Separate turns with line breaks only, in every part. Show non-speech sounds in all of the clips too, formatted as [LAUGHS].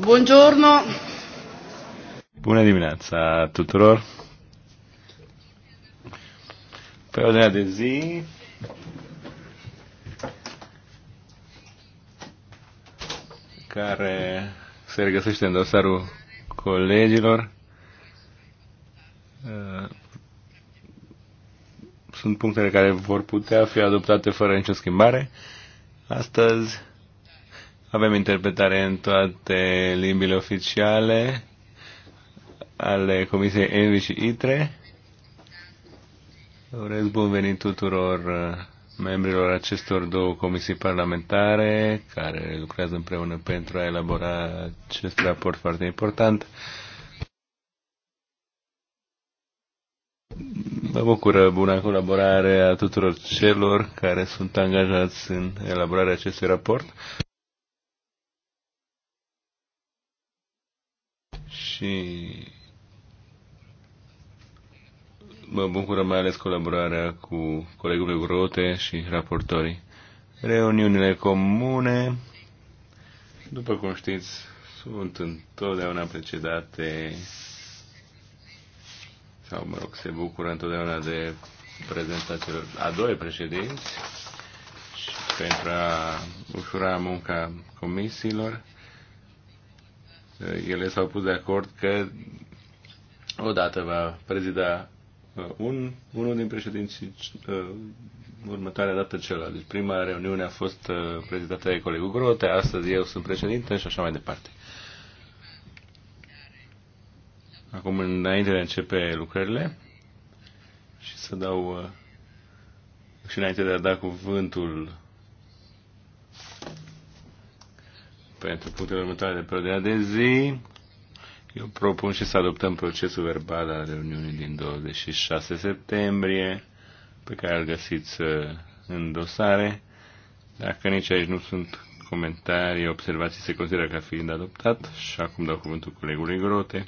Buongiorno.
Bună dimineața tuturor. Pe ordinea de zi. care se regăsește în dosarul colegilor. Uh, sunt punctele care vor putea fi adoptate fără nicio schimbare. Astăzi avem interpretare în toate limbile oficiale ale Comisiei Envi și ITRE. Urez bun venit tuturor uh, membrilor acestor două comisii parlamentare care lucrează împreună pentru a elabora acest raport foarte important. Mă bucură buna colaborare a tuturor celor care sunt angajați în elaborarea acestui raport. și mă bucură mai ales colaborarea cu colegul Grote și raportorii. Reuniunile comune, după cum știți, sunt întotdeauna precedate sau, mă rog, se bucură întotdeauna de prezența celor a doi președinți și pentru a ușura munca comisiilor ele s-au pus de acord că odată va prezida uh, un, unul din președinții uh, următoarea dată celălalt. Deci prima reuniune a fost uh, prezidată de colegul Grote, astăzi eu sunt președinte și așa mai departe. Acum, înainte de a începe lucrările și să dau și înainte de a da cuvântul pentru punctele următoare de prădea de zi. Eu propun și să adoptăm procesul verbal al reuniunii din 26 septembrie, pe care îl găsiți uh, în dosare. Dacă nici aici nu sunt comentarii, observații, se consideră ca fiind adoptat și acum dau cuvântul colegului Grote,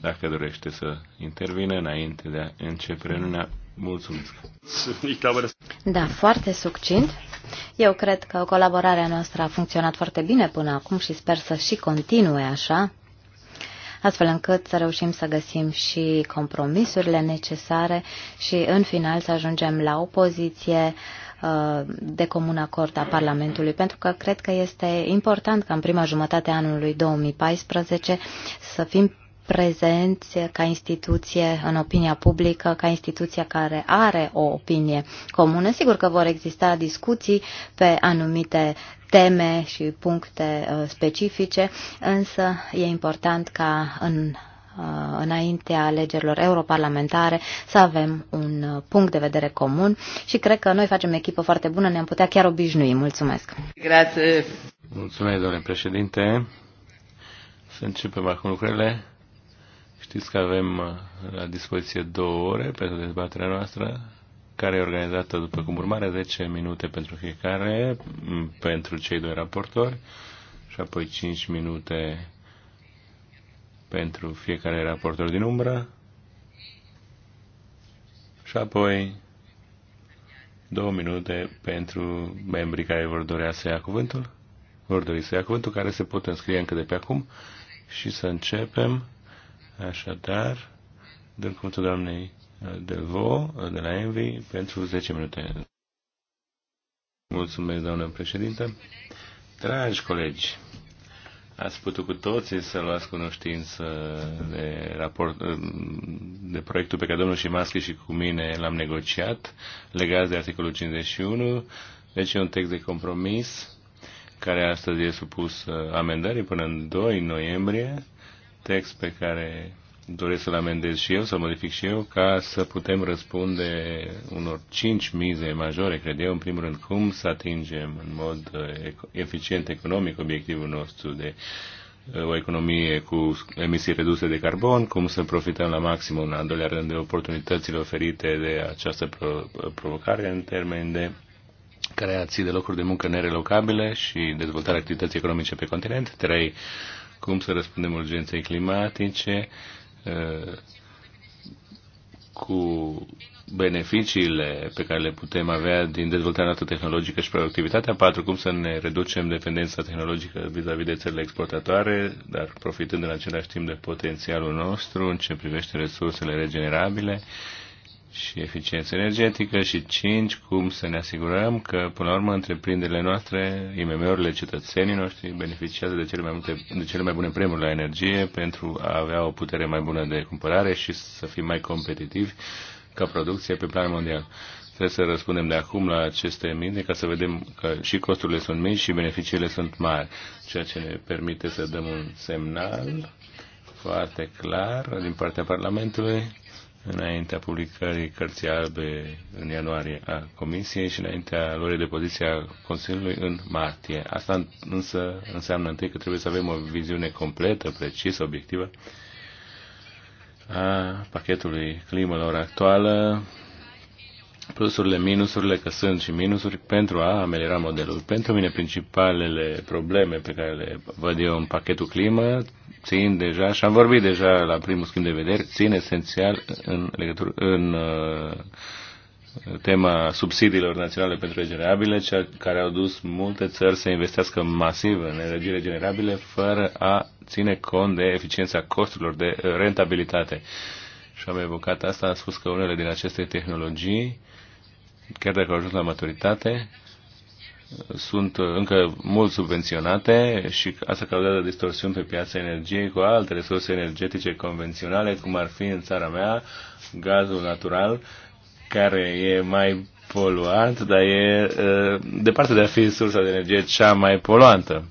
dacă dorește să intervină înainte de a începe reuniunea. Mulțumesc!
Da, foarte succint. Eu cred că colaborarea noastră a funcționat foarte bine până acum și sper să și continue așa, astfel încât să reușim să găsim și compromisurile necesare și în final să ajungem la o poziție uh, de comun acord a Parlamentului, pentru că cred că este important ca în prima jumătate a anului 2014 să fim prezenți ca instituție în opinia publică, ca instituția care are o opinie comună. Sigur că vor exista discuții pe anumite teme și puncte uh, specifice, însă e important ca în uh, înaintea alegerilor europarlamentare să avem un uh, punct de vedere comun și cred că noi facem echipă foarte bună, ne-am putea chiar obișnui. Mulțumesc! Grație!
Mulțumesc, domnule președinte! Să începem acum lucrurile. Știți că avem uh, la dispoziție două ore pentru dezbaterea noastră, care e organizată după cum urmare, 10 minute pentru fiecare, pentru cei doi raportori, și apoi 5 minute pentru fiecare raportor din umbră, și apoi două minute pentru membrii care vor dorea să ia cuvântul, vor dori să ia cuvântul, care se pot înscrie încă de pe acum, și să începem Așadar, dăm cuvântul doamnei uh, vo, uh, de la Envi pentru 10 minute. Mulțumesc, doamnă președintă. Dragi colegi, ați putut cu toții să luați cunoștință de, raport, uh, de proiectul pe care domnul Șimaschi și cu mine l-am negociat, legat de articolul 51. Deci e un text de compromis care astăzi e supus amendării până în 2 noiembrie text pe care doresc să-l amendez și eu, să-l modific și eu, ca să putem răspunde unor cinci mize majore, cred eu, în primul rând, cum să atingem în mod eh, eficient economic obiectivul nostru de eh, o economie cu emisii reduse de carbon, cum să profităm la maximum, în al doilea rând, de oportunitățile oferite de această eh, provocare în termeni de creații de locuri de muncă nerelocabile și dezvoltarea activității economice pe continent. Trei cum să răspundem urgenței climatice, cu beneficiile pe care le putem avea din dezvoltarea noastră tehnologică și productivitatea, patru, cum să ne reducem dependența tehnologică vis-a-vis -vis de țările exportatoare, dar profitând în același timp de potențialul nostru în ce privește resursele regenerabile, și eficiență energetică și 5. Cum să ne asigurăm că, până la urmă, întreprinderile noastre, IMM-urile, cetățenii noștri beneficiază de cele, mai multe, de cele mai bune premiuri la energie pentru a avea o putere mai bună de cumpărare și să fim mai competitivi ca producție pe plan mondial. Trebuie să răspundem de acum la aceste minte ca să vedem că și costurile sunt mici și beneficiile sunt mari, ceea ce ne permite să dăm un semnal foarte clar din partea Parlamentului înaintea publicării cărții albe în ianuarie a Comisiei și înaintea lor de poziție a Consiliului în martie. Asta însă înseamnă întâi că trebuie să avem o viziune completă, precisă, obiectivă a pachetului climă la ora actuală, plusurile, minusurile, că sunt și minusuri, pentru a ameliora modelul. Pentru mine, principalele probleme pe care le văd eu în pachetul climă țin deja, și am vorbit deja la primul schimb de vedere, țin esențial în, legătură, în uh, tema subsidiilor naționale pentru regenerabile, cea care au dus multe țări să investească masiv în energie regenerabile fără a ține cont de eficiența costurilor, de rentabilitate. Și am evocat asta, am spus că unele din aceste tehnologii chiar dacă au ajuns la maturitate, sunt încă mult subvenționate și asta cauzează distorsiuni pe piața energiei cu alte resurse energetice convenționale, cum ar fi în țara mea gazul natural, care e mai poluant, dar e eh, departe de a fi sursa de energie cea mai poluantă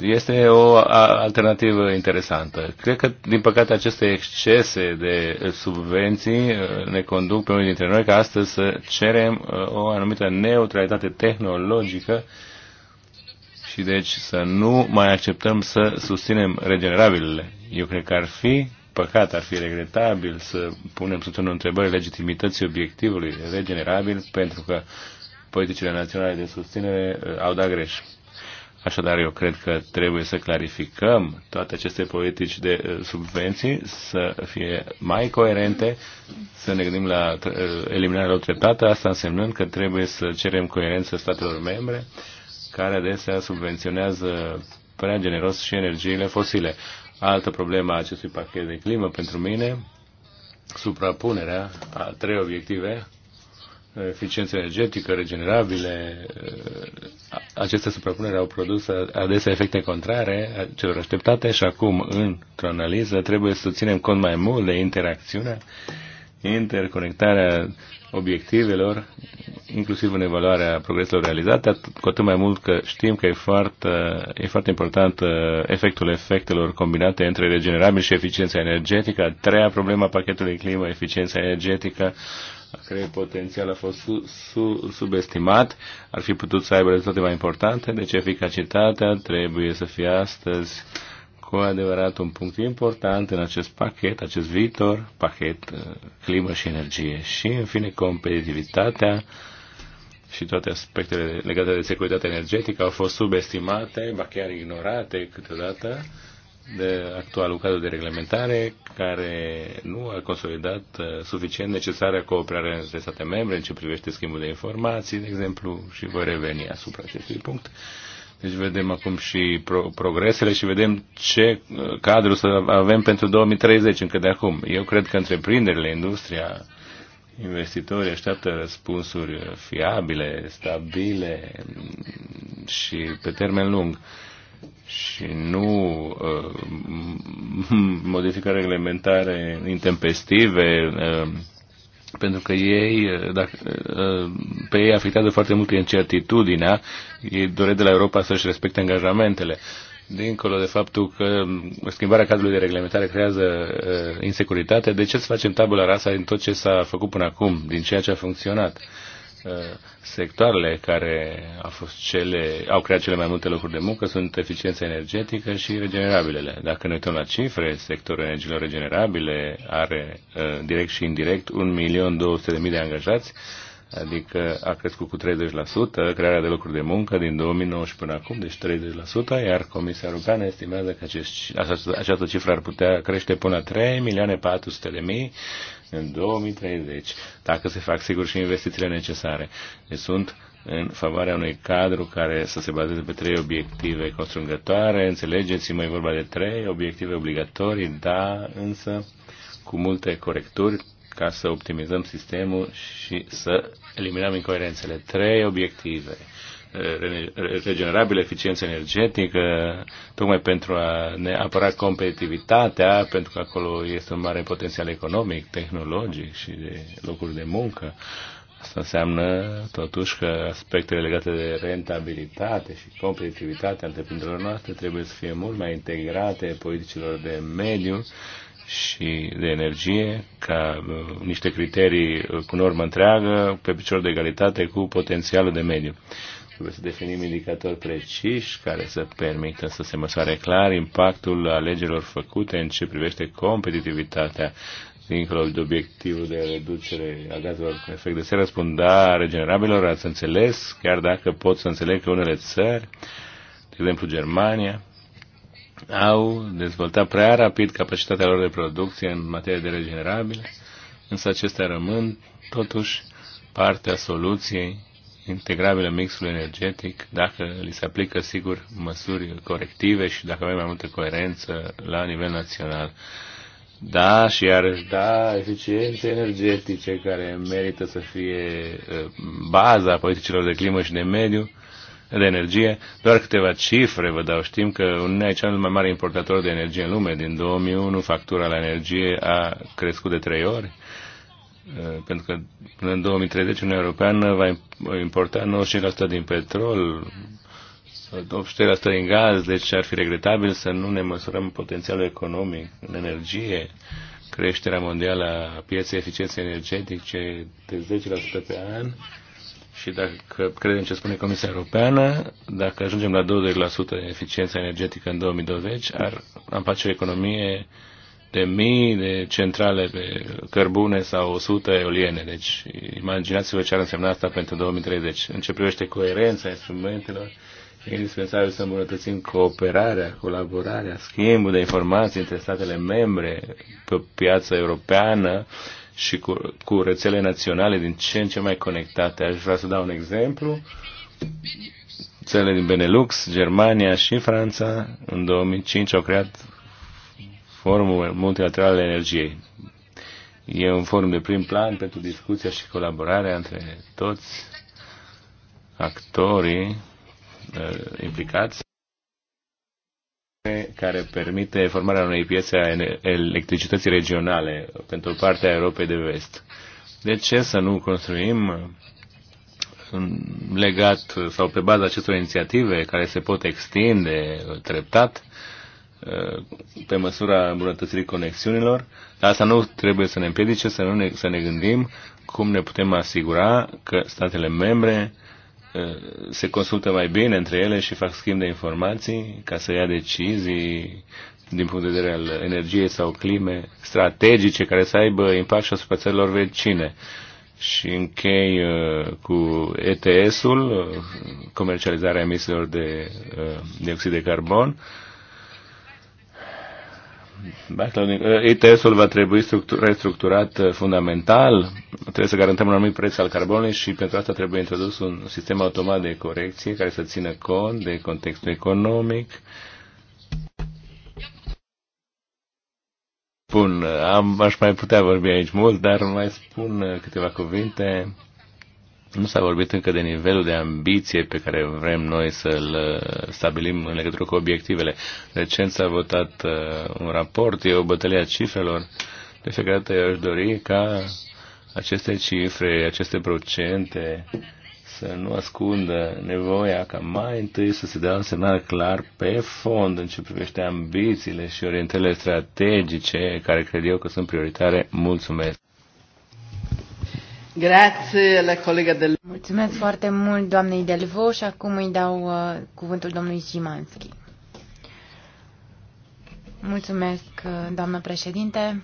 este o alternativă interesantă. Cred că, din păcate, aceste excese de subvenții uh, ne conduc pe unii dintre noi ca astăzi să cerem uh, o anumită neutralitate tehnologică și deci să nu mai acceptăm să susținem regenerabilele. Eu cred că ar fi păcat, ar fi regretabil să punem sub semnul întrebării legitimității obiectivului regenerabil pentru că politicile naționale de susținere uh, au dat greș. Așadar, eu cred că trebuie să clarificăm toate aceste politici de uh, subvenții, să fie mai coerente, să ne gândim la uh, eliminarea lor treptată, asta însemnând că trebuie să cerem coerență statelor membre, care adesea subvenționează prea generos și energiile fosile. Altă problemă a acestui pachet de climă pentru mine, suprapunerea a trei obiective eficiență energetică, regenerabile, uh, aceste suprapuneri au produs adesea efecte contrare celor așteptate și acum, într-o analiză, trebuie să ținem cont mai mult de interacțiunea, interconectarea obiectivelor, inclusiv în evaluarea progreselor realizate, cu atât mai mult că știm că e foarte, e foarte important uh, efectul efectelor combinate între regenerabil și eficiența energetică. A treia problema pachetului climă, eficiența energetică, a cărei potențial a fost su, su, subestimat, ar fi putut să aibă rezultate mai importante, deci eficacitatea trebuie să fie astăzi cu adevărat un punct important în acest pachet, acest viitor pachet uh, climă și energie și, în fine, competitivitatea și toate aspectele legate de securitatea energetică au fost subestimate, ba chiar ignorate câteodată de actualul cadru de reglementare care nu a consolidat uh, suficient necesarea cooperare între state membre în ce privește schimbul de informații, de exemplu, și voi reveni asupra acestui punct. Deci vedem acum și pro- progresele și vedem ce uh, cadru să avem pentru 2030 încă de acum. Eu cred că întreprinderile, industria, investitorii așteaptă răspunsuri fiabile, stabile și pe termen lung și nu uh, [LAUGHS] modificări reglementare intempestive, uh, pentru că ei, uh, dacă, uh, pe ei afectează foarte mult incertitudinea, ei doresc de la Europa să-și respecte angajamentele. Dincolo de faptul că schimbarea cadrului de reglementare creează uh, insecuritate, de ce să facem tabula rasa din tot ce s-a făcut până acum, din ceea ce a funcționat? Uh, Uh, sectoarele care au, fost cele, au creat cele mai multe locuri de muncă sunt eficiența energetică și regenerabilele. Dacă ne uităm la cifre, sectorul energiilor regenerabile are uh, direct și indirect 1.200.000 de angajați, adică a crescut cu 30% crearea de locuri de muncă din 2019 și până acum, deci 30%, iar Comisia Europeană estimează că acest, această, această cifră ar putea crește până la 3.400.000 milioane de mii în 2030, dacă se fac sigur și investițiile necesare. Deci sunt în favoarea unui cadru care să se bazeze pe trei obiective constrângătoare. Înțelegeți-mă, e vorba de trei obiective obligatorii, da, însă cu multe corecturi ca să optimizăm sistemul și să eliminăm incoerențele. Trei obiective regenerabile, eficiență energetică, tocmai pentru a ne apăra competitivitatea, pentru că acolo este un mare potențial economic, tehnologic și de locuri de muncă. Asta înseamnă totuși că aspectele legate de rentabilitate și competitivitatea întreprinderilor noastre trebuie să fie mult mai integrate politicilor de mediu și de energie ca uh, niște criterii cu normă întreagă pe picior de egalitate cu potențialul de mediu. Trebuie să definim indicatori preciși care să permită să se măsoare clar impactul alegerilor făcute în ce privește competitivitatea dincolo de obiectivul de reducere a gazelor cu efect de seră, spun da regenerabilor, ați înțeles, chiar dacă pot să înțeleg că unele țări, de exemplu Germania, au dezvoltat prea rapid capacitatea lor de producție în materie de regenerabile, însă acestea rămân totuși partea soluției integrabilă mixul energetic dacă li se aplică, sigur, măsuri corective și dacă avem mai multă coerență la nivel național. Da, și iarăși, da, eficiențe energetice care merită să fie ă, baza politicilor de climă și de mediu, de energie. Doar câteva cifre vă dau. Știm că Uniunea e cel mai mare importator de energie în lume. Din 2001, factura la energie a crescut de trei ori Eh, pentru că până în 2030 Uniunea Europeană va importa 95% din petrol, 80% din gaz, deci ar fi regretabil să nu ne măsurăm potențialul economic în energie, creșterea mondială a pieței eficienței energetice de 10% pe an și dacă credem ce spune Comisia Europeană, dacă ajungem la 20% eficiență energetică în 2020, ar, am face o economie uh, de mii de centrale pe cărbune sau 100 eoliene. Deci imaginați-vă ce ar însemna asta pentru 2030. În ce privește coerența instrumentelor, e indispensabil să îmbunătățim cooperarea, colaborarea, schimbul de informații între statele membre pe piața europeană și cu, cu rețele naționale din ce în ce mai conectate. Aș vrea să dau un exemplu. Țările din Benelux, Germania și Franța în 2005 au creat Forumul Multilateral al Energiei. E un forum de prim plan pentru discuția și colaborarea între toți actorii uh, implicați care permite formarea unei piețe a electricității regionale pentru partea Europei de Vest. De ce să nu construim uh, legat sau pe baza acestor inițiative care se pot extinde treptat Uh, pe măsura îmbunătățirii conexiunilor. Dar asta nu trebuie să ne împiedice să, nu ne, să ne gândim cum ne putem asigura că statele membre uh, se consultă mai bine între ele și fac schimb de informații ca să ia decizii din punct de vedere al energiei sau clime strategice care să aibă impact și asupra țărilor vecine. Și închei uh, cu ETS-ul, comercializarea emisiilor de dioxid de carbon ETS-ul uh, va trebui restructurat uh, fundamental, trebuie să garantăm un anumit preț al carbonului și pentru asta trebuie introdus un sistem automat de corecție care să țină cont de contextul economic. Bun, am, aș mai putea vorbi aici mult, dar mai spun uh, câteva cuvinte nu s-a vorbit încă de nivelul de ambiție pe care vrem noi să-l uh, stabilim în legătură cu obiectivele. Recent s-a votat uh, un raport, e o bătălie a cifrelor. De fiecare dată eu aș dori ca aceste cifre, aceste procente să nu ascundă nevoia ca mai întâi să se dea un semnal clar pe fond în ce privește ambițiile și orientările strategice care cred eu că sunt prioritare. Mulțumesc!
Grazie la Del... Mulțumesc foarte mult doamnei Delvo și acum îi dau uh, cuvântul domnului Zimanski. Mulțumesc, uh, doamnă președinte.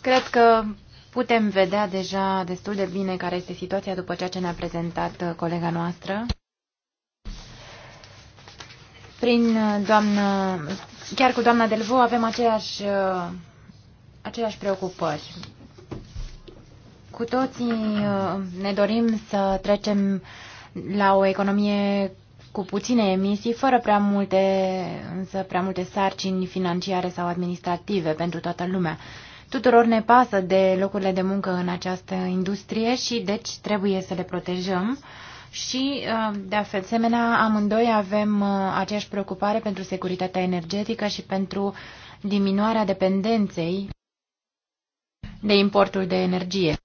Cred că putem vedea deja destul de bine care este situația după ceea ce ne-a prezentat uh, colega noastră. Prin uh, doamnă, chiar cu doamna Delvo avem aceeași aceleași preocupări. Cu toții uh, ne dorim să trecem la o economie cu puține emisii, fără prea multe, însă prea multe sarcini financiare sau administrative pentru toată lumea. Tuturor ne pasă de locurile de muncă în această industrie și deci trebuie să le protejăm și, uh, de asemenea, amândoi avem uh, aceeași preocupare pentru securitatea energetică și pentru diminuarea dependenței de importul de energie.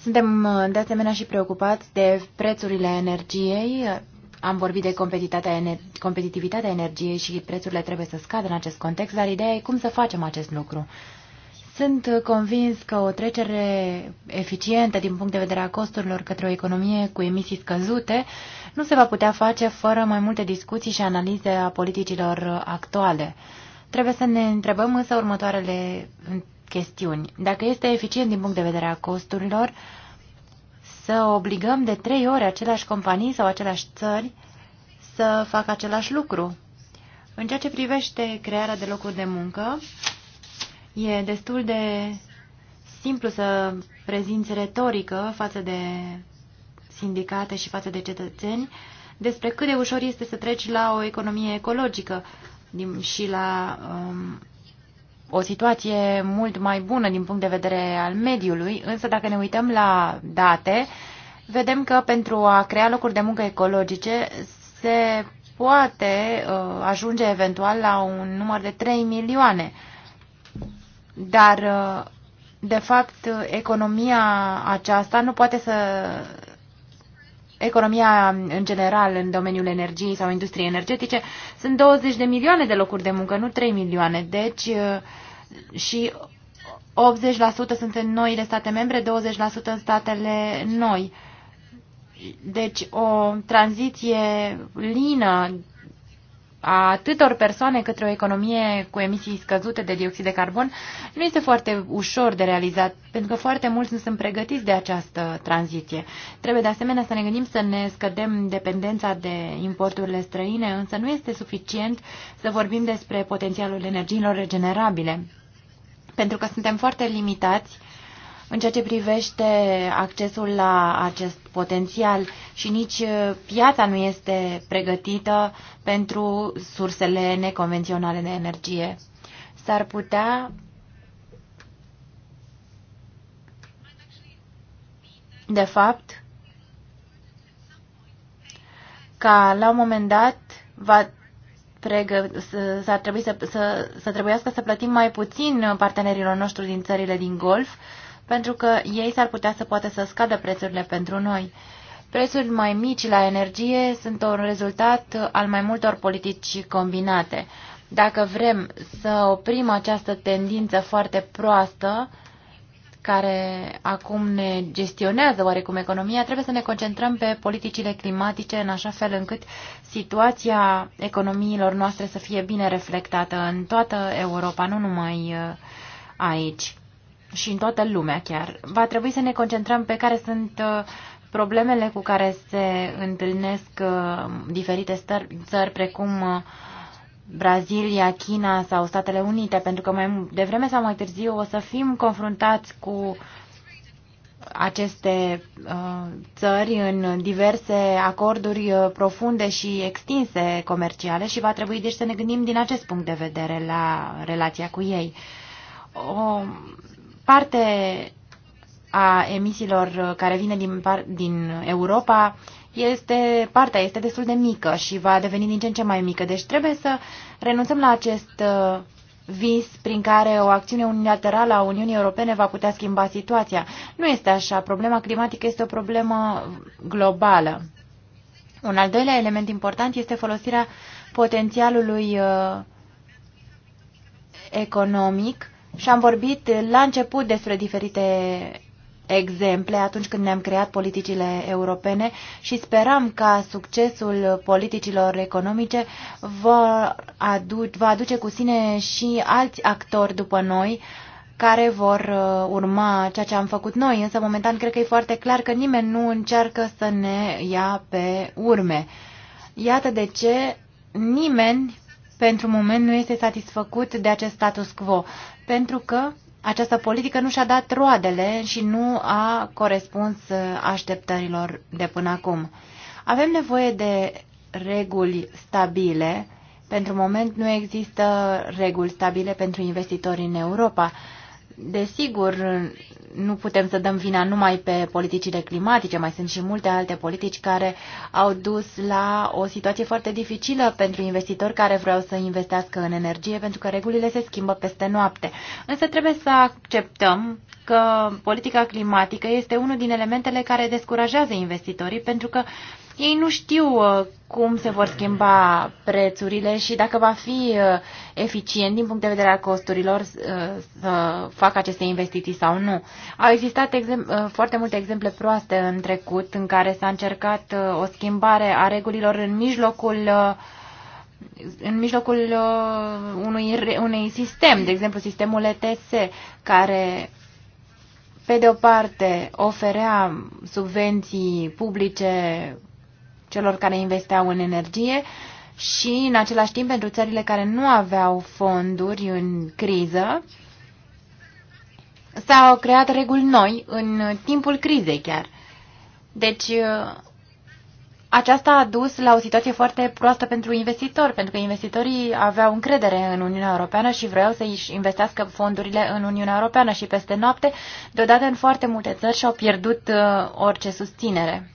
Suntem de asemenea și preocupați de prețurile energiei. Am vorbit de competitivitatea energiei și prețurile trebuie să scadă în acest context, dar ideea e cum să facem acest lucru. Sunt convins că o trecere eficientă din punct de vedere a costurilor către o economie cu emisii scăzute nu se va putea face fără mai multe discuții și analize a politicilor actuale. Trebuie să ne întrebăm însă următoarele chestiuni. Dacă este eficient din punct de vedere a costurilor, să obligăm de trei ori aceleași companii sau aceleași țări să facă același lucru. În ceea ce privește crearea de locuri de muncă, e destul de simplu să prezinți retorică față de sindicate și față de cetățeni despre cât de ușor este să treci la o economie ecologică și la um, o situație mult mai bună din punct de vedere al mediului, însă dacă ne uităm la date, vedem că pentru a crea locuri de muncă ecologice se poate uh, ajunge eventual la un număr de 3 milioane. Dar, uh, de fapt, economia aceasta nu poate să economia în general în domeniul energiei sau industriei energetice, sunt 20 de milioane de locuri de muncă, nu 3 milioane. Deci uh, și 80% sunt în noile state membre, 20% în statele noi. Deci o tranziție lină a atâtor persoane către o economie cu emisii scăzute de dioxid de carbon nu este foarte ușor de realizat, pentru că foarte mulți nu sunt pregătiți de această tranziție. Trebuie de asemenea să ne gândim să ne scădem dependența de importurile străine, însă nu este suficient să vorbim despre potențialul energiilor regenerabile, pentru că suntem foarte limitați uh, în ceea ce privește accesul la acest potențial și nici uh, piața nu este pregătită pentru sursele neconvenționale de energie. S-ar putea de fapt ca la un moment dat va pregă, să, să, să, să, să trebuiască să plătim mai puțin partenerilor noștri din țările din Golf uh, pentru că ei s-ar putea să poată să scadă prețurile pentru noi. Prețuri mai mici la energie sunt un rezultat al mai multor politici combinate. Dacă vrem să oprim această tendință foarte proastă, care acum ne gestionează oarecum economia, trebuie să ne concentrăm pe politicile climatice în așa fel încât situația economiilor noastre să fie bine reflectată în toată Europa, nu numai uh, aici și în toată lumea chiar. Va trebui să ne concentrăm pe care sunt uh, problemele cu care se întâlnesc uh, diferite țări precum uh, Brazilia, China sau Statele Unite, pentru că mai devreme sau mai târziu o să fim confruntați cu aceste țări în diverse acorduri profunde și extinse comerciale și va trebui deci să ne gândim din acest punct de vedere la relația cu ei. O parte a emisiilor care vine din, din Europa este, partea este destul de mică și va deveni din ce în ce mai mică. Deci trebuie să renunțăm la acest uh, vis prin care o acțiune unilaterală a Uniunii Europene va putea schimba situația. Nu este așa. Problema climatică este o problemă globală. Un al doilea element important este folosirea potențialului uh, economic și am vorbit la început despre diferite exemple atunci când ne-am creat politicile europene și sperăm ca succesul politicilor economice va, adu va aduce cu sine și alți actori după noi care vor uh, urma ceea ce am făcut noi, însă momentan cred că e foarte clar că nimeni nu încearcă să ne ia pe urme. Iată de ce nimeni pentru moment nu este satisfăcut de acest status quo pentru că această politică nu și-a dat roadele și nu a corespuns uh, așteptărilor de până acum. Avem nevoie de reguli stabile. Pentru moment nu există reguli stabile pentru investitori în Europa Desigur, nu putem să dăm vina numai pe politicile climatice, mai sunt și multe alte politici care au dus la o situație foarte dificilă pentru investitori care vreau să investească în energie, pentru că regulile se schimbă peste noapte. Însă trebuie să acceptăm că politica climatică este unul din elementele care descurajează investitorii, pentru că ei nu știu uh, cum se vor schimba prețurile și dacă va fi uh, eficient din punct de vedere al costurilor uh, să facă aceste investiții sau nu. Au existat foarte multe exemple proaste în trecut în care s-a încercat o schimbare a regulilor în mijlocul în mijlocul unui, unui sistem, de exemplu sistemul ETS, care pe de o parte oferea subvenții publice celor care investeau în energie și, în același timp, pentru țările care nu aveau fonduri în criză, s-au creat reguli noi în timpul crizei chiar. Deci, aceasta a dus la o situație foarte proastă pentru investitori, pentru că investitorii aveau încredere în Uniunea Europeană și vreau să își investească fondurile în Uniunea Europeană și peste noapte, deodată în foarte multe țări și-au pierdut uh, orice susținere.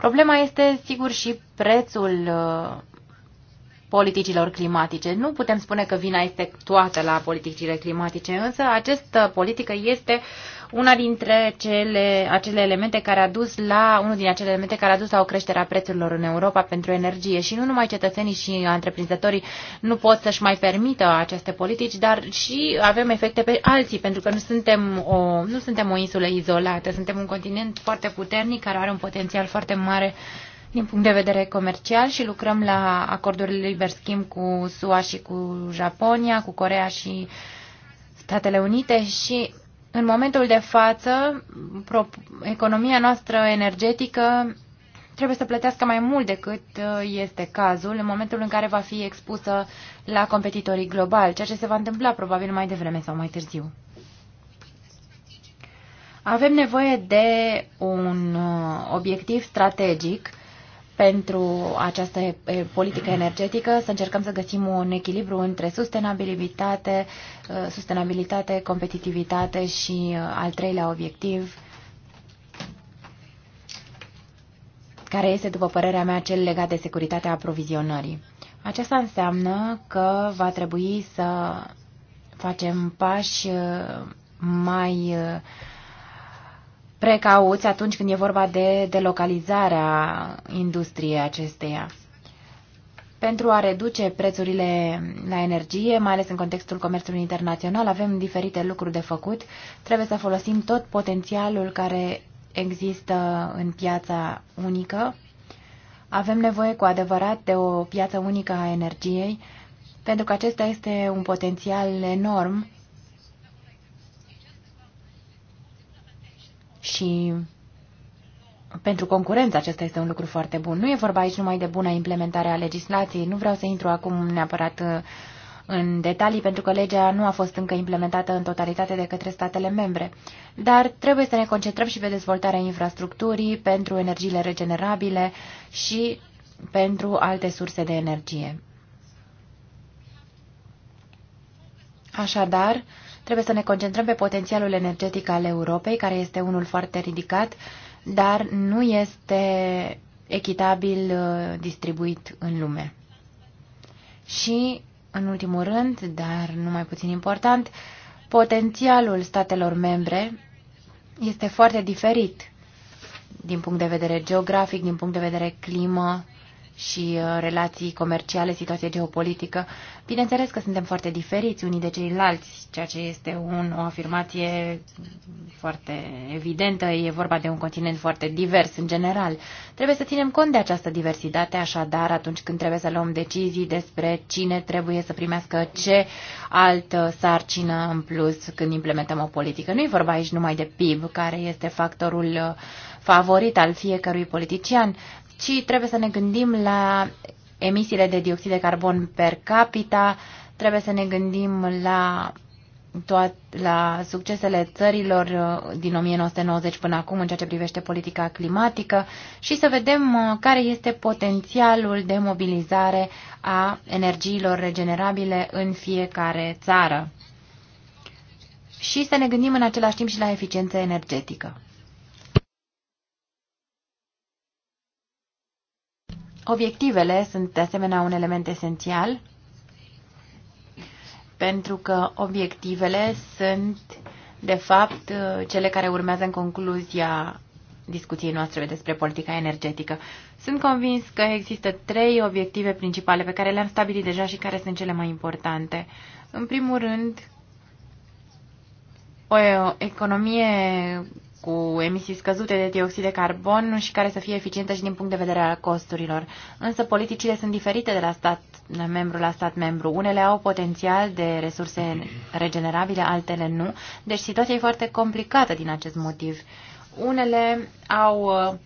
Problema este, sigur, și prețul uh, politicilor climatice. Nu putem spune că vina este toată la politicile climatice, însă această politică este uh, una dintre cele, acele elemente care a dus la, unul din acele elemente care a dus la o creștere a prețurilor în Europa pentru energie și nu numai cetățenii și întreprinzătorii nu pot să-și mai permită aceste politici, dar și avem efecte pe alții, pentru că nu suntem o, nu suntem o insulă izolată, suntem un continent foarte puternic care are un potențial foarte mare din punct de vedere comercial și lucrăm la acordurile liber schimb cu SUA și cu Japonia, cu Corea și Statele Unite și în momentul de față, economia noastră energetică trebuie să plătească mai mult decât uh, este cazul în momentul în care va fi expusă la competitorii globali, ceea ce se va întâmpla probabil mai devreme sau mai târziu. Avem nevoie de un uh, obiectiv strategic pentru această politică energetică, să încercăm să găsim un echilibru între sustenabilitate, sustenabilitate, competitivitate și al treilea obiectiv, care este, după părerea mea, cel legat de securitatea aprovizionării. Aceasta înseamnă că va trebui să facem pași mai uh, precauți atunci când e vorba de localizarea industriei acesteia. Pentru a reduce prețurile la energie, mai ales în contextul comerțului internațional, avem diferite lucruri de făcut. Trebuie să folosim tot potențialul care există în piața unică. Avem nevoie cu adevărat de o piață unică a energiei, pentru că acesta este un potențial enorm și pentru concurență acesta este un lucru foarte bun. Nu e vorba aici numai de bună implementare a legislației. Nu vreau să intru acum neapărat uh, în detalii, pentru că legea nu a fost încă implementată în totalitate de către statele membre. Dar trebuie să ne concentrăm și pe dezvoltarea infrastructurii pentru energiile regenerabile și pentru alte surse de energie. Așadar, Trebuie să ne concentrăm pe potențialul energetic al Europei, care este unul foarte ridicat, dar nu este echitabil uh, distribuit în lume. Și, în ultimul rând, dar nu mai puțin important, potențialul statelor membre este foarte diferit din punct de vedere geografic, din punct de vedere climă și uh, relații comerciale, situație geopolitică. Bineînțeles că suntem foarte diferiți unii de ceilalți, ceea ce este un, o afirmație foarte evidentă. E vorba de un continent foarte divers în general. Trebuie să ținem cont de această diversitate, așadar, atunci când trebuie să luăm decizii despre cine trebuie să primească ce altă sarcină în plus când implementăm o politică. Nu e vorba aici numai de PIB, care este factorul uh, favorit al fiecărui politician, ci trebuie să ne gândim la emisiile de dioxid de carbon per capita, trebuie să ne gândim la toat, la succesele țărilor uh, din 1990 până acum în ceea ce privește politica climatică și să vedem uh, care este potențialul de mobilizare a energiilor regenerabile în fiecare țară. Și să ne gândim în același timp și la eficiență energetică. Obiectivele sunt de asemenea un element esențial pentru că obiectivele sunt de fapt cele care urmează în concluzia discuției noastre despre politica energetică. Sunt convins că există trei obiective principale pe care le-am stabilit deja și care sunt cele mai importante. În primul rând, o economie cu emisii scăzute de dioxid de carbon și care să fie eficientă și din punct de vedere al costurilor. Însă politicile sunt diferite de la stat membru la stat membru. Unele au potențial de resurse regenerabile, altele nu. Deci situația e foarte complicată din acest motiv. Unele au uh,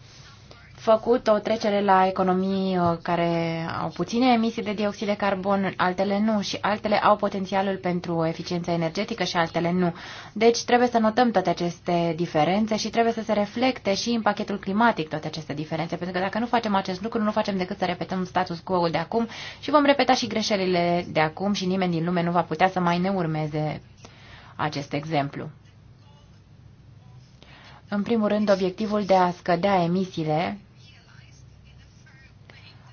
făcut o trecere la economii uh, care au puține emisii de dioxid de carbon, altele nu și altele au potențialul pentru eficiența energetică și altele nu. Deci trebuie să notăm toate aceste diferențe și trebuie să se reflecte și în pachetul climatic toate aceste diferențe, pentru că dacă nu facem acest lucru, nu facem decât să repetăm status quo de acum și vom repeta și greșelile de acum și nimeni din lume nu va putea să mai ne urmeze acest exemplu. În primul rând, obiectivul de a scădea emisiile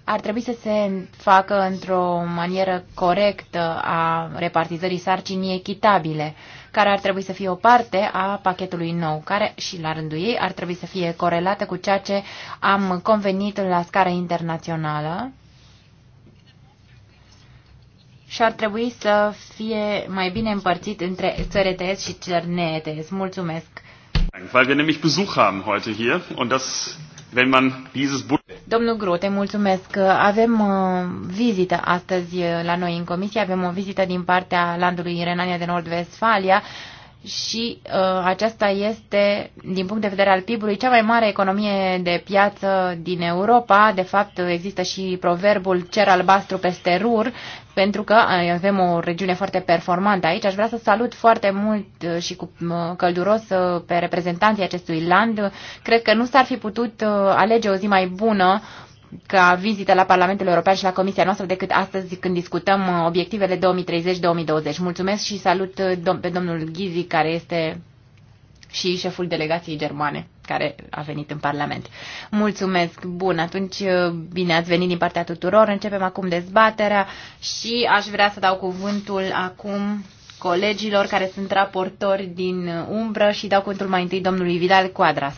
ar trebui să se facă într-o manieră corectă a repartizării sarcinii echitabile, care ar trebui să fie o parte a pachetului nou, care și la rândul ei ar trebui să fie corelată cu ceea ce am convenit la scară internațională și ar trebui să fie mai bine împărțit între țări ETS și țări ne-ETS. Mulțumesc!
Weil wir nämlich Besuch haben heute hier und das, wenn man dieses
Domnul Grote, mulțumesc. Avem uh, vizită astăzi uh, la noi în comisie, avem o vizită din partea landului Renania de Nord-Vestfalia și uh, aceasta este, din punct de vedere al PIB-ului, cea mai mare economie de piață din Europa. De fapt, există și proverbul cer albastru peste rur, pentru că avem o regiune foarte performantă aici. Aș vrea să salut foarte mult uh, și cu uh, călduros uh, pe reprezentanții acestui land. Cred că nu s-ar fi putut alege o zi mai bună ca vizită la Parlamentul European și la Comisia noastră decât astăzi când discutăm obiectivele 2030-2020. Mulțumesc și salut pe domnul Ghizi, care este și șeful delegației germane care a venit în Parlament. Mulțumesc! Bun, atunci uh, bine ați venit din partea tuturor. Începem acum dezbaterea și aș vrea să dau cuvântul acum colegilor care sunt raportori din umbră și dau cuvântul mai întâi domnului Vidal Quadras.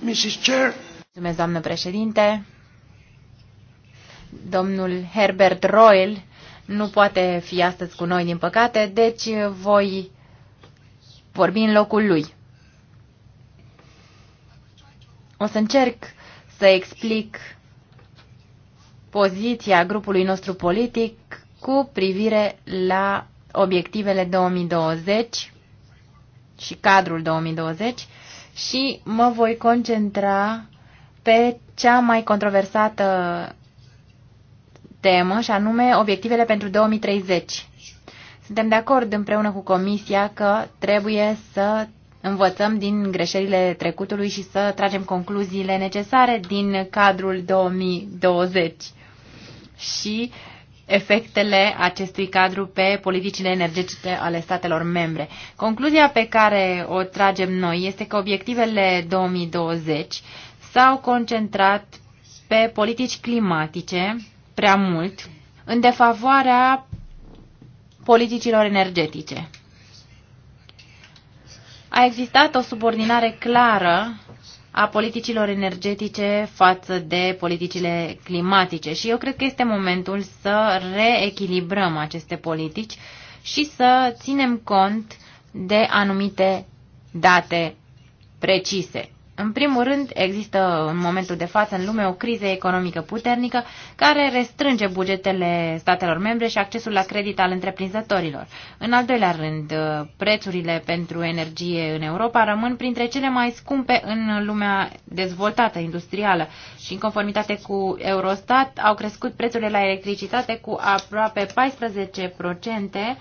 Mrs. Chair. Mulțumesc, doamnă președinte. Domnul Herbert Royal nu poate fi astăzi cu noi, din păcate, deci voi vorbi în locul lui. O să încerc să explic poziția grupului nostru politic cu privire la obiectivele 2020 și cadrul 2020 și mă voi concentra pe cea mai controversată temă și anume obiectivele pentru 2030. Suntem de acord împreună cu Comisia că trebuie să învățăm din greșelile trecutului și să tragem concluziile necesare din cadrul 2020 și efectele acestui cadru pe politicile energetice ale statelor membre. Concluzia pe care o tragem noi este că obiectivele 2020 s-au concentrat pe politici climatice prea mult în defavoarea politicilor energetice. A existat o subordinare clară a politicilor energetice față de politicile climatice și eu cred că este momentul să reechilibrăm aceste politici și să ținem cont de anumite date precise. În primul rând, există în momentul de față în lume o criză economică puternică care restrânge bugetele statelor membre și accesul la credit al întreprinzătorilor. În al doilea rând, prețurile pentru energie în Europa rămân printre cele mai scumpe în lumea dezvoltată, industrială și în conformitate cu Eurostat au crescut prețurile la electricitate cu aproape 14%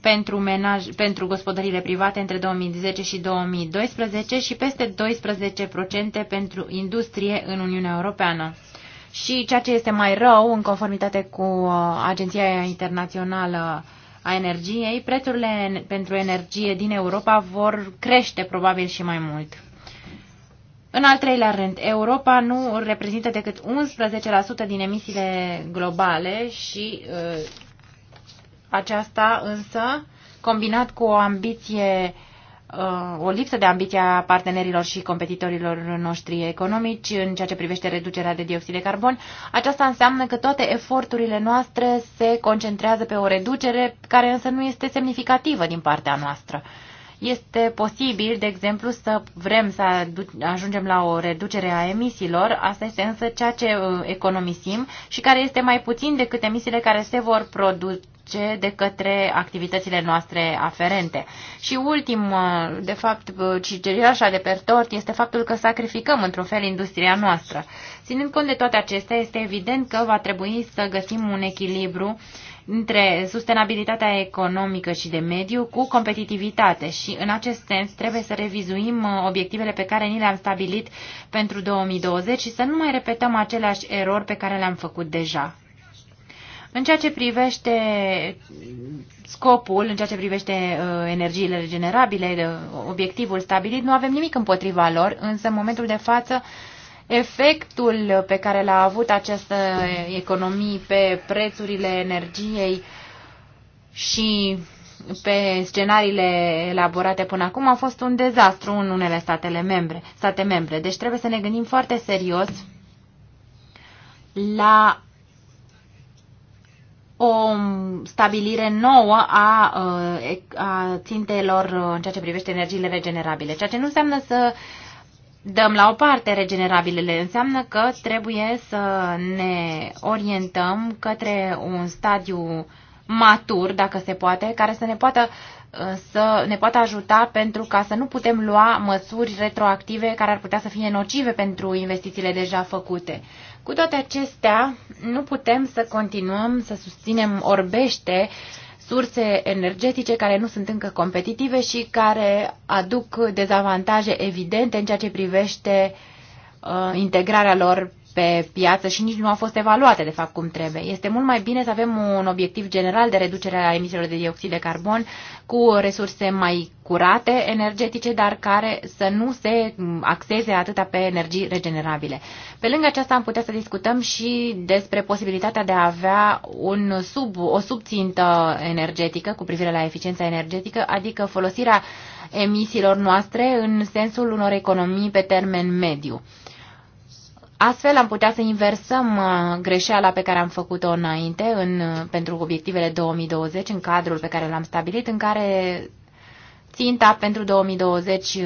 pentru, menaj, pentru gospodările private între 2010 și 2012 și peste 12% pentru industrie în Uniunea Europeană. Și ceea ce este mai rău, în conformitate cu uh, Agenția Internațională a Energiei, prețurile pentru energie din Europa vor crește probabil și mai mult. În al treilea rând, Europa nu reprezintă decât 11% din emisiile globale și uh, aceasta însă, combinat cu o ambiție uh, o lipsă de ambiție a partenerilor și competitorilor noștri economici în ceea ce privește reducerea de dioxid de carbon. Aceasta înseamnă că toate eforturile noastre se concentrează pe o reducere care însă nu este semnificativă din partea noastră. Este posibil, de exemplu, să vrem să ajungem la o reducere a emisiilor, asta este însă ceea ce uh, economisim și care este mai puțin decât emisiile care se vor produce ce de către activitățile noastre aferente. Și ultim, uh, de fapt, uh, cireașa de pe tort este faptul că sacrificăm într-un fel industria noastră. Ținând cont de toate acestea, este evident că va trebui să găsim un echilibru între sustenabilitatea economică și de mediu cu competitivitate și în acest sens trebuie să revizuim uh, obiectivele pe care ni le-am stabilit pentru 2020 și să nu mai repetăm aceleași erori pe care le-am făcut deja. În ceea ce privește scopul, în ceea ce privește uh, energiile regenerabile, uh, obiectivul stabilit, nu avem nimic împotriva lor, însă în momentul de față efectul pe care l-a avut această uh, economie pe prețurile energiei și pe scenariile elaborate până acum a fost un dezastru în unele statele membre, state membre. Deci trebuie să ne gândim foarte serios la o stabilire nouă a, uh, a țintelor uh, în ceea ce privește energiile regenerabile, ceea ce nu înseamnă să dăm la o parte regenerabilele, înseamnă că trebuie să ne orientăm către un stadiu matur, dacă se poate, care să ne poată uh, să ne poată ajuta pentru ca să nu putem lua măsuri retroactive care ar putea să fie nocive pentru investițiile deja făcute. Cu toate acestea, nu putem să continuăm să susținem orbește surse energetice care nu sunt încă competitive și care aduc dezavantaje evidente în ceea ce privește uh, integrarea lor pe piață și nici nu au fost evaluate, de fapt, cum trebuie. Este mult mai bine să avem un obiectiv general de reducere a emisiilor de dioxid de carbon cu resurse mai curate, energetice, dar care să nu se axeze atâta pe energii regenerabile. Pe lângă aceasta am putea să discutăm și despre posibilitatea de a avea un sub, o subțintă energetică cu privire la eficiența energetică, adică folosirea emisiilor noastre în sensul unor economii pe termen mediu. Astfel am putea să inversăm uh, greșeala pe care am făcut-o înainte în, uh, pentru obiectivele 2020 în cadrul pe care l-am stabilit, în care ținta pentru 2020 uh,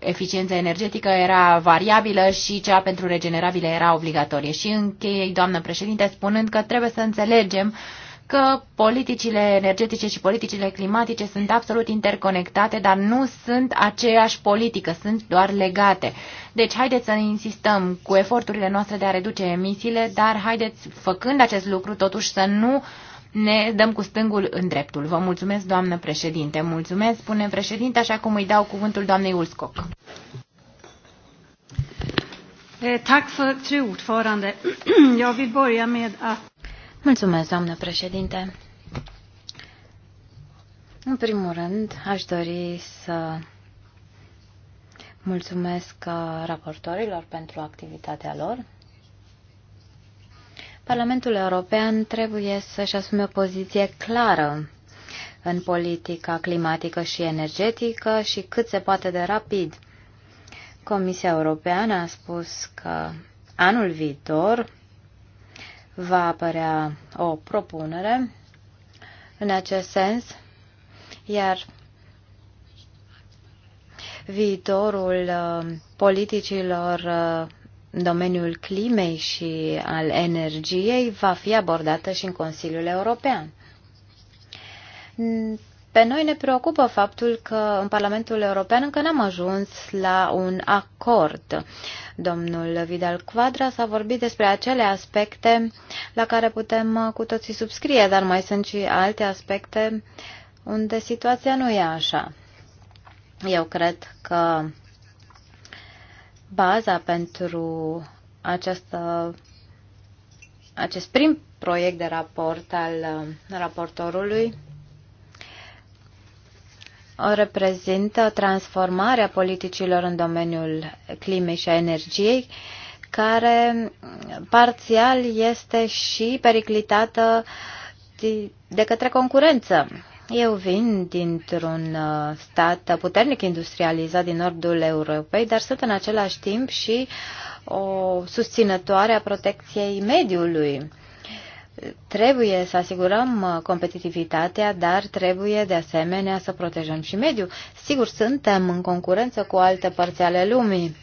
eficiența energetică era variabilă și cea pentru regenerabile era obligatorie. Și închei, doamnă președinte, spunând că trebuie să înțelegem uh, că politicile energetice și politicile climatice sunt absolut interconectate, dar nu sunt aceeași politică, sunt doar legate. Deci haideți să insistăm cu eforturile noastre de a reduce emisiile, dar haideți, făcând acest lucru, totuși să nu ne dăm cu stângul în dreptul. Vă mulțumesc, doamnă președinte. Mulțumesc, spune președinte, așa cum îi dau cuvântul doamnei Ulscoc.
Eh, tack för, fru ordförande. [CLEARS THROAT] Jag vill börja med att Mulțumesc, doamnă președinte. În primul rând, aș dori să mulțumesc uh, raportorilor pentru activitatea lor. Parlamentul European trebuie să-și asume o poziție clară în politica climatică și energetică și cât se poate de rapid. Comisia Europeană a spus că anul viitor va apărea o propunere în acest sens, iar viitorul uh, politicilor uh, în domeniul climei și al energiei va fi abordată și în Consiliul European. Pe noi ne preocupă faptul că în Parlamentul European încă n-am ajuns la un acord Domnul Vidal Quadra s-a vorbit despre acele aspecte la care putem uh, cu toții subscrie, dar mai sunt și alte aspecte unde situația nu e așa. Eu cred că baza pentru această, acest prim proiect de raport al uh, raportorului reprezintă transformarea politicilor în domeniul climei și a energiei, care parțial este și periclitată de către concurență. Eu vin dintr-un uh, stat puternic industrializat din nordul Europei, dar sunt în același timp și o susținătoare a protecției mediului trebuie să asigurăm uh, competitivitatea, dar trebuie de asemenea să protejăm și mediul. Sigur, suntem în concurență cu alte părți ale lumii.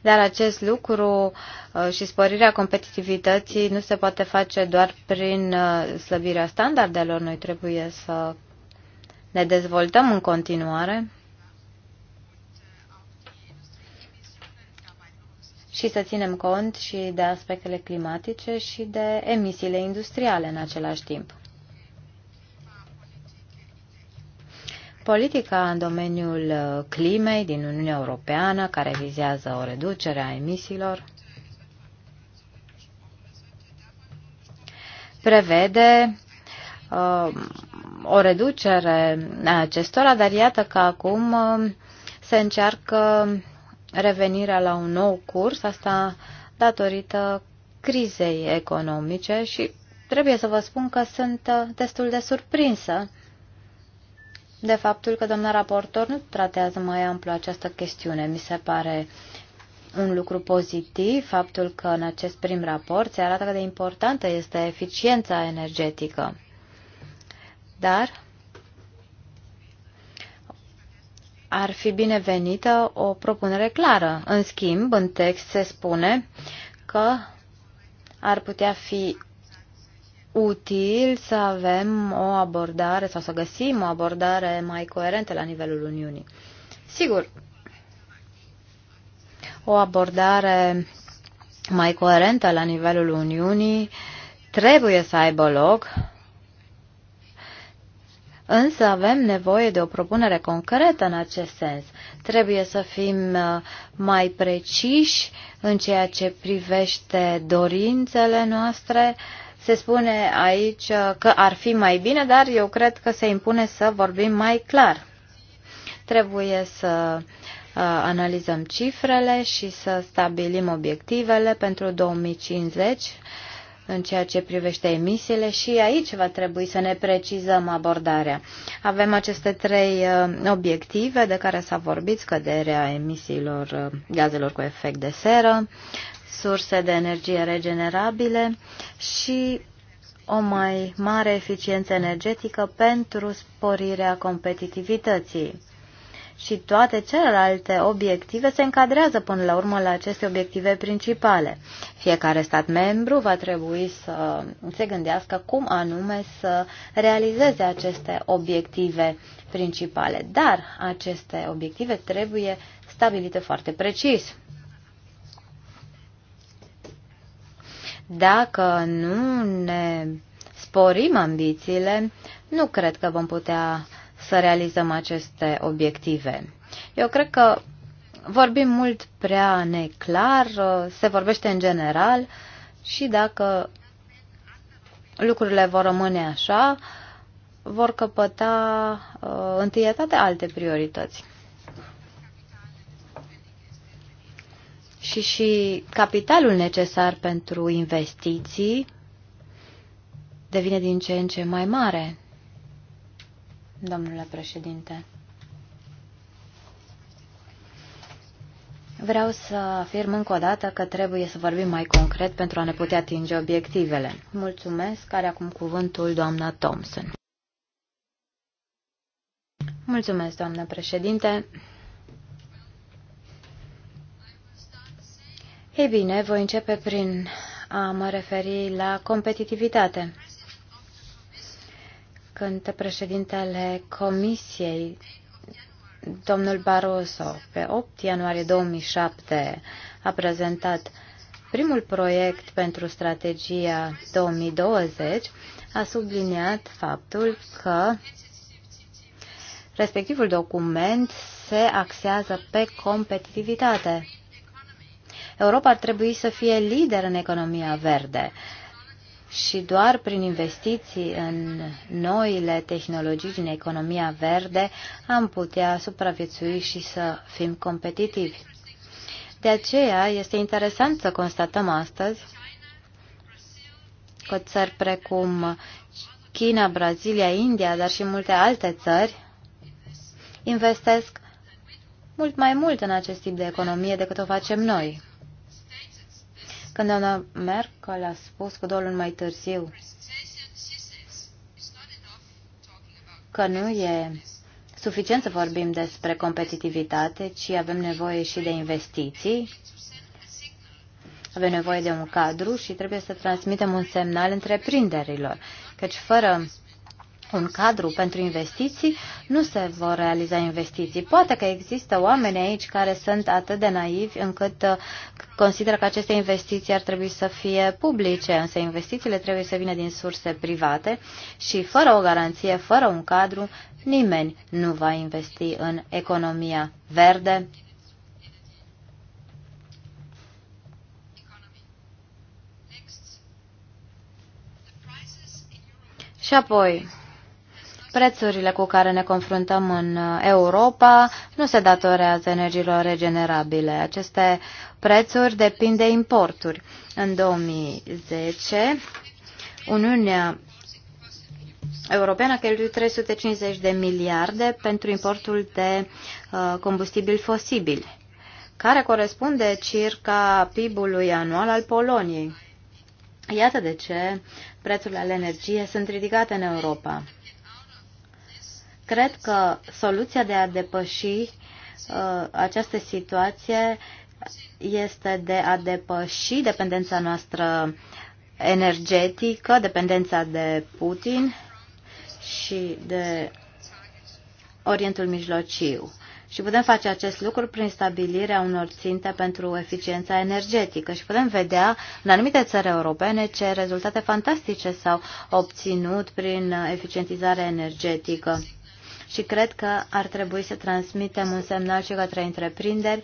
Dar acest lucru uh, și sporirea competitivității nu se poate face doar prin uh, slăbirea standardelor. Noi trebuie să ne dezvoltăm în continuare. și să ținem cont și de aspectele climatice și de emisiile industriale în același timp. Politica în domeniul uh, climei din Uniunea Europeană, care vizează o reducere a emisiilor, prevede uh, o reducere a acestora, dar iată că acum uh, se încearcă revenirea la un nou curs, asta datorită crizei economice și trebuie să vă spun că sunt uh, destul de surprinsă de faptul că doamna raportor nu tratează mai amplu această chestiune. Mi se pare un lucru pozitiv faptul că în acest prim raport se arată cât de importantă este eficiența energetică. Dar ar fi binevenită o propunere clară. În schimb, în text se spune că ar putea fi util să avem o abordare sau să găsim o abordare mai coerentă la nivelul Uniunii. Sigur, o abordare mai coerentă la nivelul Uniunii trebuie să aibă loc Însă avem nevoie de o propunere concretă în acest sens. Trebuie să fim uh, mai preciși în ceea ce privește dorințele noastre. Se spune aici uh, că ar fi mai bine, dar eu cred că se impune să vorbim mai clar. Trebuie să uh, analizăm cifrele și să stabilim obiectivele pentru 2050 în ceea ce privește emisiile și aici va trebui să ne precizăm abordarea. Avem aceste trei uh, obiective de care s-a vorbit, scăderea emisiilor uh, gazelor cu efect de seră, surse de energie regenerabile și o mai mare eficiență energetică pentru sporirea competitivității și toate celelalte obiective se încadrează până la urmă la aceste obiective principale. Fiecare stat membru va trebui să se gândească cum anume să realizeze aceste obiective principale, dar aceste obiective trebuie stabilite foarte precis. Dacă nu ne sporim ambițiile, nu cred că vom putea să realizăm aceste obiective. Eu cred că vorbim mult prea neclar, se vorbește în general și dacă lucrurile vor rămâne așa, vor căpăta uh, întâietate alte priorități. Și și capitalul necesar pentru investiții devine din ce în ce mai mare domnule președinte. Vreau să afirm încă o dată că trebuie să vorbim mai concret pentru a ne putea atinge obiectivele. Mulțumesc, are acum cuvântul doamna Thompson. Mulțumesc, doamnă președinte. Ei bine, voi începe prin a mă referi la competitivitate când președintele Comisiei, domnul Barroso, pe 8 ianuarie 2007, a prezentat primul proiect pentru strategia 2020, a subliniat faptul că respectivul document se axează pe competitivitate. Europa ar trebui să fie lider în economia verde și doar prin investiții în noile tehnologii din economia verde am putea supraviețui și să fim competitivi. De aceea este interesant să constatăm astăzi că țări precum China, Brazilia, India, dar și multe alte țări investesc mult mai mult în acest tip de economie decât o facem noi. Când doamna Merkel a spus cu două luni mai târziu că nu e suficient să vorbim despre competitivitate, ci avem nevoie și de investiții, avem nevoie de un cadru și trebuie să transmitem un semnal întreprinderilor, căci fără un cadru pentru investiții, nu se vor realiza investiții. Poate că există oameni aici care sunt atât de naivi încât uh, consideră că aceste investiții ar trebui să fie publice, însă investițiile trebuie să vină din surse private și fără o garanție, fără un cadru, nimeni nu va investi în economia verde. Și apoi, Prețurile cu care ne confruntăm în uh, Europa nu se datorează energiilor regenerabile. Aceste prețuri depind de importuri. În 2010, Uniunea Europeană a cheltuit 350 de miliarde pentru importul de uh, fosibil, care corespunde circa PIB-ului anual al Poloniei. Iată de ce prețurile ale energiei sunt ridicate în Europa. Cred că soluția de a depăși uh, această situație este de a depăși dependența noastră energetică, dependența de Putin și de Orientul Mijlociu. Și putem face acest lucru prin stabilirea unor ținte pentru eficiența energetică și putem vedea în anumite țări europene ce rezultate fantastice s-au obținut prin eficientizarea energetică și cred că ar trebui să transmitem un semnal și către întreprinderi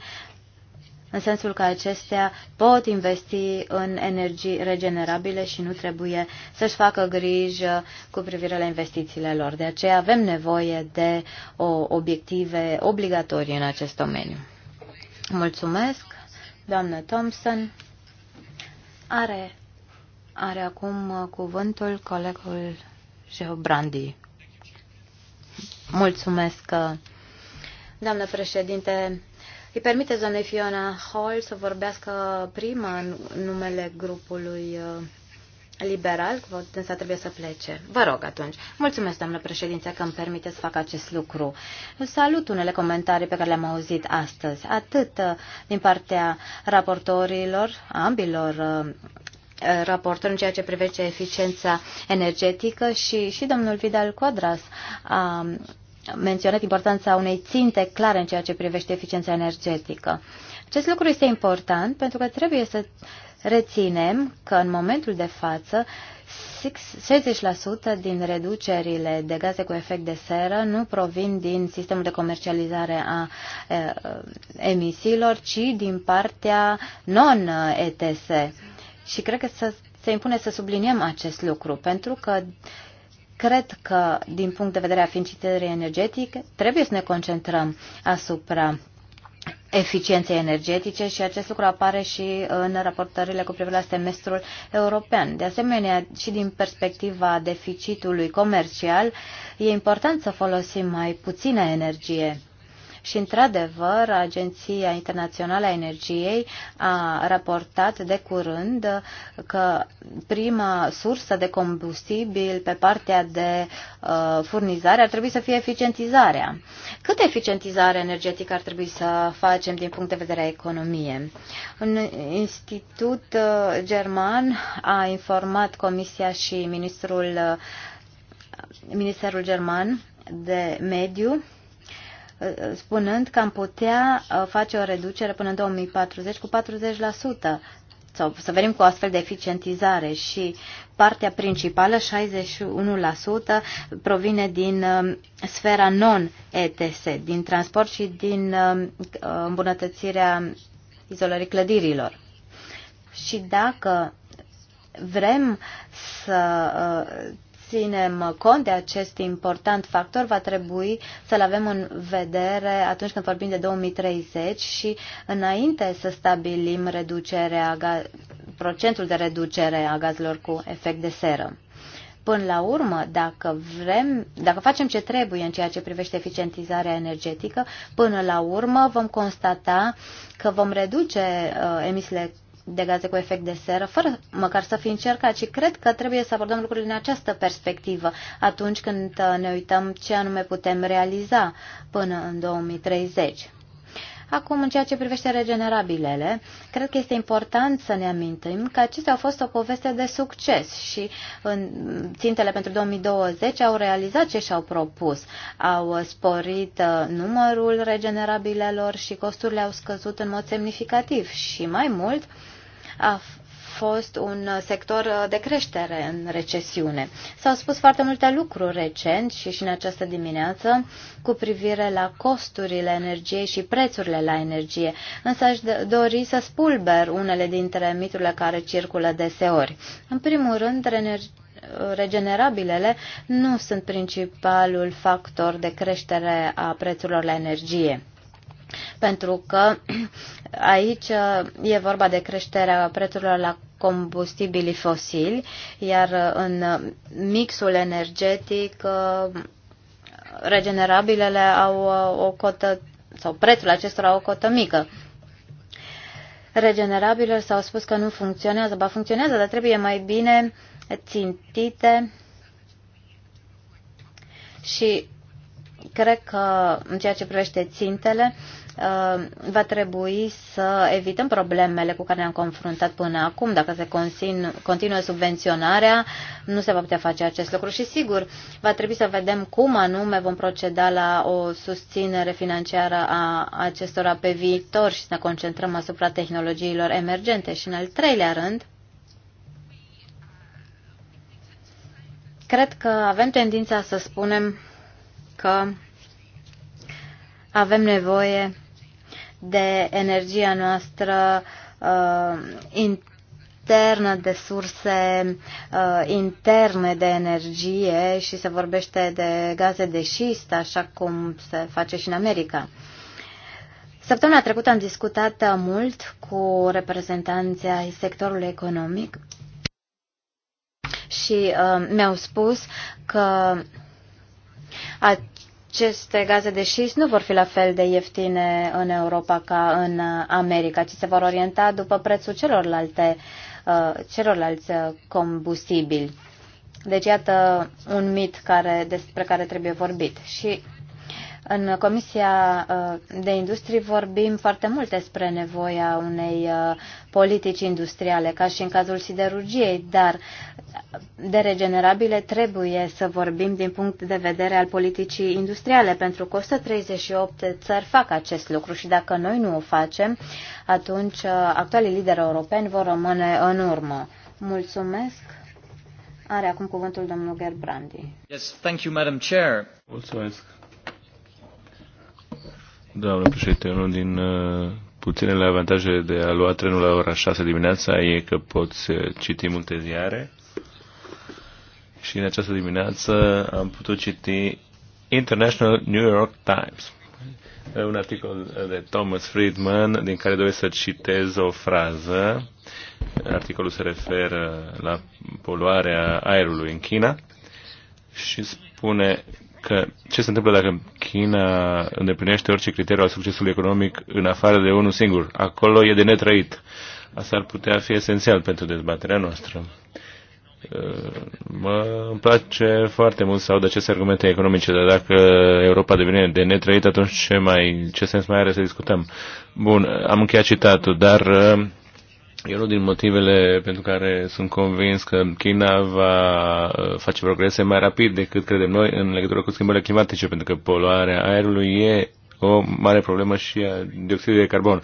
în sensul că acestea pot investi în energii regenerabile și nu trebuie să-și facă grijă cu privire la investițiile lor. De aceea avem nevoie de o obiective obligatorii în acest domeniu. Mulțumesc, doamnă Thompson. Are, are acum cuvântul colegul Geobrandi. Mulțumesc, doamnă președinte. Îi permite doamnei Fiona Hall să vorbească prima în numele grupului uh, liberal, însă trebuie să plece. Vă rog atunci. Mulțumesc, doamnă președinte, că îmi permite să fac acest lucru. Salut unele comentarii pe care le-am auzit astăzi, atât uh, din partea raportorilor, ambilor uh, raportori în ceea ce privește eficiența energetică și, și domnul Vidal Codras a menționat importanța unei ținte clare în ceea ce privește eficiența energetică. Acest lucru este important pentru că trebuie să reținem că în momentul de față 60% din reducerile de gaze cu efect de seră nu provin din sistemul de comercializare a emisiilor, ci din partea non-ETS. Și cred că să, se impune să subliniem acest lucru, pentru că Cred că, din punct de vedere a eficienței energetice, trebuie să ne concentrăm asupra eficienței energetice și acest lucru apare și în raportările cu privire la semestrul european. De asemenea, și din perspectiva deficitului comercial, e important să folosim mai puțină energie și, într-adevăr, Agenția Internațională a Energiei a raportat de curând că prima sursă de combustibil pe partea de uh, furnizare ar trebui să fie eficientizarea. Cât eficientizare energetică ar trebui să facem din punct de vedere a economie? Un institut uh, german a informat Comisia și ministrul, uh, Ministerul German de Mediu Uh, spunând că am putea uh, face o reducere până în 2040 cu 40% sau să venim cu o astfel de eficientizare și partea principală, 61%, provine din um, sfera non-ETS, din transport și din um, uh, îmbunătățirea izolării clădirilor. Și dacă vrem să ținem cont de acest important factor, va trebui să-l avem în vedere atunci când vorbim de 2030 și înainte să stabilim reducerea, procentul de reducere a gazelor cu efect de seră. Până la urmă, dacă vrem, dacă facem ce trebuie în ceea ce privește eficientizarea energetică, până la urmă vom constata că vom reduce uh, emisiile de gaze cu efect de seră, fără măcar să fi încercat, ci cred că trebuie să abordăm lucrurile în această perspectivă, atunci când uh, ne uităm ce anume putem realiza până în 2030. Acum, în ceea ce privește regenerabilele, cred că este important să ne amintim că acestea au fost o poveste de succes și în țintele pentru 2020 au realizat ce și-au propus. Au uh, sporit uh, numărul regenerabilelor și costurile au scăzut în mod semnificativ și mai mult, a fost un sector de creștere în recesiune. S-au spus foarte multe lucruri recent și și în această dimineață cu privire la costurile energiei și prețurile la energie, însă aș dori să spulber unele dintre miturile care circulă deseori. În primul rând, regenerabilele nu sunt principalul factor de creștere a prețurilor la energie pentru că [CLEARS THROAT] aici uh, e vorba de creșterea prețurilor la combustibilii fosili, iar uh, în uh, mixul energetic regenerabilele au o cotă sau prețul acestora o cotă mică. Regenerabilele s-au spus că nu funcționează, ba funcționează, dar trebuie mai bine țintite și cred că în ceea ce privește țintele, Uh, va trebui să evităm problemele cu care ne-am confruntat până acum. Dacă se continuă subvenționarea, nu se va putea face acest lucru și sigur va trebui să vedem cum anume vom proceda la o susținere financiară a acestora pe viitor și să ne concentrăm asupra tehnologiilor emergente. Și în al treilea rând, cred că avem tendința să spunem că avem nevoie de energia noastră uh, internă, de surse uh, interne de energie și se vorbește de gaze de șist, așa cum se face și în America. Săptămâna trecută am discutat mult cu reprezentanții ai sectorului economic și uh, mi-au spus că aceste gaze de șist nu vor fi la fel de ieftine în Europa ca în America, ci se vor orienta după prețul celorlalte, uh, celorlalți uh, combustibili. Deci iată un mit care, despre care trebuie vorbit. Și în Comisia uh, de Industrie vorbim foarte mult despre nevoia unei politici industriale, ca și în cazul siderurgiei, dar de regenerabile trebuie să vorbim din punct de vedere al politicii industriale, pentru că 138 țări fac acest lucru și dacă noi nu o facem, atunci uh, actualii lideri europeni vor rămâne în urmă. Mulțumesc! Are acum cuvântul domnul Gerbrandi. Yes, thank you, Madam Chair. Mulțumesc.
Doamne președinte, unul din uh, puținele avantaje de a lua trenul la ora 6 dimineața e că poți eh, citi multe ziare și în această dimineață am putut citi International New York Times, eh, un articol eh, de Thomas Friedman din care doresc să citez o frază. Articolul se referă la poluarea aerului în China și spune că ce se întâmplă dacă China îndeplinește orice criteriu al succesului economic în afară de unul singur. Acolo e de netrăit. Asta ar putea fi esențial pentru dezbaterea noastră. Mă îmi place foarte mult să aud aceste argumente economice, dar dacă Europa devine de netrăit, atunci ce, mai, ce sens mai are să discutăm? Bun, am încheiat citatul, dar E unul din motivele pentru care sunt convins că China va uh, face progrese mai rapid decât credem noi în legătură cu schimbările climatice, pentru că poluarea aerului e o mare problemă și a dioxidului de carbon.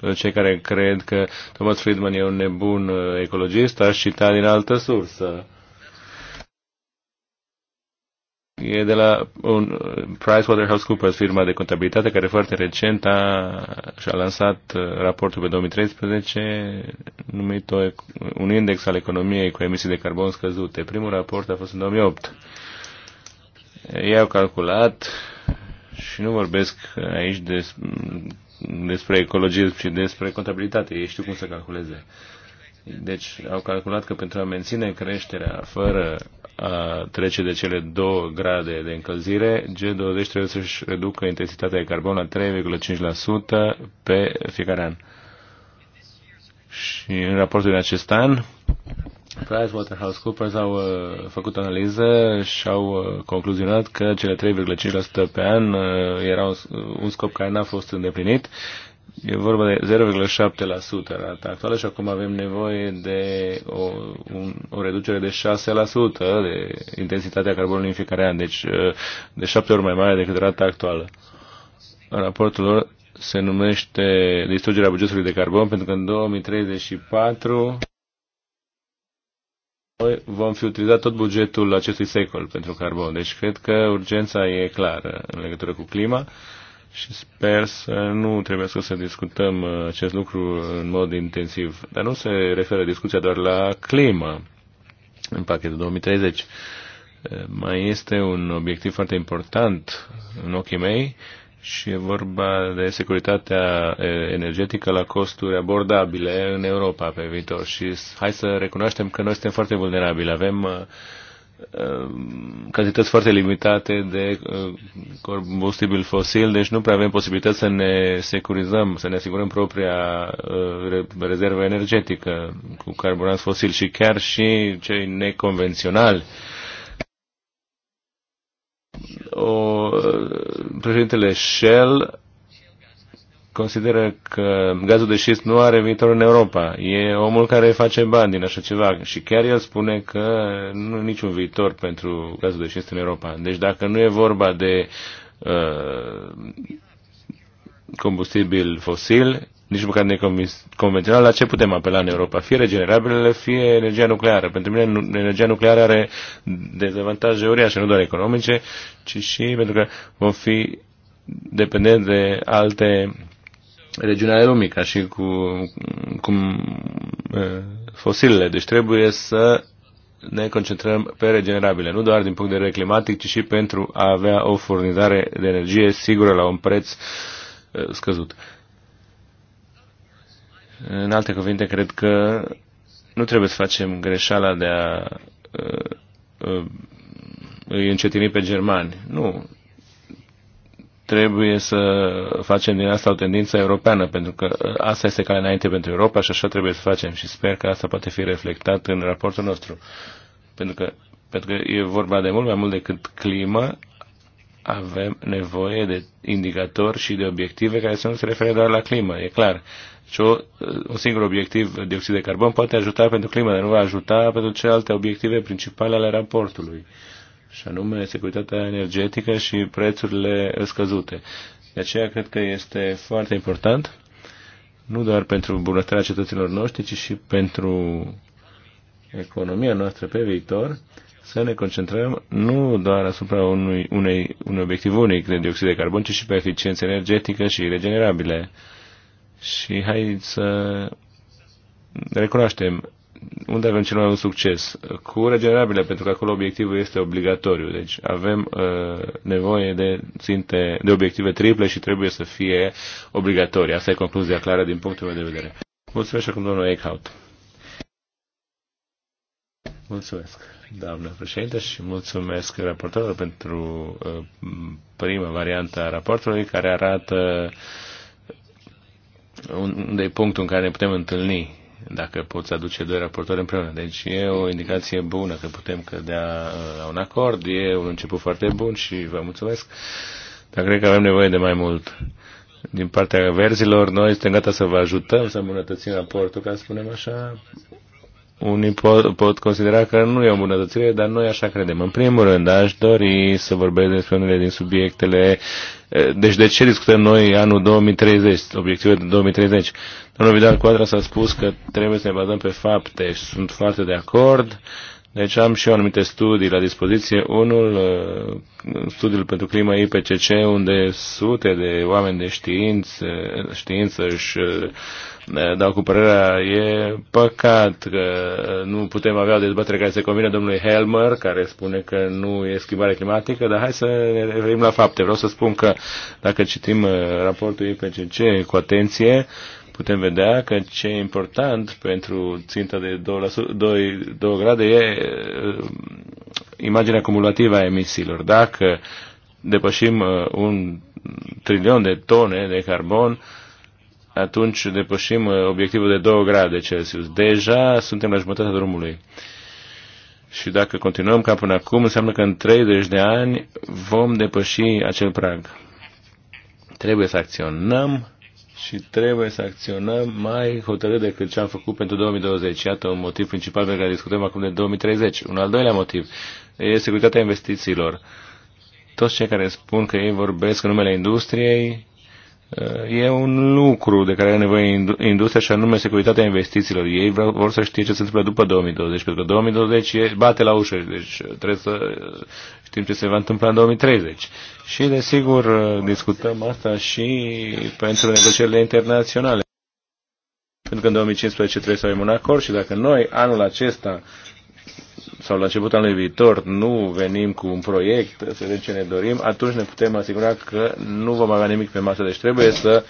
Pentru cei care cred că Thomas Friedman e un nebun uh, ecologist, aș cita din altă sursă E de la un uh, PricewaterhouseCoopers, firma de contabilitate, care foarte recent a, și-a lansat uh, raportul pe 2013 numit o, un index al economiei cu emisii de carbon scăzute. Primul raport a fost în 2008. Ei au calculat și nu vorbesc aici de, despre ecologie, ci despre contabilitate. Ei știu cum să calculeze. Uh, deci au calculat că pentru a menține creșterea fără a trece de cele două grade de încălzire, G20 trebuie să-și reducă intensitatea de carbon la 3,5% pe fiecare an. Și în raportul de acest an, PricewaterhouseCoopers au uh, făcut analiză și au uh, concluzionat că cele 3,5% pe an uh, era un, un scop care n-a fost îndeplinit E vorba de 0,7% rata actuală și acum avem nevoie de o, un, o reducere de 6% de intensitatea carbonului în fiecare an, deci uh, de șapte ori mai mare decât rata actuală. Raportul lor se numește distrugerea bugetului de carbon pentru că în 2034 noi vom fi utilizat tot bugetul acestui secol pentru carbon. Deci cred că urgența e clară în legătură cu clima și sper să nu trebuie să discutăm uh, acest lucru în mod intensiv. Dar nu se referă discuția doar la climă în pachetul 2030. Uh, mai este un obiectiv foarte important în ochii mei și e vorba de securitatea energetică la costuri abordabile în Europa pe viitor. Și hai să recunoaștem că noi suntem foarte vulnerabili. Avem uh, Um, cantități foarte limitate de uh, combustibil fosil, deci nu prea avem posibilități să ne securizăm, să ne asigurăm propria uh, rezervă energetică cu carburanți fosili și chiar și cei neconvenționali. O, uh, președintele Shell consideră că gazul de șist nu are viitor în Europa. E omul care face bani din așa ceva și chiar el spune că nu e niciun viitor pentru gazul de șist în Europa. Deci dacă nu e vorba de uh, combustibil fosil, nici măcar neconvențional, la ce putem apela în Europa? Fie regenerabilele, fie energia nucleară. Pentru mine energia nucleară are dezavantaje uriașe, nu doar economice, ci și pentru că vom fi dependent de alte regiunea ale lumii, ca și cu, cu fosilele. Deci trebuie să ne concentrăm pe regenerabile, nu doar din punct de vedere climatic, ci și pentru a avea o furnizare de energie sigură la un preț scăzut. În alte cuvinte, cred că nu trebuie să facem greșeala de a îi încetini pe germani. Nu, trebuie să facem din asta o tendință europeană, pentru că uh, asta este calea înainte pentru Europa și așa trebuie să facem și sper că asta poate fi reflectat în raportul nostru. Pentru că, pentru că e vorba de mult mai mult decât climă, avem nevoie de indicatori și de obiective care să nu se refere doar la climă, e clar. Și o, uh, un singur obiectiv, dioxid de carbon, poate ajuta pentru climă, dar nu va ajuta pentru celelalte obiective principale ale raportului. Uh, și anume securitatea energetică și prețurile scăzute. De aceea cred că este foarte important, nu doar pentru bunătatea cetăților noștri, ci și pentru economia noastră pe viitor, să ne concentrăm nu doar asupra unui, unei, unui obiectiv unic de dioxid de carbon, ci și pe eficiență energetică și regenerabile. Și hai să recunoaștem unde avem cel mai mult succes? Cu regenerabile, pentru că acolo obiectivul este obligatoriu. Deci avem uh, nevoie de ținte, de obiective triple și trebuie să fie obligatorii. Asta e concluzia clară din punctul meu de vedere. Mulțumesc acum domnul Eichhout. Mulțumesc, doamnă președinte, și mulțumesc raportorilor pentru uh, prima variantă a raportului care arată unde e punctul în care ne putem întâlni dacă poți aduce doi raportori împreună. Deci e o indicație bună că putem cădea uh, la un acord, e un început foarte bun și vă mulțumesc. Dar cred că avem nevoie de mai mult. Din partea verzilor, noi suntem gata să vă ajutăm să îmbunătățim raportul, ca să spunem așa, unii pot, pot considera că nu e o îmbunătățire, dar noi așa credem. În primul rând, aș dori să vorbesc despre unele din subiectele. Eh, deci, de ce discutăm noi anul 2030, obiectivul de 2030? Domnul Vidal Coadra s-a spus că trebuie să ne bazăm pe fapte și sunt foarte de acord. Deci am și eu anumite studii la dispoziție. Unul, uh, studiul pentru climă IPCC, unde sute de oameni de știință, știință își uh, dau cu părerea, e păcat că nu putem avea o dezbatere care se convine domnului Helmer, care spune că nu e schimbare climatică, dar hai să ne referim la fapte. Vreau să spun că dacă citim uh, raportul IPCC cu atenție, putem vedea că ce e important pentru ținta de 2, 2, grade e uh, imaginea cumulativă a emisiilor. Dacă depășim uh, un trilion de tone de carbon, atunci depășim uh, obiectivul de 2 grade Celsius. Deja suntem la jumătatea drumului. Și dacă continuăm ca până acum, înseamnă că în 30 de ani vom depăși acel prag. Trebuie să acționăm și trebuie să acționăm mai hotărât decât ce am făcut pentru 2020. Iată un motiv principal pe care discutăm acum de 2030. Un al doilea motiv e securitatea investițiilor. Toți cei care spun că ei vorbesc în numele industriei Uh, e un lucru de care are nevoie industria și anume securitatea investițiilor. Ei vor să știe ce se întâmplă după 2020, pentru că 2020 e, bate la ușă, deci uh, trebuie să uh, știm ce se va întâmpla în 2030. Și, desigur, discutăm asta și pentru negocierile internaționale. Pentru că în 2015 trebuie să avem un acord și dacă noi anul acesta sau la începutul anului viitor nu venim cu un proiect, să vedem ce ne dorim, atunci ne putem asigura că nu vom avea nimic pe masă. Deci trebuie să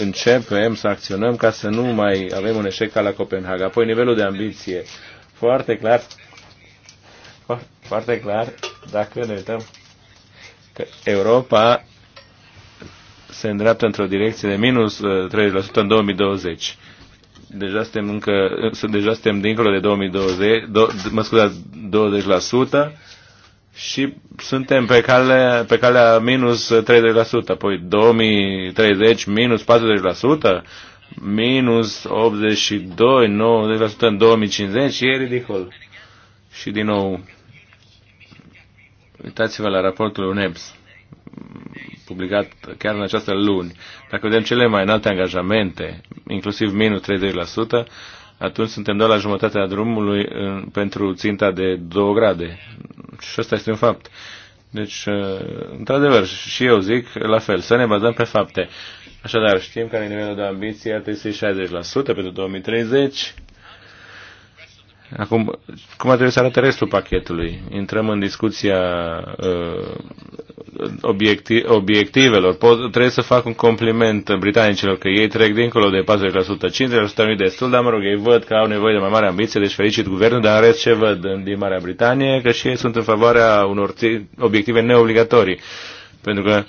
începem să acționăm ca să nu mai avem un eșec ca la Copenhaga. Apoi nivelul de ambiție. Foarte clar, foarte clar, dacă ne uităm că Europa se îndreaptă într-o direcție de minus 30% uh, în 2020 deja suntem încă, sunt, deja suntem dincolo de 2020, do, mă scuzați, 20% și suntem pe calea, pe calea minus 30%, apoi 2030 minus 40%, minus 82, 90% în 2050, e ridicol. Și din nou, uitați-vă la raportul UNEPS publicat chiar în această luni, dacă vedem cele mai înalte angajamente, inclusiv minus 30%, atunci suntem doar la jumătatea drumului pentru ținta de 2 grade. Și asta este un fapt. Deci, uh, într-adevăr, și eu zic la fel, să ne bazăm pe fapte. Așadar, știm care e nivelul de ambiție, ar trebui să 60% pentru 2030. Acum, cum ar trebui să arate restul pachetului? Intrăm în discuția uh, obiectivelor. Pot, trebuie să fac un compliment britanicilor că ei trec dincolo de 40%, 50% nu destul, dar mă rog, ei văd că au nevoie de mai mare ambiție, deci fericit guvernul, dar în rest ce văd din Marea Britanie, că și ei sunt în favoarea unor obiective neobligatorii. Pentru că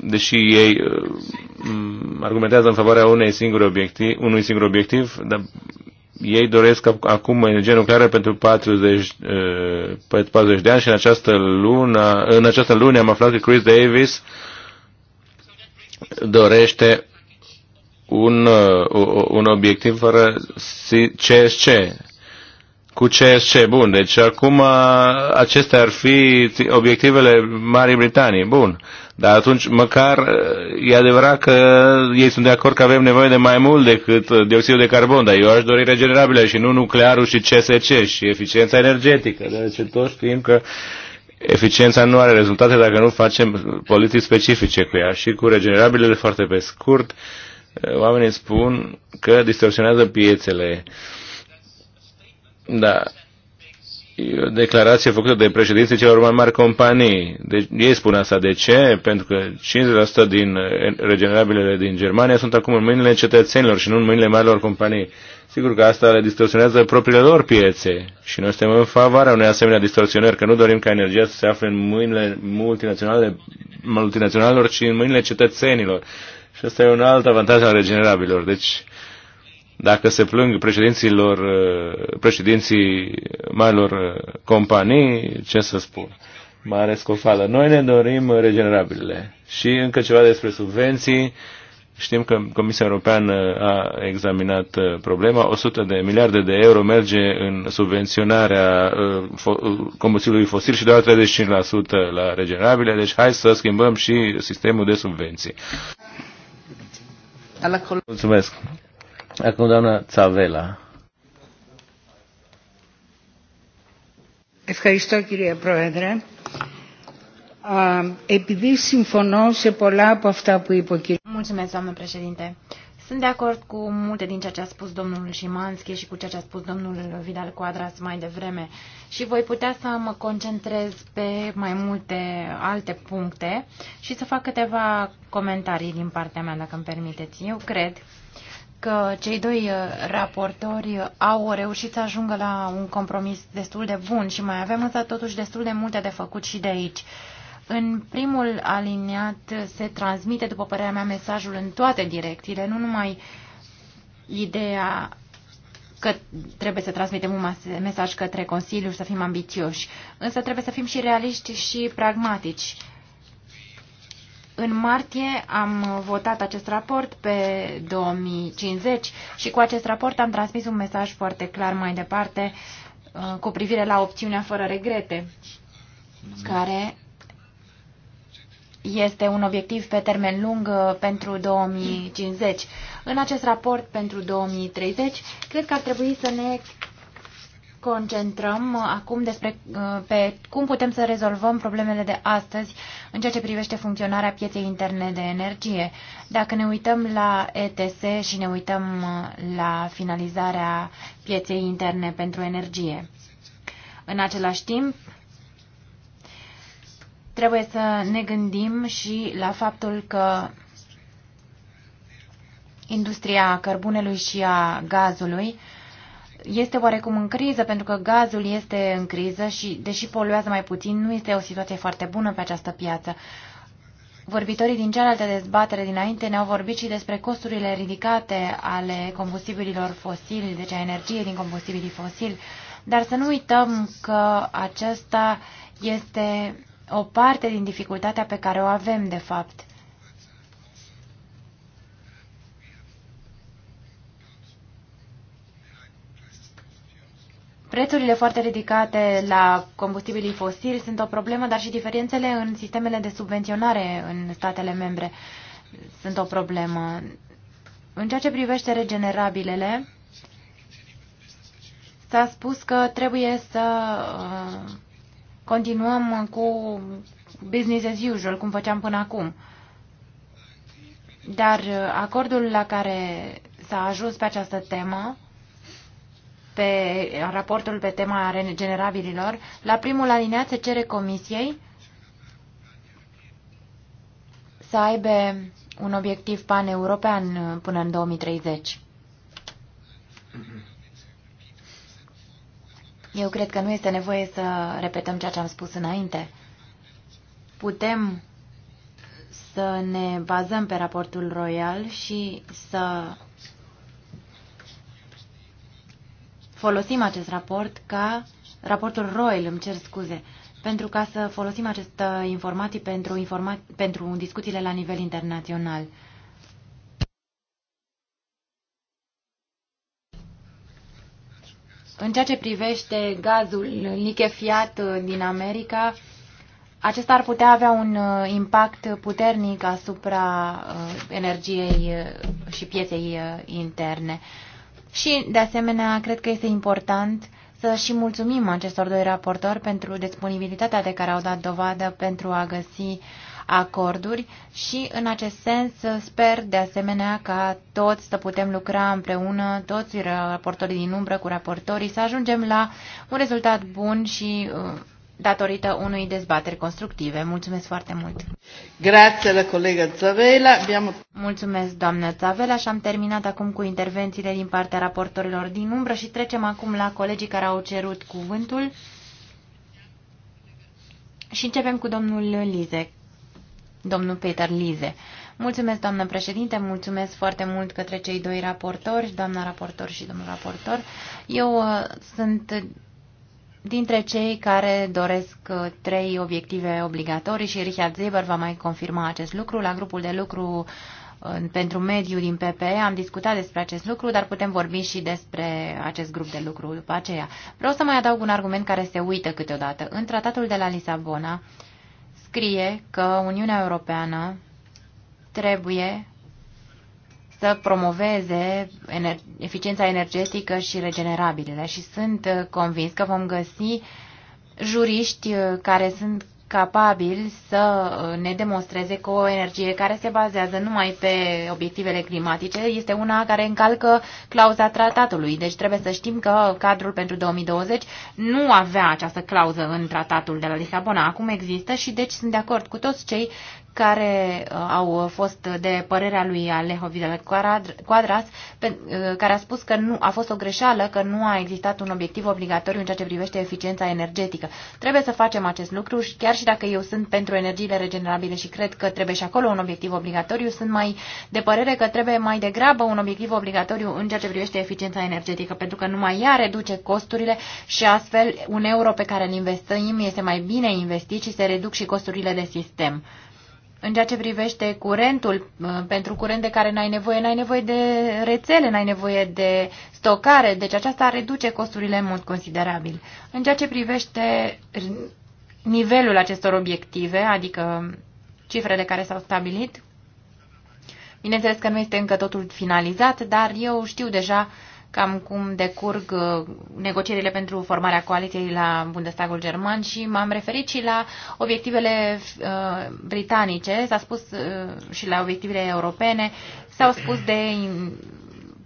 deși ei uh, argumentează în favoarea unei singure obiectiv, unui singur obiectiv, dar ei doresc acum energie nucleară pentru 40, uh, 40 de ani și în această, lună, în această lună am aflat că Chris Davis dorește un, uh, un obiectiv fără CSC. Cu CSC, bun. Deci acum acestea ar fi obiectivele Marii Britanii. Bun. Dar atunci, măcar, e adevărat că ei sunt de acord că avem nevoie de mai mult decât dioxidul de carbon, dar eu aș dori regenerabile și nu nuclearul și CSC și eficiența energetică. Deci toți știm că eficiența nu are rezultate dacă nu facem politici specifice cu ea. Și cu regenerabilele, foarte pe scurt, oamenii spun că distorsionează piețele. Da, declarație făcută de președinții celor mai mari companii. Deci, ei spun asta. De ce? Pentru că 50% din eh, regenerabilele din Germania sunt acum în mâinile cetățenilor și nu în mâinile marilor companii. Sigur că asta le distorsionează propriile lor piețe și noi suntem în favoarea unei asemenea distorsionări, că nu dorim ca energia să se afle în mâinile multinaționale, multinaționalelor, ci în mâinile cetățenilor. Și asta e un alt avantaj al regenerabilor. Deci, dacă se plâng președinților, uh, președinții marilor uh, companii, ce să spun? Mare scofală. Noi ne dorim regenerabile. Și încă ceva despre subvenții. Știm că Comisia Europeană a examinat uh, problema. 100 de miliarde de euro merge în subvenționarea combustibilului fosil și doar 35% la regenerabile. Deci hai să schimbăm și sistemul de subvenții. Mulțumesc. Acum doamna Țavela.
Ευχαριστώ κύριε Πρόεδρε. Επειδή συμφωνώ σε πολλά από αυτά που είπε ο κύριος... Mulțumesc, doamnă președinte. Sunt de acord cu multe din ceea ce a spus domnul Șimanski și cu ceea ce a spus domnul Vidal Coadras mai devreme și voi putea să mă concentrez pe mai multe alte puncte și să fac câteva comentarii din partea mea, dacă îmi permiteți. Eu cred că cei doi uh, raportori uh, au reușit să ajungă la un compromis destul de bun și mai avem însă totuși destul de multe de făcut și de aici. În primul aliniat uh, se transmite, după părerea mea, mesajul în toate direcțiile, nu numai ideea că trebuie să transmitem un mesaj către Consiliu, să fim ambițioși, însă trebuie să fim și realiști și pragmatici. În martie am votat acest raport pe 2050 și cu acest raport am transmis un mesaj foarte clar mai departe uh, cu privire la opțiunea fără regrete, care este un obiectiv pe termen lung uh, pentru 2050. În acest raport pentru 2030, cred că ar trebui să ne concentrăm acum despre, uh, pe cum putem să rezolvăm problemele de astăzi în ceea ce privește funcționarea pieței interne de energie. Dacă ne uităm la ETS și ne uităm uh, la finalizarea pieței interne pentru energie. În același timp, trebuie să ne gândim și la faptul că industria cărbunelui și a gazului este oarecum în criză, pentru că gazul este în criză și, deși poluează mai puțin, nu este o situație foarte bună pe această piață. Vorbitorii din cealaltă dezbatere dinainte ne-au vorbit și despre costurile ridicate ale combustibililor fosili, deci a energiei din combustibilii fosili, dar să nu uităm că acesta este o parte din dificultatea pe care o avem, de fapt. Prețurile foarte ridicate la combustibilii fosili sunt o problemă, dar și diferențele în sistemele de subvenționare în statele membre sunt o problemă. În ceea ce privește regenerabilele, s-a spus că trebuie să uh, continuăm cu business as usual, cum făceam până acum. Dar uh, acordul la care s-a ajuns pe această temă pe raportul pe tema regenerabililor, la primul alineat se cere Comisiei să aibă un obiectiv pan-european uh, până în 2030. Eu cred că nu este nevoie să repetăm ceea ce am spus înainte. Putem să ne bazăm pe raportul royal și să folosim acest raport ca raportul Royal, îmi cer scuze, pentru ca să folosim aceste informații pentru, informa pentru discuțiile la nivel internațional. În ceea ce privește gazul lichefiat din America, acesta ar putea avea un uh, impact puternic asupra uh, energiei uh, și pieței interne. Și, de asemenea, cred că este important să și mulțumim acestor doi raportori pentru disponibilitatea de care au dat dovadă pentru a găsi acorduri și, în acest sens, sper, de asemenea, ca toți să putem lucra împreună, toți raportorii din umbră cu raportorii, să ajungem la un rezultat bun și uh, datorită unui dezbateri constructive. Mulțumesc foarte mult! Grație la colega Țavela. Abbiamo... Mulțumesc, doamnă Țavela, și am terminat acum cu intervențiile din partea raportorilor din umbră și trecem acum la colegii care au cerut cuvântul. Și începem cu domnul Lize, domnul Peter Lize. Mulțumesc, doamnă președinte, mulțumesc foarte mult către cei doi raportori, doamna raportor și domnul raportor. Eu uh, sunt dintre cei care doresc uh, trei obiective obligatorii și Richard Zeber va mai confirma acest lucru la grupul de lucru pentru mediu din PPE. Am discutat despre acest lucru, dar putem vorbi și despre acest grup de lucru după aceea. Vreau să mai adaug un argument care se uită câteodată. În tratatul de la Lisabona scrie că Uniunea Europeană trebuie să promoveze ener eficiența energetică și regenerabilele și sunt uh, convins că vom găsi uh, juriști uh, care sunt capabili să ne demonstreze că o energie care se bazează numai pe obiectivele climatice este una care încalcă clauza tratatului. Deci trebuie să știm că cadrul pentru 2020 nu avea această clauză în tratatul de la Lisabona. Acum există și deci sunt de acord cu toți cei care uh, au fost de părerea lui Alejo Vidal Quadras, uh, care a spus că nu a fost o greșeală, că nu a existat un obiectiv obligatoriu în ceea ce privește eficiența energetică. Trebuie să facem acest lucru și chiar și dacă eu sunt pentru energiile regenerabile și cred că trebuie și acolo un obiectiv obligatoriu, sunt mai de părere că trebuie mai degrabă un obiectiv obligatoriu în ceea ce privește eficiența energetică, pentru că numai ea reduce costurile și astfel un euro pe care îl investim este mai bine investit și se reduc și costurile de sistem. În ceea ce privește curentul, uh, pentru curent de care n-ai nevoie, n-ai nevoie de rețele, n-ai nevoie de stocare, deci aceasta reduce costurile în mod considerabil. În ceea ce privește nivelul acestor obiective, adică cifrele care s-au stabilit, bineînțeles că nu este încă totul finalizat, dar eu știu deja uh, cam cum decurg uh, negocierile pentru formarea coaliției la Bundestagul German și m-am referit și la obiectivele uh, britanice, s-a spus uh, și la obiectivele europene, s-au spus de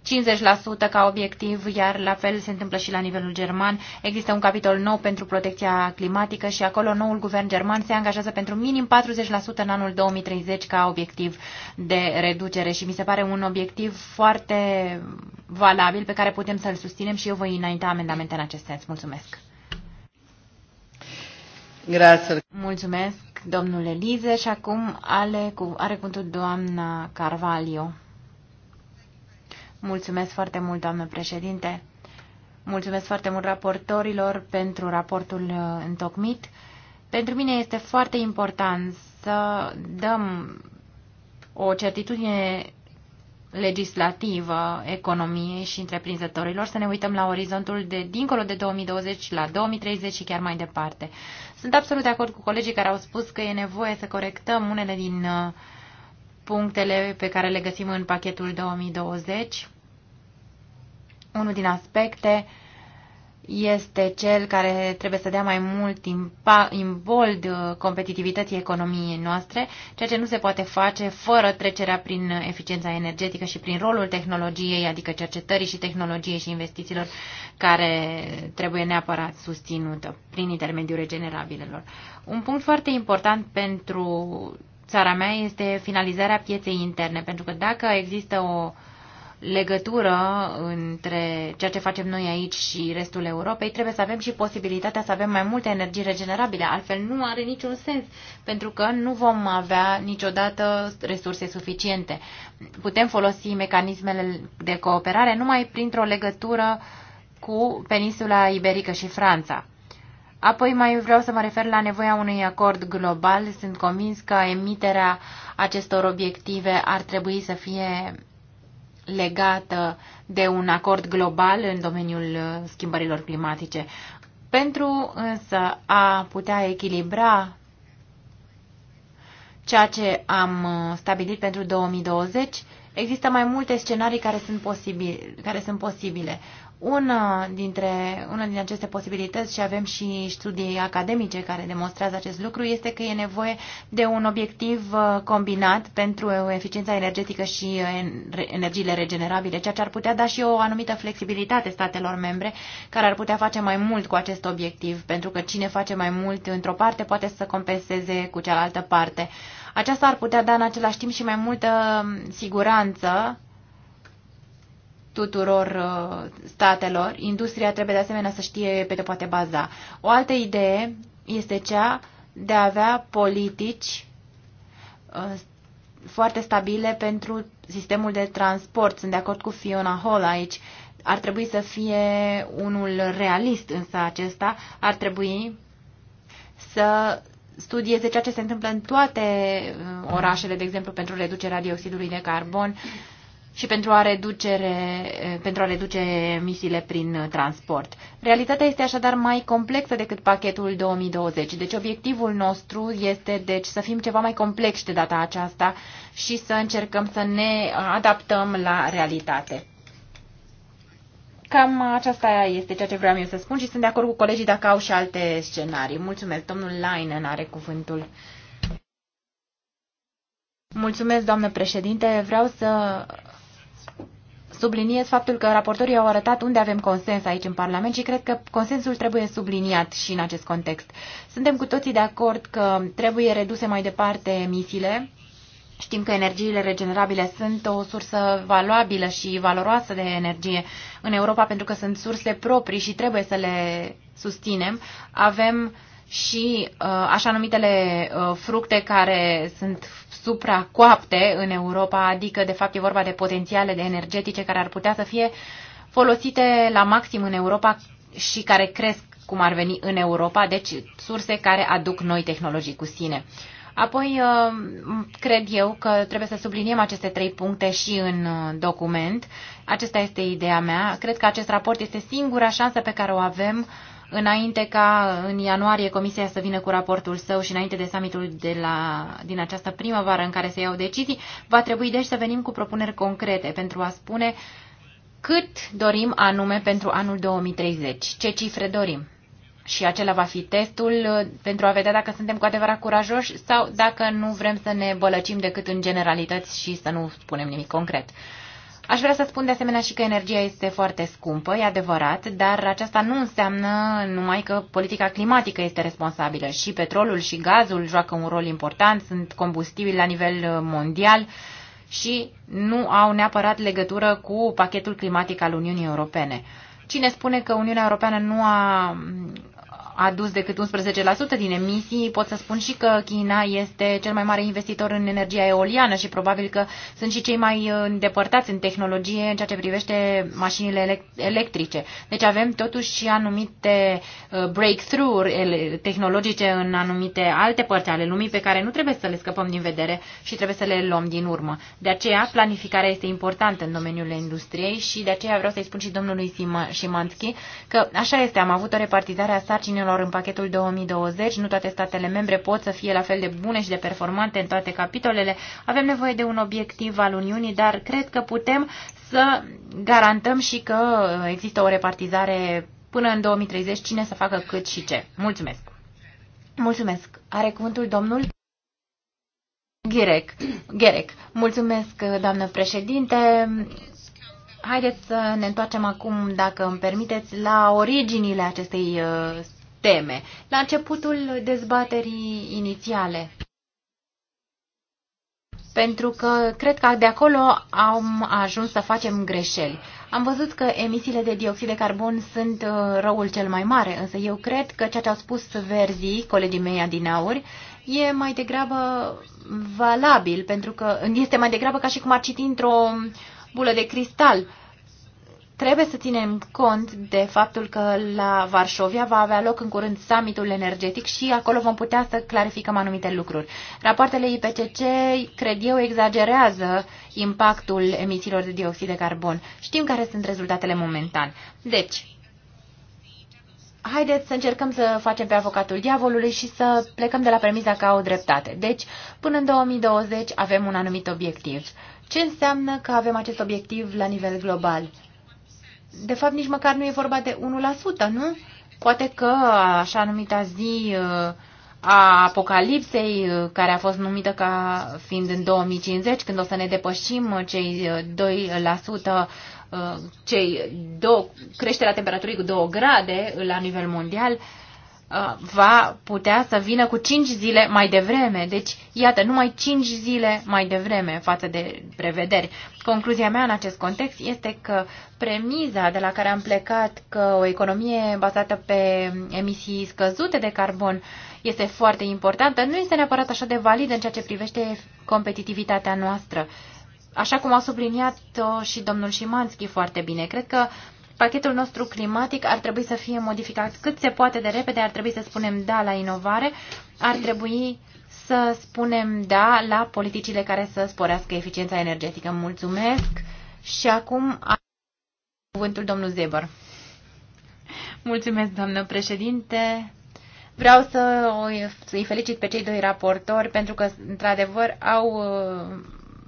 50% ca obiectiv, iar la fel se întâmplă și la nivelul german. Există un capitol nou pentru protecția climatică și acolo noul guvern german se angajează pentru minim 40% în anul 2030 ca obiectiv de reducere și mi se pare un obiectiv foarte valabil pe care putem să-l susținem și eu voi înainta amendamente în acest sens. Mulțumesc! Grazie. Mulțumesc, domnule Lize, și acum are cu, are cuvântul doamna Carvalho. Mulțumesc foarte mult, doamnă președinte. Mulțumesc foarte mult raportorilor pentru raportul uh, întocmit. Pentru mine este foarte important să dăm o certitudine legislativă economiei și întreprinzătorilor, să ne uităm la orizontul de dincolo de 2020, la 2030 și chiar mai departe. Sunt absolut de acord cu colegii care au spus că e nevoie să corectăm unele din uh, punctele pe care le găsim în pachetul 2020. Unul din aspecte este cel care trebuie să dea mai mult imbold uh, competitivității economiei noastre, ceea ce nu se poate face fără trecerea prin eficiența energetică și prin rolul tehnologiei, adică cercetării și tehnologiei și investițiilor care trebuie neapărat susținută prin intermediul regenerabilelor. Un punct foarte important pentru țara mea este finalizarea pieței interne, pentru că dacă există o legătură între ceea ce facem noi aici și restul Europei, trebuie să avem și posibilitatea să avem mai multe energii regenerabile, altfel nu are niciun sens, pentru că nu vom avea niciodată resurse suficiente. Putem folosi mecanismele de cooperare numai printr-o legătură cu peninsula iberică și Franța. Apoi mai vreau să mă refer la nevoia unui acord global. Sunt convins că emiterea acestor obiective ar trebui să fie legată de un acord global în domeniul uh, schimbărilor climatice. Pentru însă a putea echilibra ceea ce am uh, stabilit pentru 2020, există mai multe scenarii care sunt, posibil, care sunt posibile. Una dintre, una dintre aceste posibilități, și avem și studii academice care demonstrează acest lucru, este că e nevoie de un obiectiv uh, combinat pentru eficiența energetică și uh, energiile regenerabile, ceea ce ar putea da și o anumită flexibilitate statelor membre care ar putea face mai mult cu acest obiectiv, pentru că cine face mai mult într-o parte poate să compenseze cu cealaltă parte. Aceasta ar putea da în același timp și mai multă um, siguranță tuturor uh, statelor. Industria trebuie de asemenea să știe pe ce poate baza. O altă idee este cea de a avea politici uh, foarte stabile pentru sistemul de transport. Sunt de acord cu Fiona Hall aici. Ar trebui să fie unul realist, însă acesta ar trebui să studieze ceea ce se întâmplă în toate uh, orașele, de exemplu, pentru reducerea dioxidului de carbon, și pentru a, reducere, pentru a reduce emisiile prin uh, transport. Realitatea este așadar mai complexă decât pachetul 2020. Deci obiectivul nostru este deci, să fim ceva mai complex de data aceasta și să încercăm să ne adaptăm la realitate. Cam aceasta este ceea ce vreau eu să spun și sunt de acord cu colegii dacă au și alte scenarii. Mulțumesc. Domnul Lainen are cuvântul. Mulțumesc, doamnă președinte. Vreau să subliniez faptul că raportorii au arătat unde avem consens aici în Parlament și cred că consensul trebuie subliniat și în acest context. Suntem cu toții de acord că trebuie reduse mai departe emisiile. Știm că energiile regenerabile sunt o sursă valoabilă și valoroasă de energie în Europa pentru că sunt surse proprii și trebuie să le susținem. Avem și uh, așa numitele uh, fructe care sunt supracoapte în Europa, adică de fapt e vorba de de energetice care ar putea să fie folosite la maxim în Europa și care cresc cum ar veni în Europa, deci surse care aduc noi tehnologii cu sine. Apoi, uh, cred eu că trebuie să subliniem aceste trei puncte și în uh, document. Acesta este ideea mea. Cred că acest raport este singura șansă pe care o avem uh, înainte ca în ianuarie Comisia să vină cu raportul său și înainte de summitul de la, din această primăvară în care se iau decizii, va trebui deci să venim cu propuneri concrete pentru a spune cât dorim anume pentru anul 2030, ce cifre dorim. Și acela va fi testul uh, pentru a vedea dacă suntem cu adevărat curajoși sau dacă nu vrem să ne bălăcim decât în generalități și să nu spunem nimic concret. Aș vrea să spun de asemenea și că energia este foarte scumpă, e adevărat, dar aceasta nu înseamnă numai că politica climatică este responsabilă. Și petrolul și gazul joacă un rol important, sunt combustibili la nivel uh, mondial și nu au neapărat legătură cu pachetul climatic al Uniunii Europene. Cine spune că Uniunea Europeană nu a adus decât 11% din emisii, pot să spun și că China este cel mai mare investitor în energia eoliană și probabil că sunt și cei mai îndepărtați în tehnologie în ceea ce privește mașinile electrice. Deci avem totuși și anumite uh, breakthrough-uri tehnologice în anumite alte părți ale lumii pe care nu trebuie să le scăpăm din vedere și trebuie să le luăm din urmă. De aceea, planificarea este importantă în domeniul industriei și de aceea vreau să-i spun și domnului Simanski că așa este, am avut o repartizare a sarcinilor sarcinilor în pachetul 2020. Nu toate statele membre pot să fie la fel de bune și de performante în toate capitolele. Avem nevoie de un obiectiv al Uniunii, dar cred că putem să garantăm și că există o repartizare până în 2030, cine să facă cât și ce. Mulțumesc! Mulțumesc! Are cuvântul domnul? Girec. Gherec. Mulțumesc, doamnă președinte. Haideți să ne întoarcem acum, dacă îmi permiteți, la originile acestei uh, teme. La începutul dezbaterii inițiale. Pentru că cred că de acolo am ajuns să facem greșeli. Am văzut că emisiile de dioxid de carbon sunt uh, răul cel mai mare, însă eu cred că ceea ce au spus verzii, colegii mei adinauri, e mai degrabă valabil, pentru că este mai degrabă ca și cum ar citi într-o bulă de cristal. Uh, Trebuie să ținem cont de faptul că la Varșovia va avea loc în curând summitul energetic și acolo vom putea să clarificăm anumite lucruri. Rapoartele IPCC, cred eu, exagerează impactul emisiilor de dioxid de carbon. Știm care sunt rezultatele momentan. Deci, haideți să încercăm să facem pe avocatul diavolului și să plecăm de la premiza că au dreptate. Deci, până în 2020 avem un anumit obiectiv. Ce înseamnă că avem acest obiectiv la nivel global? de fapt, nici măcar nu e vorba de 1%, nu? Poate că așa numita zi uh, a Apocalipsei, uh, care a fost numită ca fiind în 2050, când o să ne depășim uh, cei 2%, cei 2, creșterea temperaturii cu 2 grade la nivel mondial, Uh, va putea să vină cu 5 zile mai devreme. Deci, iată, numai 5 zile mai devreme față de prevederi. Concluzia mea în acest context este că premiza de la care am plecat că o economie bazată pe emisii scăzute de carbon este foarte importantă, nu este neapărat așa de validă în ceea ce privește competitivitatea noastră. Așa cum a subliniat și domnul Șimanski foarte bine, cred că pachetul nostru climatic ar trebui să fie modificat cât se poate de repede, ar trebui să spunem da la inovare, ar trebui să spunem da la politicile care să sporească eficiența energetică. Mulțumesc și acum cuvântul domnul Zeber. Mulțumesc, doamnă președinte. Vreau să îi felicit pe cei doi raportori pentru că, într-adevăr, au uh,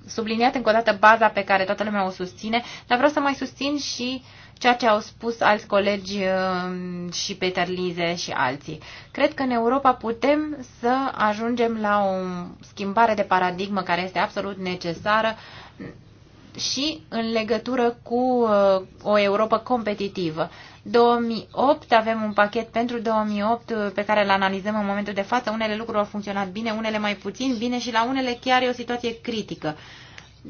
subliniat încă o dată baza pe care toată lumea o susține, dar vreau să mai susțin și uh, ceea ce au spus alți colegi uh, și Peter Lize și alții. Cred că în Europa putem să ajungem la o schimbare de paradigmă care este absolut necesară și în legătură cu uh, o Europa competitivă. 2008, avem un pachet pentru 2008 uh, pe care îl analizăm în momentul de față. Unele lucruri au funcționat bine, unele mai puțin bine și la unele chiar e o situație critică.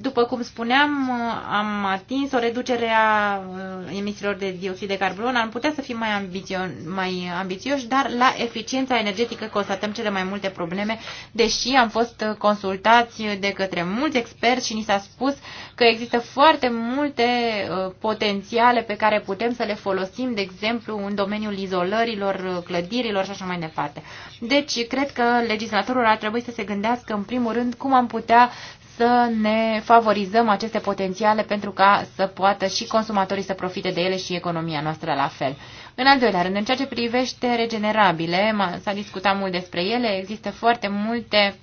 După cum spuneam, am atins o reducere a uh, emisiilor de dioxid de carbon. Am putea să fim mai, ambițio- mai ambițioși, dar la eficiența energetică constatăm cele mai multe probleme, deși am fost consultați de către mulți experți și ni s-a spus că există foarte multe uh, potențiale pe care putem să le folosim, de exemplu, în domeniul izolărilor, uh, clădirilor și așa mai departe. Deci, cred că legislatorul ar trebui să se gândească, în primul rând, cum am putea să ne favorizăm aceste potențiale pentru ca să poată și consumatorii să profite de ele și economia noastră la fel. În al doilea rând, în ceea ce privește regenerabile, s-a discutat mult despre ele, există foarte multe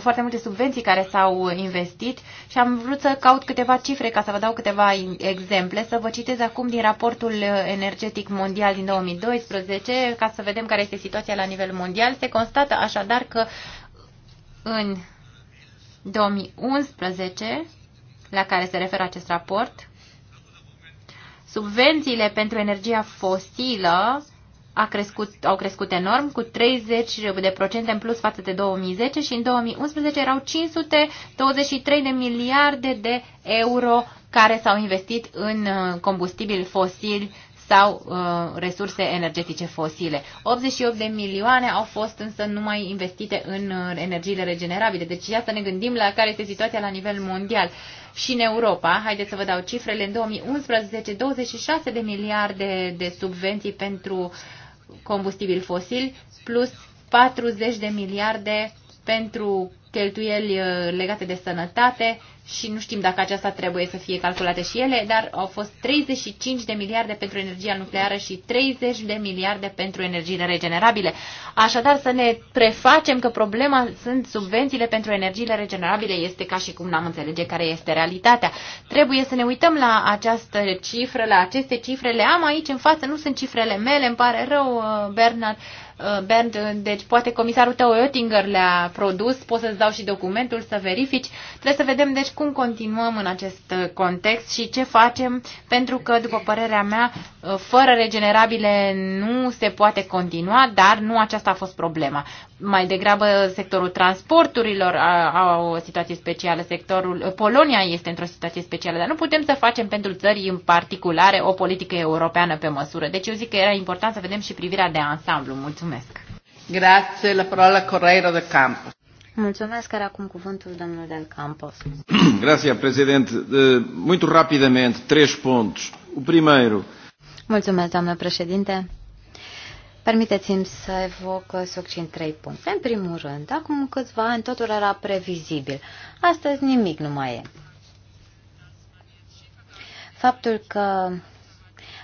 foarte multe subvenții care s-au investit și am vrut să caut câteva cifre ca să vă dau câteva exemple, să vă citez acum din raportul energetic mondial din 2012, ca să vedem care este situația la nivel mondial. Se constată așadar că în 2011, la care se referă acest raport, subvențiile pentru energia fosilă a crescut, au crescut enorm, cu 30% de procente în plus față de 2010 și în 2011 erau 523 de miliarde de euro care s-au investit în uh, combustibili fosili sau uh, resurse energetice fosile. 88 de milioane au fost însă numai investite în uh, energiile regenerabile. Deci să ne gândim la care este situația la nivel mondial. Și în Europa, haideți să vă dau cifrele, în 2011 26 de miliarde de subvenții pentru uh, combustibili fosili, plus 40 de miliarde pentru cheltuieli uh, legate de sănătate și nu știm dacă aceasta trebuie să fie calculate și ele, dar au fost 35 de miliarde pentru energia nucleară și 30 de miliarde pentru energiile regenerabile. Așadar să ne prefacem că problema sunt subvențiile pentru energiile regenerabile este ca și cum n-am înțelege care este realitatea. Trebuie să ne uităm la această cifră, la aceste cifre, le am aici în față, nu sunt cifrele mele, îmi pare rău, uh, Bernard, Uh, Bernd, uh, deci poate comisarul tău Oettinger le-a produs, poți să-ți dau și documentul să verifici. Trebuie să vedem deci cum continuăm în acest uh, context și ce facem, pentru că, după părerea mea, fără regenerabile nu se poate continua, dar nu aceasta a fost problema mai degrabă sectorul transporturilor au o situație specială, sectorul Polonia este într-o situație specială, dar nu putem să facem pentru țări în particulare o politică europeană pe măsură. Deci eu zic că era important să vedem și privirea de ansamblu. Mulțumesc!
Grazie, la parola Correiro de Campos. Mulțumesc, care acum cuvântul domnul Del Campos.
[CLEARS THROAT] Grazie, președinte. Muito rapidamente, três pontos. O primeiro.
Mulțumesc, doamnă președinte. Permiteți-mi să evoc succint trei puncte. În primul rând, acum câțiva ani totul era previzibil. Astăzi nimic nu mai e. Faptul că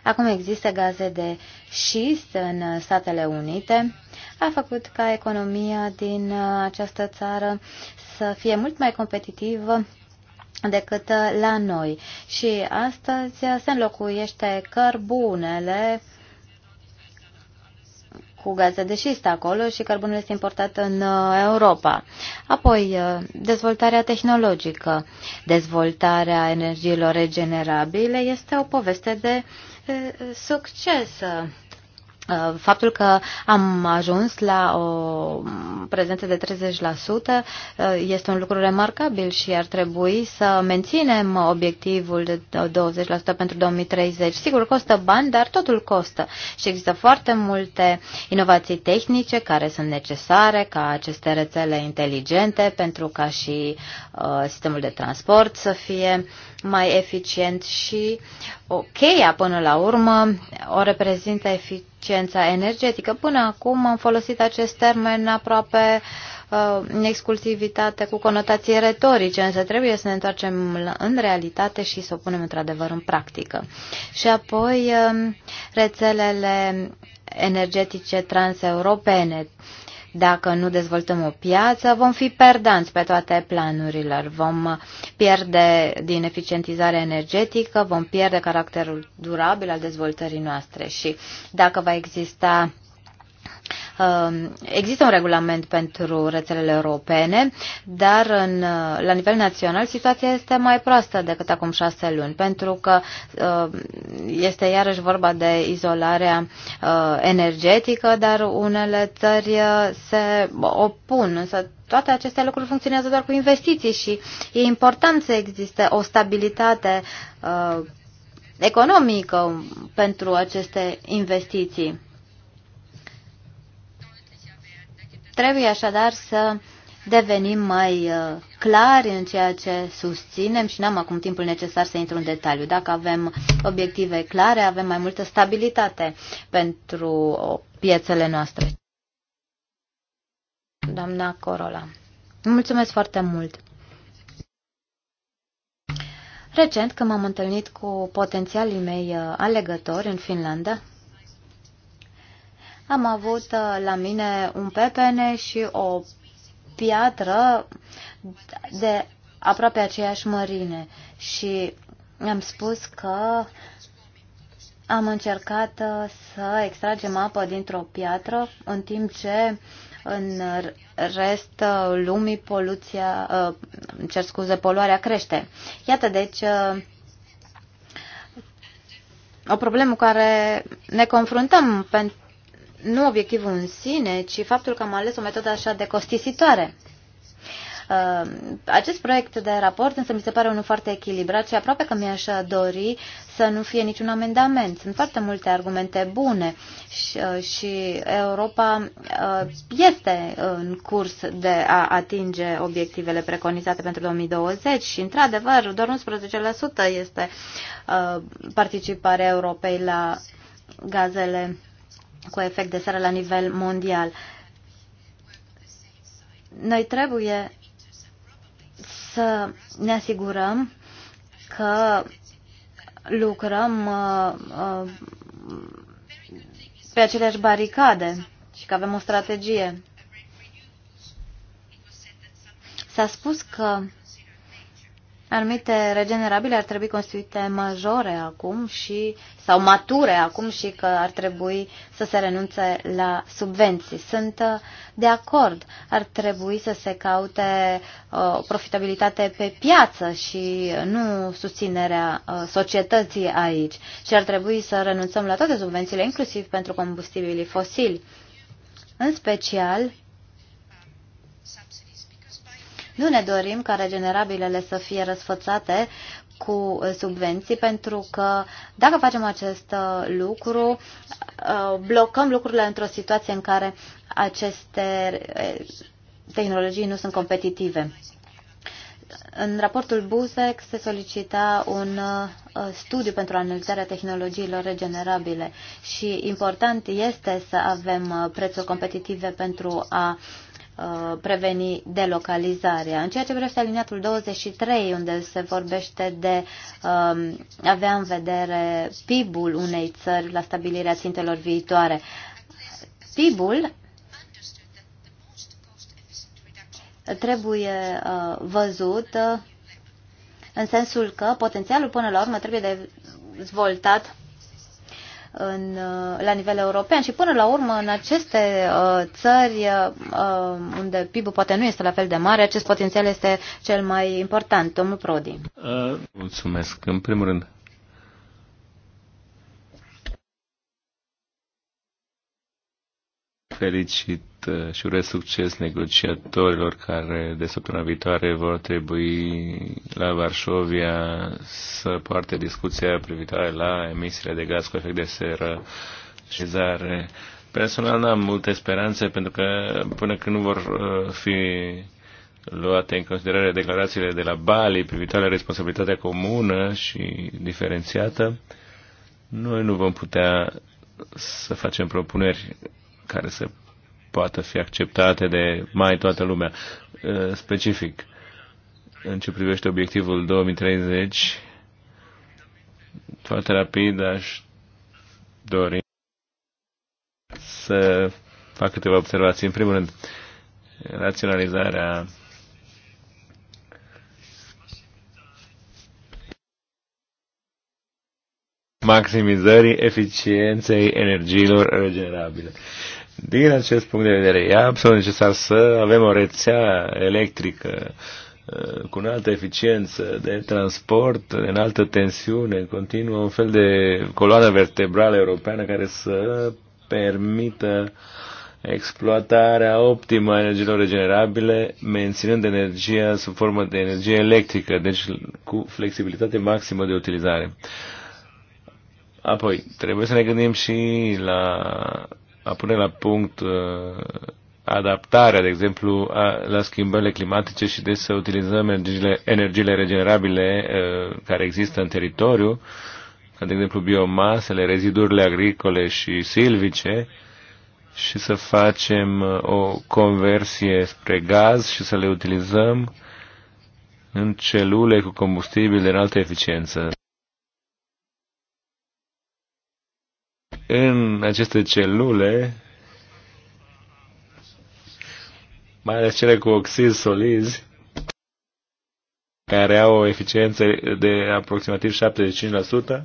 acum există gaze de șist în Statele Unite a făcut ca economia din această țară să fie mult mai competitivă decât la noi. Și astăzi se înlocuiește cărbunele cu gaze de șist acolo și cărbunul este importat în uh, Europa. Apoi, uh, dezvoltarea tehnologică, dezvoltarea energiilor regenerabile este o poveste de uh, succes Uh, faptul că am ajuns la o prezență de 30% uh, este un lucru remarcabil și ar trebui să menținem obiectivul de 20% pentru 2030. Sigur, costă bani, dar totul costă și există foarte multe inovații tehnice care sunt necesare ca aceste rețele inteligente pentru ca și uh, sistemul de transport să fie mai eficient și cheia okay, până la urmă o reprezintă eficient eficiența energetică. Până acum am folosit acest termen aproape uh, în exclusivitate cu conotații retorice, însă trebuie să ne întoarcem în realitate și să o punem într-adevăr în practică. Și apoi um, rețelele energetice transeuropene. Dacă nu dezvoltăm o piață, vom fi perdanți pe toate planurile. Vom pierde din eficientizarea energetică, vom pierde caracterul durabil al dezvoltării noastre și dacă va exista Um, există un regulament pentru rețelele europene, dar în, la nivel național situația este mai proastă decât acum șase luni, pentru că um, este iarăși vorba de izolarea uh, energetică, dar unele țări uh, se opun, însă toate aceste lucruri funcționează doar cu investiții și e important să existe o stabilitate uh, economică pentru aceste investiții. Trebuie așadar să devenim mai uh, clari în ceea ce susținem și n-am acum timpul necesar să intru în detaliu. Dacă avem obiective clare, avem mai multă stabilitate pentru piețele noastre. Doamna Corola, mulțumesc foarte mult! Recent, când m-am întâlnit cu potențialii mei uh, alegători în Finlanda, am avut uh, la mine un pepene și o piatră de aproape aceeași mărine și am spus că am încercat uh, să extragem apă dintr-o piatră în timp ce în rest uh, lumii poluția, cer scuze, poluarea crește. Iată deci o problemă cu care ne confruntăm pentru nu obiectivul în sine, ci faptul că am ales o metodă așa de costisitoare. Uh, acest proiect de raport însă mi se pare unul foarte echilibrat și aproape că mi-aș dori să nu fie niciun amendament. Sunt foarte multe argumente bune și, uh, și Europa uh, este în curs de a atinge obiectivele preconizate pentru 2020 și, într-adevăr, doar 11% este participarea Europei la gazele cu efect de seră la nivel mondial. Noi trebuie să ne asigurăm că lucrăm uh, uh, pe aceleași baricade și că avem o strategie. S-a spus că anumite regenerabile ar trebui constituite majore acum și, sau mature acum și că ar trebui să se renunțe la subvenții. Sunt uh, de acord, ar trebui să se caute uh, profitabilitate pe piață și nu susținerea uh, societății aici. Și ar trebui să renunțăm la toate subvențiile, inclusiv pentru combustibilii fosili. În special, nu ne dorim ca regenerabilele să fie răsfățate cu uh, subvenții, pentru că dacă facem acest uh, lucru, uh, blocăm lucrurile într-o situație în care aceste tehnologii nu sunt competitive. În raportul Buzek se solicita un studiu pentru analizarea tehnologiilor regenerabile și important este să avem prețuri competitive pentru a Uh, preveni delocalizarea. În ceea ce privește aliniatul 23, unde se vorbește de um, avea în vedere PIB-ul unei țări la stabilirea țintelor viitoare, PIB-ul trebuie uh, văzut uh, în sensul că potențialul până la urmă trebuie dezvoltat în, uh, la nivel european și până la urmă în aceste uh, țări uh, unde PIB-ul poate nu este la fel de mare, acest potențial este cel mai important. Domnul Prodi.
Mulțumesc. În primul rând, felicit uh, și urez succes negociatorilor care de săptămâna viitoare vor trebui la Varșovia să poarte discuția privitoare la emisiile de gaz cu efect de seră și zare. Personal n-am multe speranțe pentru că până când nu vor uh, fi luate în considerare declarațiile de la Bali privitoare la responsabilitatea comună și diferențiată, noi nu vom putea să facem propuneri care să poată fi acceptate de mai toată lumea. Uh, specific, în ce privește obiectivul 2030, foarte rapid aș dori să fac câteva observații. În primul rând, raționalizarea maximizării eficienței energiilor regenerabile. Din acest punct de vedere, e absolut necesar să avem o rețea electrică uh, cu înaltă eficiență de transport, în altă tensiune, continuă un fel de coloană vertebrală europeană care să permită exploatarea optimă a energiilor regenerabile, menținând energia sub formă de energie electrică, deci cu flexibilitate maximă de utilizare. Apoi, trebuie să ne gândim și la a pune la punct uh, adaptarea, de exemplu, a, la schimbările climatice și de să utilizăm energiile, energiile regenerabile uh, care există în teritoriu, ca de exemplu biomasele, rezidurile agricole și silvice, și să facem uh, o conversie spre gaz și să le utilizăm în celule cu combustibil de înaltă eficiență. în aceste celule, mai ales cele cu oxid solizi, care au o eficiență de aproximativ 75%,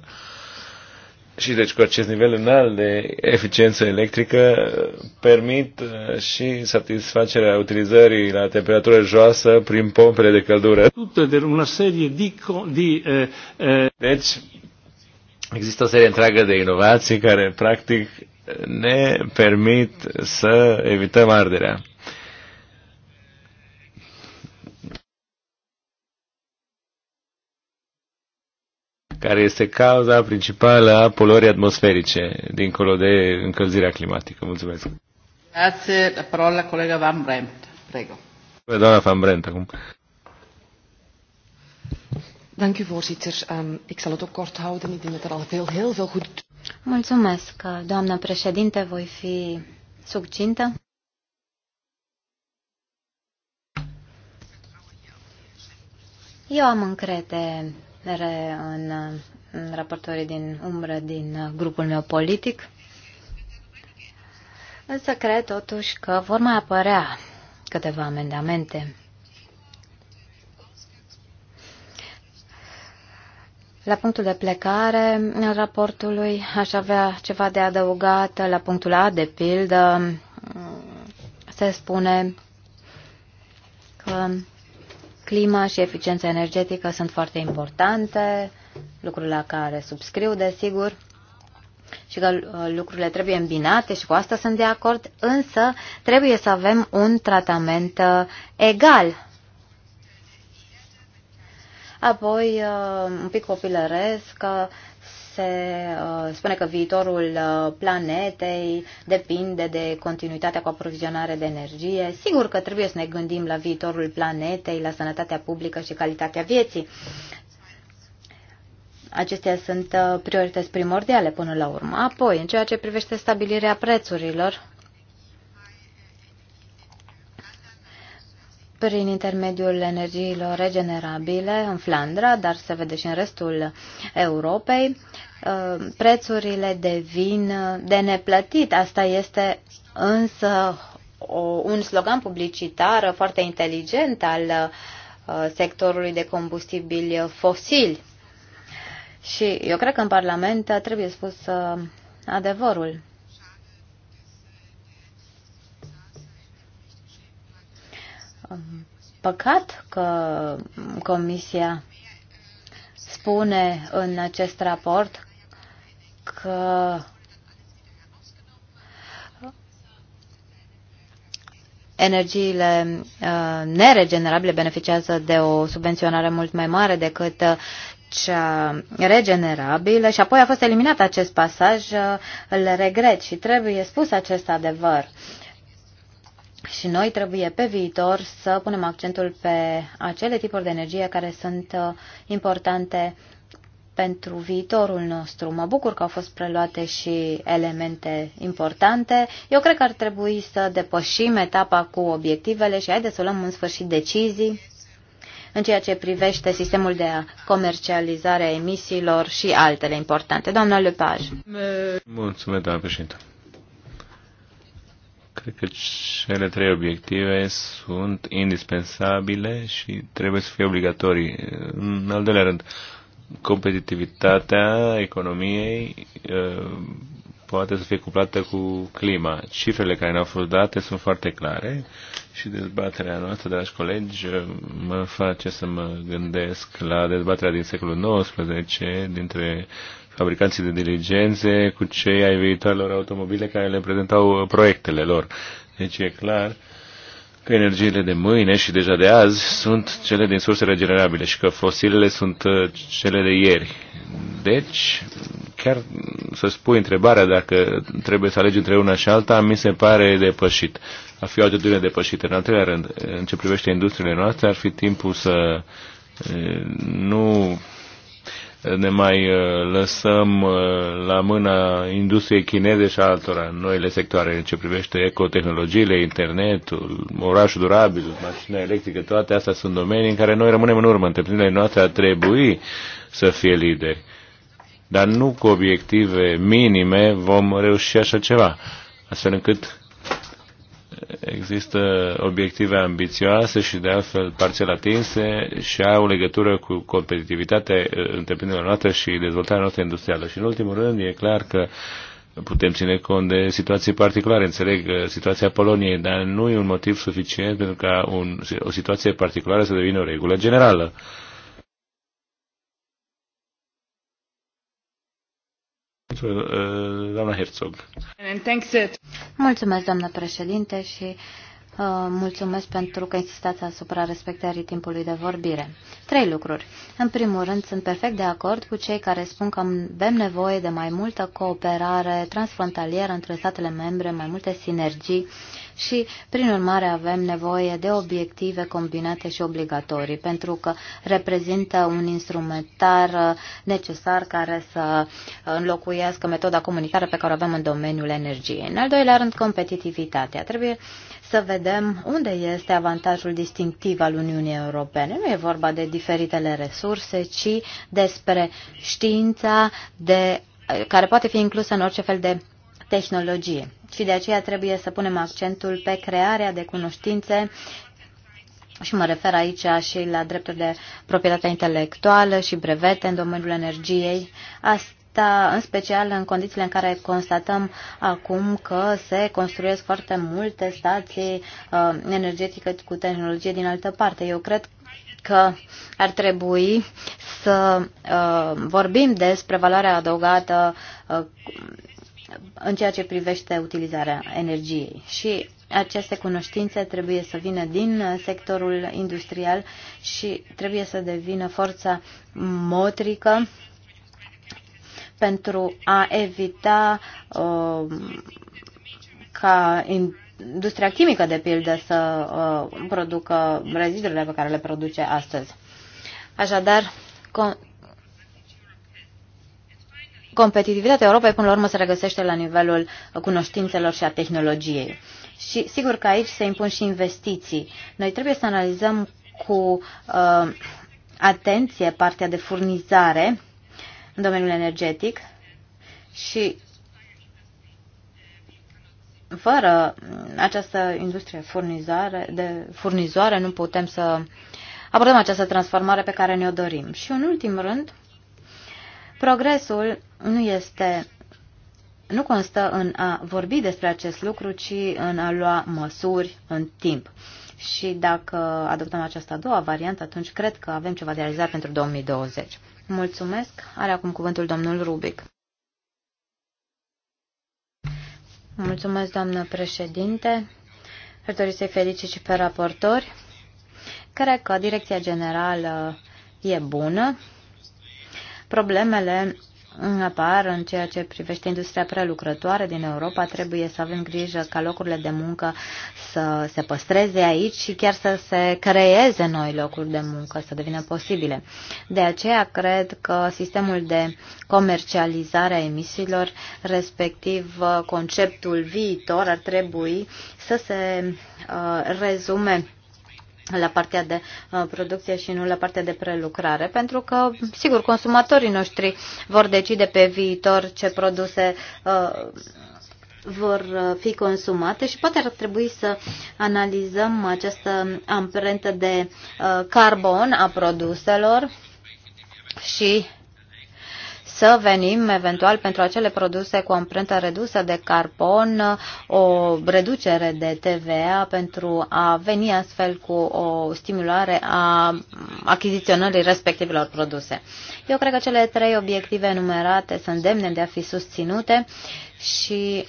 și deci cu acest nivel înalt de eficiență electrică permit uh, și satisfacerea utilizării la temperatură joasă prin pompele de căldură. serie uh, uh, Deci Există o serie întreagă de inovații care, practic, ne permit să evităm arderea. care este cauza principală a poluării atmosferice, dincolo de încălzirea climatică. Mulțumesc. Grazie. La parola colega Van Brent. Prego. Doamna Van Brent, acum.
Dank u, voorzitter. Um, ik zal het ook kort houden.
Ik denk dat er al veel, heel veel goed...
Mulțumesc, doamnă președinte. Voi fi succintă. Eu am încredere în, în raportorii din umbră din grupul meu politic, însă cred totuși că vor mai apărea câteva amendamente La punctul de plecare al raportului aș avea ceva de adăugat. La punctul A, de pildă, se spune că clima și eficiența energetică sunt foarte importante, lucruri la care subscriu, desigur, și că uh, lucrurile trebuie îmbinate și cu asta sunt de acord, însă trebuie să avem un tratament uh, egal Apoi, uh, un pic copilăresc, se uh, spune că viitorul uh, planetei depinde de continuitatea cu aprovizionare de energie. Sigur că trebuie să ne gândim la viitorul planetei, la sănătatea publică și calitatea vieții. Acestea sunt priorități primordiale până la urmă. Apoi, în ceea ce privește stabilirea prețurilor, prin intermediul energiilor regenerabile în Flandra, dar se vede și în restul Europei, uh, prețurile devin de neplătit. Asta este însă un slogan publicitar foarte inteligent al uh, sectorului de combustibili fosili. Și eu cred că în Parlament trebuie spus uh, adevărul. păcat că Comisia spune în acest raport că energiile uh, neregenerabile beneficiază de o subvenționare mult mai mare decât uh, cea regenerabilă și apoi a fost eliminat acest pasaj, îl uh, regret și trebuie spus acest adevăr. Uh, și noi trebuie pe viitor să punem accentul pe acele tipuri de energie care sunt uh, importante pentru viitorul nostru. Mă bucur că au fost preluate și elemente importante. Eu cred că ar trebui să depășim etapa cu obiectivele și haideți să luăm în sfârșit decizii în ceea ce privește sistemul de comercializare a emisiilor și altele importante. Doamna Lepaj.
Mulțumesc, doamna președinte. Cred că cele trei obiective sunt indispensabile și trebuie să fie obligatorii. În al doilea rând, competitivitatea economiei poate să fie cuplată cu clima. Cifrele care ne-au fost date sunt foarte clare și dezbaterea noastră, dragi colegi, mă face să mă gândesc la dezbaterea din secolul XIX dintre fabricanții de diligențe cu cei ai viitoarelor automobile care le prezentau uh, proiectele lor. Deci e clar că energiile de mâine și deja de azi sunt cele din surse regenerabile și că fosilele sunt uh, cele de ieri. Deci, chiar să spui întrebarea dacă trebuie să alegi între una și alta, mi se pare depășit. A fi o atitudine depășită. În al treilea rând, în ce privește industriile noastre, ar fi timpul să uh, nu ne mai uh, lăsăm uh, la mâna industriei chineze și altora în noile sectoare în ce privește ecotehnologiile, internetul, orașul durabil, mașina electrică, toate astea sunt domenii în care noi rămânem în urmă. Întreprinderile noastre ar trebui să fie lideri. Dar nu cu obiective minime vom reuși așa ceva, astfel încât există obiective ambițioase și de altfel parțial atinse și au legătură cu competitivitatea eh, întreprinderilor noastre și dezvoltarea noastră industrială. Și în ultimul rând e clar că putem ține cont de situații particulare. Înțeleg eh, situația Poloniei, dar nu e un motiv suficient pentru ca un, o situație particulară să devină o regulă generală. Uh, Doamna Herzog.
Mulțumesc, doamnă președinte, și uh, mulțumesc pentru că insistați asupra respectării timpului de vorbire. Trei lucruri. În primul rând, sunt perfect de acord cu cei care spun că avem nevoie de mai multă cooperare transfrontalieră între statele membre, mai multe sinergii și, prin urmare, avem nevoie de obiective combinate și obligatorii, pentru că reprezintă un instrumentar uh, necesar care să uh, înlocuiască metoda comunicare pe care o avem în domeniul energiei. În al doilea rând, competitivitatea. Trebuie să vedem unde este avantajul distinctiv al Uniunii Europene. Nu e vorba de diferitele resurse, ci despre știința de, uh, care poate fi inclusă în orice fel de tehnologie și de aceea trebuie să punem accentul pe crearea de cunoștințe și mă refer aici și la drepturi de proprietate intelectuală și brevete în domeniul energiei. Asta în special în condițiile în care constatăm acum că se construiesc foarte multe stații uh, energetice cu tehnologie din altă parte. Eu cred că ar trebui să uh, vorbim despre valoarea adăugată uh, în ceea ce privește utilizarea energiei. Și aceste cunoștințe trebuie să vină din sectorul industrial și trebuie să devină forța motrică pentru a evita uh, ca industria chimică, de pildă, să uh, producă rezidurile pe care le produce astăzi. Așadar, competitivitatea Europei până la urmă se regăsește la nivelul cunoștințelor și a tehnologiei. Și sigur că aici se impun și investiții. Noi trebuie să analizăm cu uh, atenție partea de furnizare în domeniul energetic și fără această industrie furnizare, de furnizoare nu putem să abordăm această transformare pe care ne-o dorim. Și în ultim rând, Progresul nu este nu constă în a vorbi despre acest lucru, ci în a lua măsuri în timp. Și dacă adoptăm această a doua variantă, atunci cred că avem ceva de realizat pentru 2020. Mulțumesc. Are acum cuvântul domnul Rubic. Mulțumesc, doamnă președinte. Aș dori să-i felicit și pe raportori. Cred că direcția generală e bună. Problemele apar în ceea ce privește industria prelucrătoare din Europa. Trebuie să avem grijă ca locurile de muncă să se păstreze aici și chiar să se creeze noi locuri de muncă, să devină posibile. De aceea cred că sistemul de comercializare a emisiilor, respectiv uh, conceptul viitor, ar trebui să se uh, rezume la partea de uh, producție și nu la partea de prelucrare, pentru că, sigur, consumatorii noștri vor decide pe viitor ce produse uh, vor uh, fi consumate și poate ar trebui să analizăm această amprentă de carbon a produselor și să venim eventual pentru acele produse cu o amprentă redusă de carbon, o reducere de TVA pentru a veni astfel cu o stimulare a achiziționării respectivelor produse. Eu cred că cele trei obiective enumerate sunt demne de a fi susținute și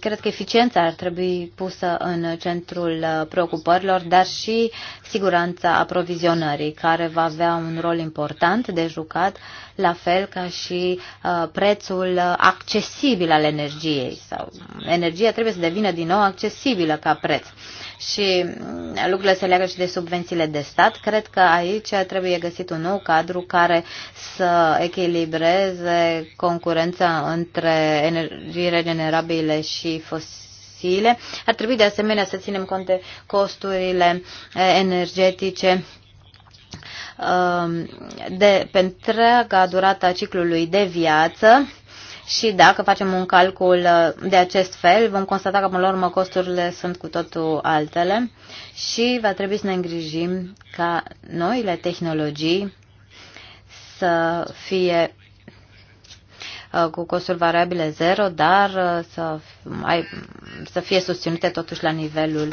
cred că eficiența ar trebui pusă în centrul uh, preocupărilor, dar și siguranța aprovizionării, care va avea un rol important de jucat, la fel ca și uh, prețul uh, accesibil al energiei. Sau energia trebuie să devină din nou accesibilă ca preț și mm, lucrurile se leagă și de subvențiile de stat. Cred că aici trebuie găsit un nou cadru care să echilibreze concurența între energii regenerabile și fosile Ar trebui de asemenea să ținem cont de costurile eh, energetice ehm, de pe întreaga durata ciclului de viață și dacă facem un calcul uh, de acest fel, vom constata că, până la urmă, costurile sunt cu totul altele și va trebui să ne îngrijim ca noile tehnologii să fie uh, cu costuri variabile zero, dar uh, să, ai, să fie susținute totuși la nivelul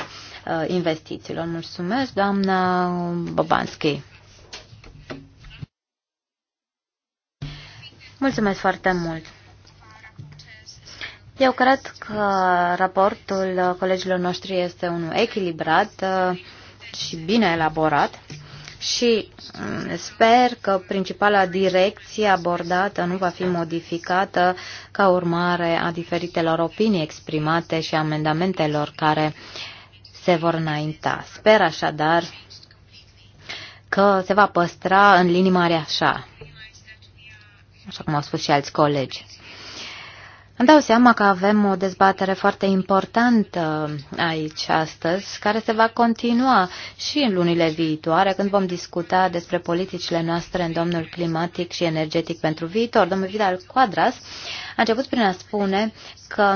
investițiilor. Mulțumesc, doamna Bobanski. Mulțumesc foarte mult. Eu cred că raportul colegilor noștri este unul echilibrat uh, și bine elaborat și mm, sper că principala direcție abordată nu va fi modificată ca urmare a diferitelor opinii exprimate și amendamentelor care se vor înainta. Sper așadar că se va păstra în linii mari așa, așa cum au spus și alți colegi. Îmi dau seama că avem o dezbatere foarte importantă aici astăzi, care se va continua și în lunile viitoare, când vom discuta despre politicile noastre în domeniul climatic și energetic pentru viitor. Domnul Vidal Quadras a început prin a spune că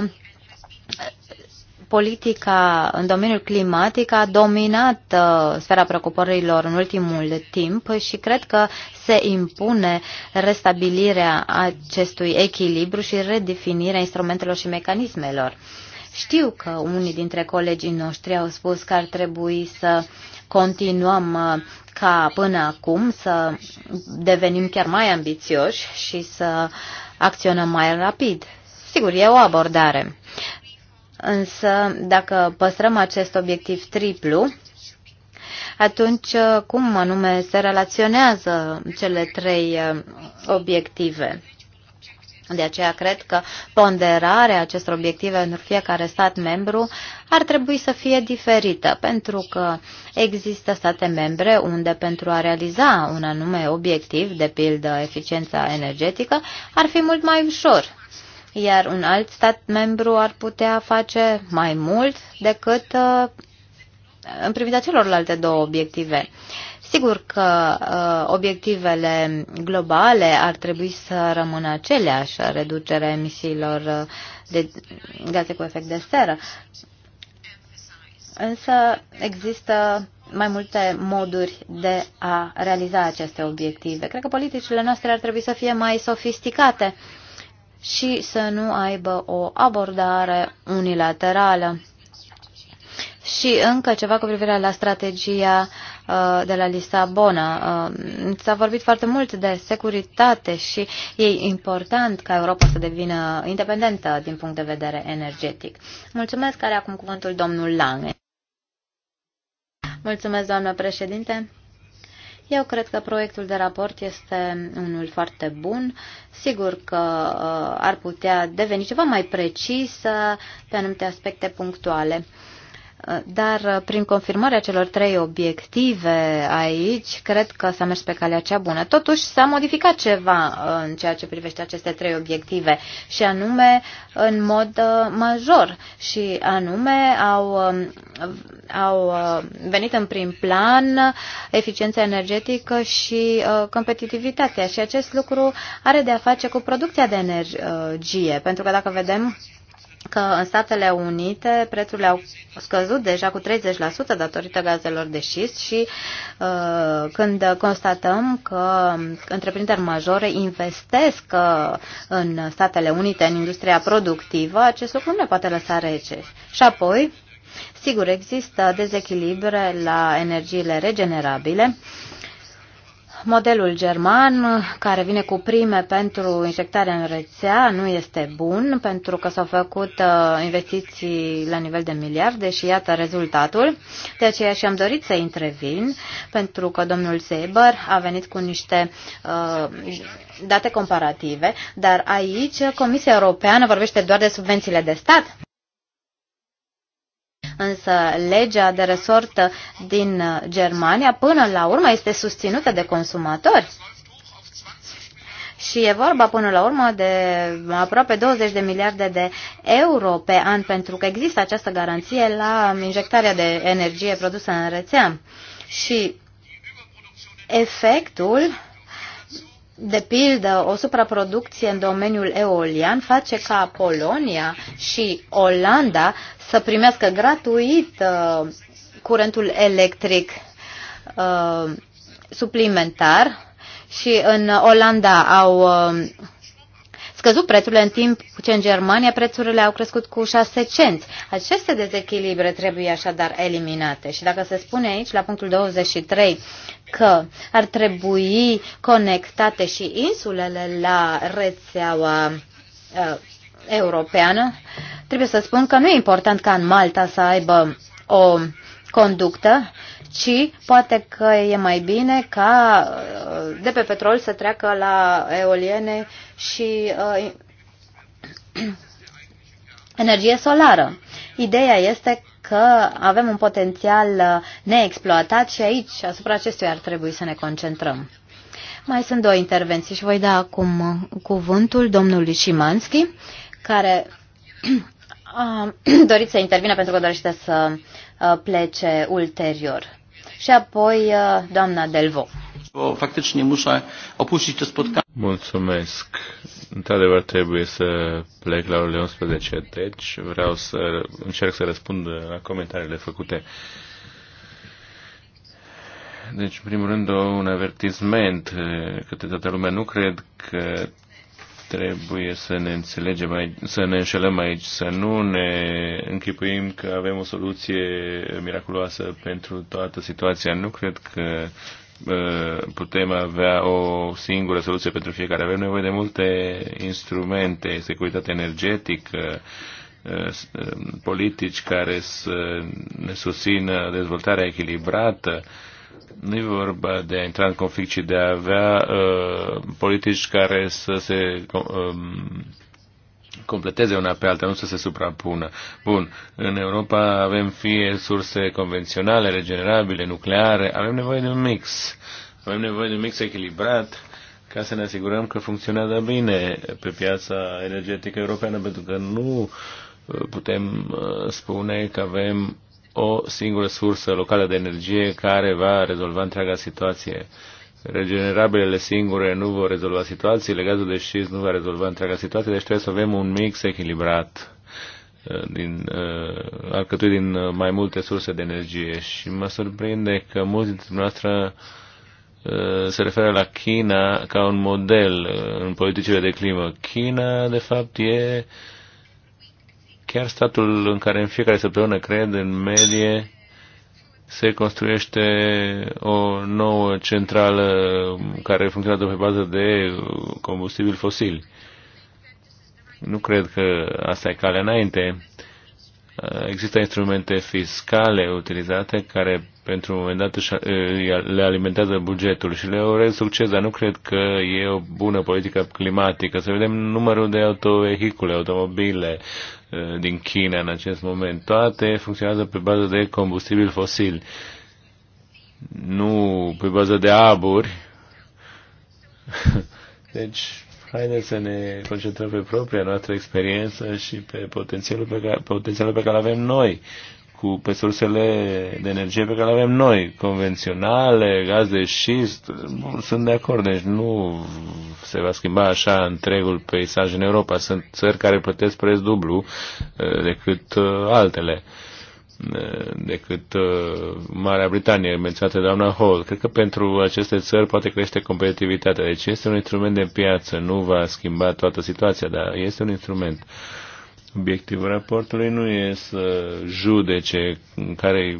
politica în domeniul climatic a dominat uh, sfera preocupărilor în ultimul timp și cred că se impune restabilirea acestui echilibru și redefinirea instrumentelor și mecanismelor. Știu că unii dintre colegii noștri au spus că ar trebui să continuăm uh, ca până acum, să devenim chiar mai ambițioși și să acționăm mai rapid. Sigur, e o abordare. Însă, dacă păstrăm acest obiectiv triplu, atunci cum anume se relaționează cele trei eh, obiective? De aceea cred că ponderarea acestor obiective în fiecare stat membru ar trebui să fie diferită, pentru că există state membre unde pentru a realiza un anume obiectiv, de pildă eficiența energetică, ar fi mult mai ușor iar un alt stat membru ar putea face mai mult decât uh, în privința celorlalte două obiective. Sigur că uh, obiectivele globale ar trebui să rămână aceleași, reducerea emisiilor uh, de gaze cu efect de seră. Însă există mai multe moduri de a realiza aceste obiective. Cred că politicile noastre ar trebui să fie mai sofisticate uh, și să nu aibă o abordare unilaterală. Și încă ceva cu privire la strategia uh, de la Lisabona. Uh, s-a vorbit foarte mult de securitate și e important ca Europa să devină independentă din punct de vedere energetic. Mulțumesc, care acum cuvântul domnul Lange. Mulțumesc, doamnă președinte. Eu cred că proiectul de raport este unul foarte bun. Sigur că uh, ar putea deveni ceva mai precis pe anumite aspecte punctuale. Dar uh, prin confirmarea celor trei obiective aici, cred că s-a mers pe calea cea bună. Totuși s-a modificat ceva uh, în ceea ce privește aceste trei obiective și anume în mod uh, major și anume au, um, au venit în prim plan eficiența energetică și competitivitatea și acest lucru are de a face cu producția de energie, pentru că dacă vedem că în Statele Unite prețurile au scăzut deja cu 30% datorită gazelor de șist și uh, când constatăm că întreprinderi majore investesc uh, în Statele Unite, în industria productivă, acest lucru nu ne poate lăsa rece. Și apoi, sigur, există dezechilibre la energiile regenerabile, uh, Modelul german, care vine cu prime pentru injectarea în rețea, nu este bun, pentru că s-au făcut uh, investiții la nivel de miliarde și iată rezultatul. De aceea și-am dorit să intervin, pentru că domnul Seber a venit cu niște uh, date comparative, dar aici Comisia Europeană vorbește doar de subvențiile de stat însă legea de resort din uh, Germania până la urmă este susținută de consumatori. Și e vorba până la urmă de aproape 20 de miliarde de euro pe an, pentru că există această garanție la injectarea de energie produsă în rețea. Și efectul de pildă, o supraproducție în domeniul eolian face ca Polonia și Olanda să primească gratuit uh, curentul electric uh, suplimentar și în Olanda au uh, scăzut prețurile în timp ce în Germania prețurile au crescut cu 6 cenți. Aceste dezechilibre trebuie așadar eliminate și dacă se spune aici la punctul 23 că ar trebui conectate și insulele la rețeaua uh, europeană, trebuie să spun că nu e important ca în Malta să aibă o conductă, ci poate că e mai bine ca uh, de pe petrol să treacă la eoliene și uh, [CLEARS THROAT] energie solară. Ideea este că avem un potențial uh, neexploatat și aici, asupra acestuia, ar trebui să ne concentrăm. Mai sunt două intervenții și voi da acum uh, cuvântul domnului Șimanski, care [CLEARS THROAT] a [CLEARS THROAT] dorit să intervină pentru că dorește să plece ulterior și apoi uh, doamna Delvo.
Mulțumesc. Într-adevăr trebuie să plec la orele 11, deci vreau să încerc să răspund la comentariile făcute. Deci, în primul rând, un avertisment eh, că toată lumea. Nu cred că trebuie să ne înțelegem aici, să ne înșelăm aici, să nu ne închipuim că avem o soluție miraculoasă pentru toată situația. Nu cred că uh, putem avea o singură soluție pentru fiecare. Avem nevoie de multe instrumente, securitate energetică, uh, uh, politici care să ne susțină dezvoltarea echilibrată, nu e vorba de a intra în conflict, ci de a avea uh, politici care să se um, completeze una pe alta, nu să se suprapună. Bun, în Europa avem fie surse convenționale, regenerabile, nucleare, avem nevoie de un mix. Avem nevoie de un mix echilibrat ca să ne asigurăm că funcționează bine pe piața energetică europeană, pentru că nu uh, putem uh, spune că avem o singură sursă locală de energie care va rezolva întreaga situație. Regenerabilele singure nu vor rezolva situațiile, gazul de șist nu va rezolva întreaga situație, deci trebuie să avem un mix echilibrat uh, din, uh, alcătuit din uh, mai multe surse de energie și mă surprinde că mulți dintre noastre se referă la China ca un model în politicile de climă. China, de fapt, e uh, Chiar statul în care în fiecare săptămână, cred, în medie, se construiește o nouă centrală care funcționează pe bază de combustibil fosil. Nu cred că asta e calea înainte. Există instrumente fiscale utilizate care pentru un moment dat le alimentează bugetul și le urez succes, dar nu cred că e o bună politică climatică. Să vedem numărul de autovehicule, automobile, Uh, din China în acest moment. Toate funcționează pe bază de combustibil fosil, nu pe bază de aburi. [LAUGHS] Deci, haideți să ne concentrăm pe propria noastră experiență și pe potențialul pe care, potențialul pe care îl avem noi cu pe sursele de energie pe care le avem noi, convenționale, gaz de șist, sunt de acord, deci nu se va schimba așa întregul peisaj în Europa. Sunt țări care plătesc preț dublu eh, decât eh, altele eh, decât Marea Britanie, menționată doamna Hall. Cred că pentru aceste țări poate crește competitivitatea. Deci este un instrument de piață, nu va schimba toată situația, dar este un instrument. Uh, Obiectivul raportului nu e să judece care e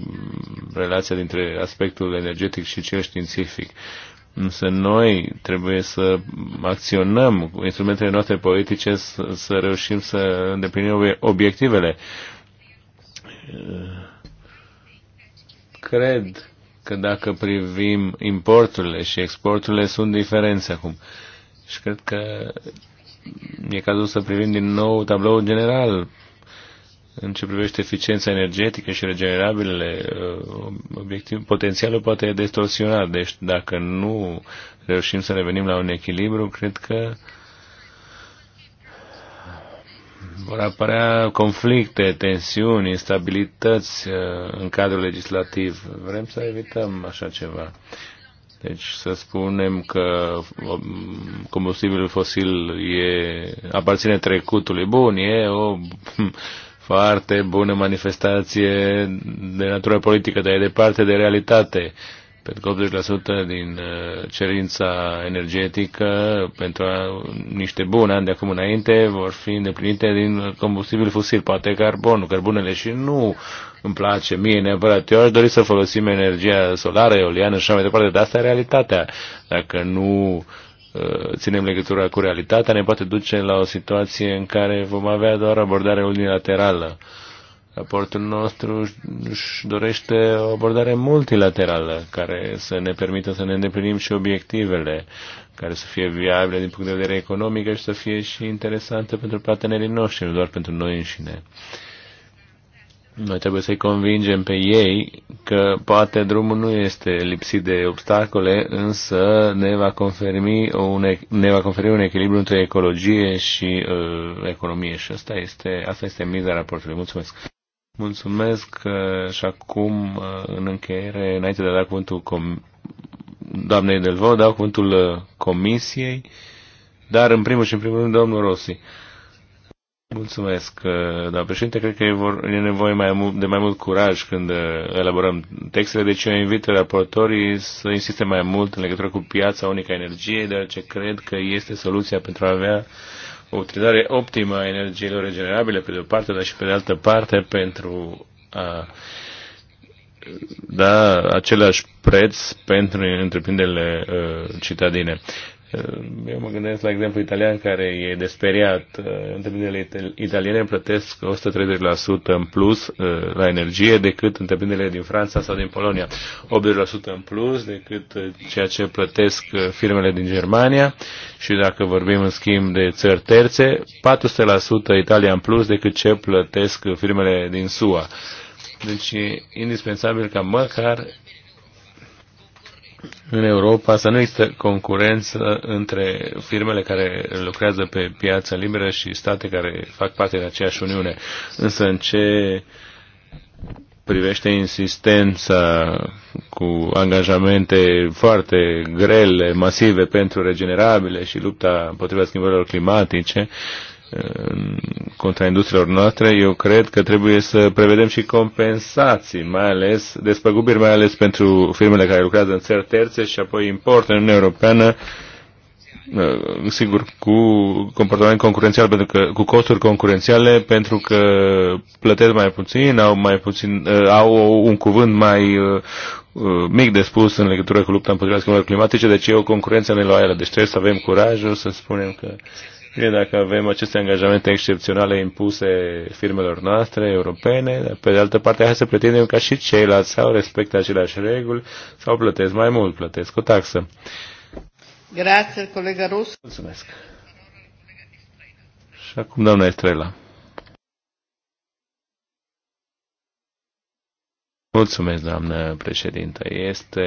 relația dintre aspectul energetic și cel științific. Însă noi trebuie să acționăm cu instrumentele noastre politice să, să reușim să îndeplinim obiectivele. Cred că dacă privim importurile și exporturile, sunt diferențe acum. Și cred că e cazul să privim din nou tabloul general în ce privește eficiența energetică și regenerabilele, uh, obiectiv, potențialul poate e distorsionat. Deci dacă nu reușim să revenim la un echilibru, cred că vor apărea conflicte, tensiuni, instabilități uh, în cadrul legislativ. Vrem să evităm așa ceva. Deci să spunem că um, combustibilul fosil e, aparține trecutului. Bun, e o [LAUGHS] foarte bună manifestație de natură politică, dar e departe de realitate. Uh, pentru că 80% din uh, cerința energetică pentru niște bune, ani de acum înainte vor fi îndeplinite din combustibil fosil, poate carbonul, cărbunele și nu îmi place mie neapărat. Eu aș dori să folosim energia solară, eoliană și așa mai departe, dar asta e realitatea. Dacă nu uh, ținem legătura cu realitatea, ne poate duce la o situație în care vom avea doar abordare unilaterală. Raportul nostru își dorește o abordare multilaterală care să ne permită să ne îndeplinim și obiectivele, care să fie viabile din punct de vedere economic și să fie și interesantă pentru partenerii noștri, nu doar pentru noi înșine. Noi trebuie să-i convingem pe ei că poate drumul nu este lipsit de obstacole, însă ne va conferi un, ne va conferi un echilibru între ecologie și uh, economie. Și asta este, asta este miza raportului. Mulțumesc! Mulțumesc uh, și acum, uh, în încheiere, înainte de a da cuvântul com- doamnei Delvo, dau cuvântul uh, comisiei, dar în primul și în primul rând domnul Rossi. Mulțumesc, doamnă președinte. Cred că e, vor, e nevoie mai mult, de mai mult curaj când elaborăm textele, deci eu invit raportorii să insiste mai mult în legătură cu piața unică a energiei, deoarece cred că este soluția pentru a avea o utilizare optimă a energiilor regenerabile, pe de o parte, dar și pe de altă parte, pentru a da același preț pentru întreprinderile uh, citadine. Eu mă gândesc la exemplu italian care e desperiat. Întreprinderile italiene plătesc 130% în plus uh, la energie decât întreprinderile din Franța sau din Polonia. 80% în plus decât uh, ceea ce plătesc uh, firmele din Germania și dacă vorbim în schimb de țări terțe, 400% Italia în plus decât ce plătesc firmele din SUA. Deci e indispensabil ca măcar în Europa să nu există concurență între firmele care lucrează pe piața liberă și state care fac parte de aceeași Uniune. Însă în ce privește insistența cu angajamente foarte grele, masive pentru regenerabile și lupta împotriva schimbărilor climatice, contra industriilor noastre, eu cred că trebuie să prevedem și compensații, mai ales despăgubiri, mai ales pentru firmele care lucrează în țări terțe și apoi importă în Uniunea Europeană, uh, sigur, cu comportament concurențial, pentru că, cu costuri concurențiale, pentru că plătesc mai puțin, au mai puțin, uh, au un cuvânt mai uh, mic de spus în legătură cu lupta împotriva schimbărilor climatice, deci e o concurență neloială. Deci trebuie să avem curajul să spunem că Bine, dacă avem aceste angajamente excepționale impuse firmelor noastre europene, pe de altă parte hai să pretindem ca și ceilalți sau respectă aceleași reguli sau plătesc mai mult, plătesc o taxă. Grazie, colega Rus. Mulțumesc. Și acum doamna Estrela. Mulțumesc, doamnă președintă. Este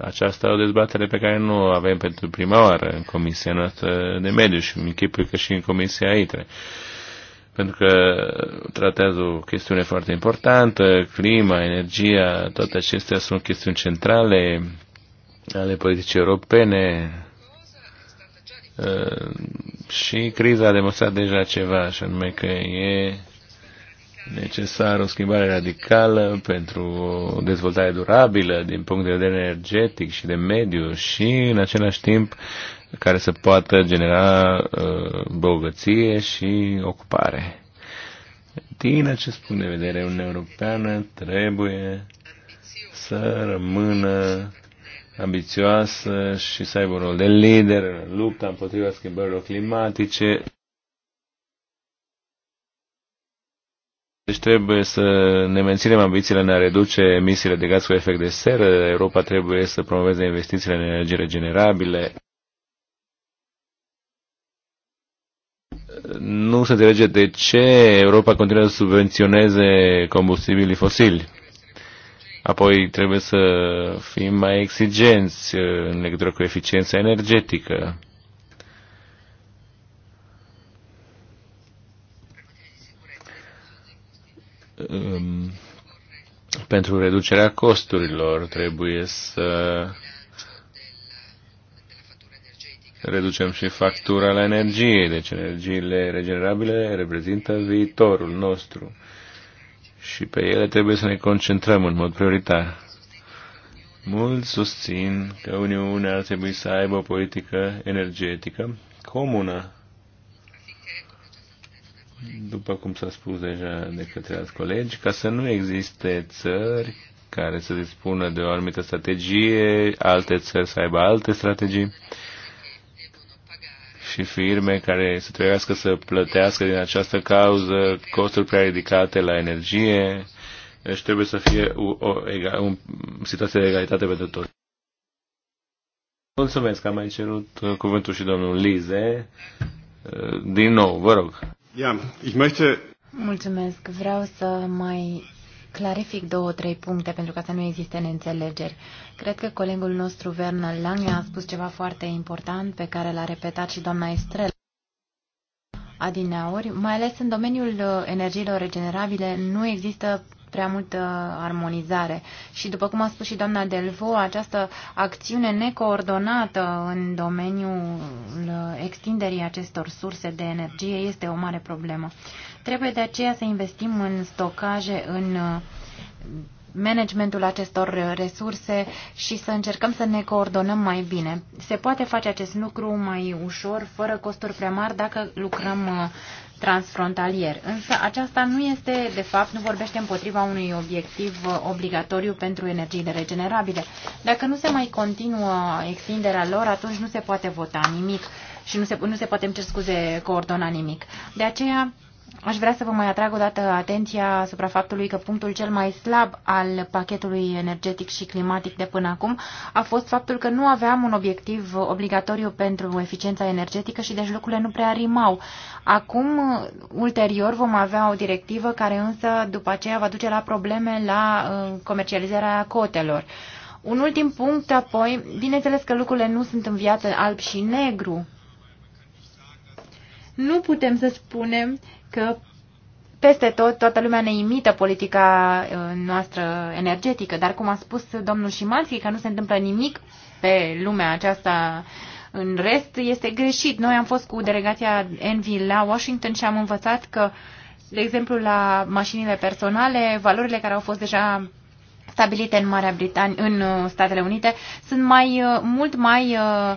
aceasta o dezbatere pe care nu o avem pentru prima oară în Comisia noastră de mediu și în închipui că și în Comisia ITRE. Pentru că tratează o chestiune foarte importantă, clima, energia, toate acestea sunt chestiuni centrale ale politicii europene ă, și criza a demonstrat deja ceva, și anume că e necesară o schimbare radicală pentru o dezvoltare durabilă din punct de vedere energetic și de mediu și în același timp care să poată genera uh, bogăție și ocupare. Din acest punct de vedere, Uniunea Europeană trebuie să rămână ambițioasă și să aibă un rol de lider în lupta împotriva schimbărilor climatice Deci trebuie să ne menținem ambițiile în a reduce emisiile de gaz cu efect de seră. Europa trebuie să promoveze investițiile în energie regenerabile. Nu se înțelege de ce Europa continuă să subvenționeze combustibilii fosili. Apoi trebuie să fim mai exigenți uh, în legătură cu eficiența energetică. Um, pentru reducerea costurilor trebuie să reducem și factura la energie. Deci energiile regenerabile reprezintă viitorul nostru și pe ele trebuie să ne concentrăm în mod prioritar. Mulți susțin că Uniunea ar trebui să aibă o politică energetică comună după cum s-a spus deja de către alți colegi, ca să nu existe țări care să dispună de o anumită strategie, alte țări să aibă alte strategii și firme care să trebuiască să plătească din această cauză costuri prea ridicate la energie. Deci trebuie să fie o, o, egal, o situație de egalitate pentru toți. Mulțumesc, am mai cerut uh, cuvântul și domnul Lize. Uh, din nou, vă rog. Ja, möchte...
Mulțumesc. Vreau să mai clarific două, trei puncte pentru ca să nu existe neînțelegeri. Cred că colegul nostru, Werner Lange, a spus ceva foarte important pe care l-a repetat și doamna Estrela adineauri, mai ales în domeniul uh, energiilor regenerabile, nu există prea multă armonizare. Și după cum a spus și doamna Delvo, această acțiune necoordonată în domeniul extinderii acestor surse de energie este o mare problemă. Trebuie de aceea să investim în stocaje, în uh, managementul acestor resurse și să încercăm să ne coordonăm mai bine. Se poate face acest lucru mai ușor, fără costuri prea mari, dacă lucrăm uh, transfrontalier. Însă aceasta nu este, de fapt, nu vorbește împotriva unui obiectiv uh, obligatoriu pentru energiile regenerabile. Dacă nu se mai continuă extinderea lor, atunci nu se poate vota nimic și nu se, nu se poate, îmi cer scuze, coordona nimic. De aceea, Aș vrea să vă mai atrag o dată atenția asupra faptului că punctul cel mai slab al pachetului energetic și climatic de până acum a fost faptul că nu aveam un obiectiv obligatoriu pentru eficiența energetică și deci lucrurile nu prea rimau. Acum, ulterior, vom avea o directivă care însă după aceea va duce la probleme la uh, comercializarea cotelor. Un ultim punct apoi, bineînțeles că lucrurile nu sunt în viață alb și negru, nu putem să spunem că peste tot, toată lumea ne imită politica uh, noastră energetică, dar cum a spus domnul Șimanski, că nu se întâmplă nimic pe lumea aceasta în rest, este greșit. Noi am fost cu delegația Envy la Washington și am învățat că, de exemplu, la mașinile personale, valorile care au fost deja stabilite în Marea Britanie, în uh, Statele Unite, sunt mai, uh, mult mai uh,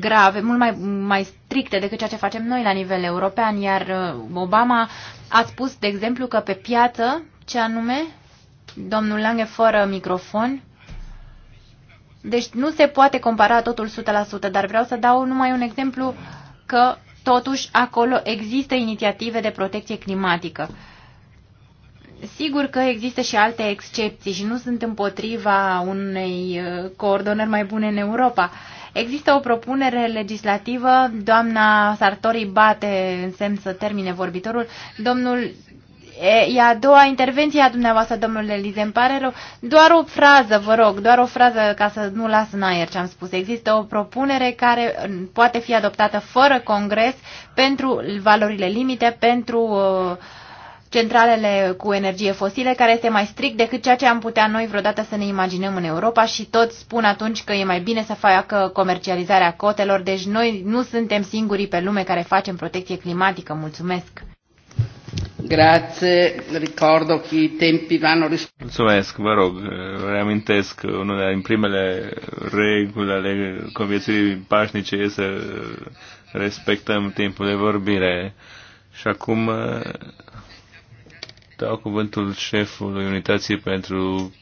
grave, mult mai, mai stricte decât ceea ce facem noi la nivel european, iar Obama a spus, de exemplu, că pe piață, ce anume, domnul Lange fără microfon, deci nu se poate compara totul 100%, dar vreau să dau numai un exemplu că totuși acolo există inițiative de protecție climatică. Uh, Sigur că există și alte excepții și nu sunt împotriva unei uh, coordonări mai bune în Europa. Există o propunere legislativă, doamna Sartori bate în semn să termine vorbitorul, domnul E a doua intervenție a dumneavoastră, domnule Lize, îmi pare rău. Doar o frază, vă rog, doar o frază ca să nu las în aer ce am spus. Există o propunere care uh, poate fi adoptată fără congres pentru valorile limite, pentru uh, centralele cu energie fosile, care este mai strict decât ceea ce am putea noi vreodată să ne imaginăm în Europa și toți spun atunci că e mai bine să facă comercializarea cotelor, deci noi nu suntem singurii pe lume care facem protecție climatică. Mulțumesc!
Grazie, ricordo che i tempi vanno
Mulțumesc, vă rog, reamintesc, una din primele reguli ale convieții pașnice este să respectăm timpul de vorbire. Și acum dau cuvântul șefului Unității pentru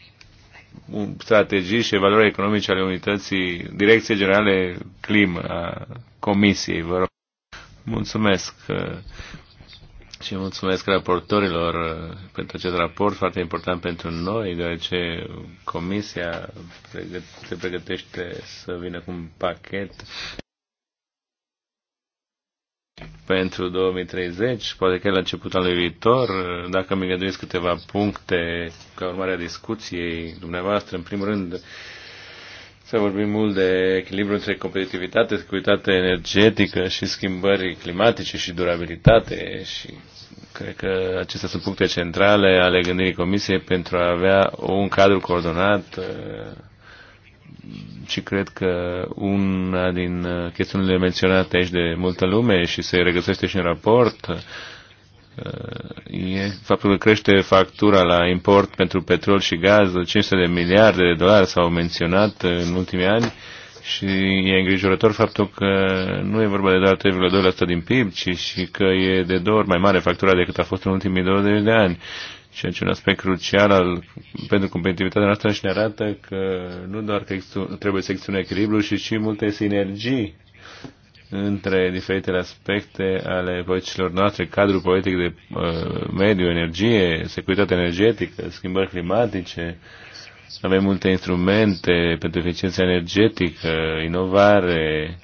strategii și evaluări economice ale Unității direcție Generale Climă a Comisiei. Vă rog. Mulțumesc uh, și mulțumesc raportorilor uh, pentru acest raport foarte important pentru noi, deoarece Comisia se pregătește să vină cu un pachet pentru 2030, poate chiar la începutul anului viitor, dacă mi gândesc câteva puncte ca urmare a discuției dumneavoastră, în primul rând, să vorbim mult de echilibru între competitivitate, securitate energetică și schimbări climatice și durabilitate și cred că acestea sunt puncte centrale ale gândirii Comisiei pentru a avea un cadru coordonat și cred că una din chestiunile menționate aici de multă lume și se regăsește și în raport uh, e faptul că crește factura la import pentru petrol și gaz 500 de miliarde de dolari s-au menționat în ultimii ani și e îngrijorător faptul că nu e vorba de doar 3,2% din PIB, ci și că e de două ori mai mare factura decât a fost în ultimii 20 de ani ceea ce e un aspect crucial al, pentru competitivitatea noastră și ne arată că nu doar că trebuie să existe un echilibru, ci și multe sinergii între diferitele aspecte ale politicilor noastre, cadrul politic de uh, mediu, energie, securitate energetică, schimbări climatice, avem multe instrumente pentru eficiența energetică, inovare,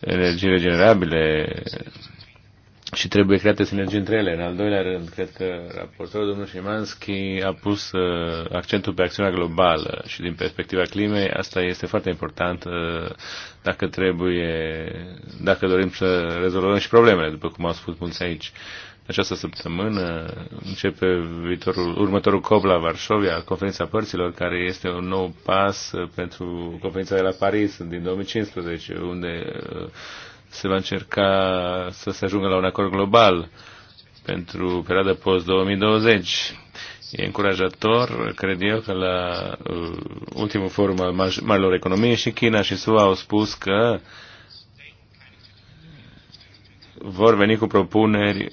energie regenerabile, și trebuie create sinergii între ele. În al doilea rând, cred că raportorul domnul Șimanski a pus uh, accentul pe acțiunea globală și din perspectiva climei asta este foarte important uh, dacă trebuie, dacă dorim să rezolvăm și problemele, după cum au spus mulți aici. această săptămână începe viitorul, următorul COP la Varșovia, conferința părților, care este un nou pas pentru conferința de la Paris din 2015, unde uh, se va încerca să se ajungă la un acord global pentru perioada post-2020. E încurajator, cred eu, că la uh, ultimul forum al marilor economii și China și SUA au spus că vor veni cu propuneri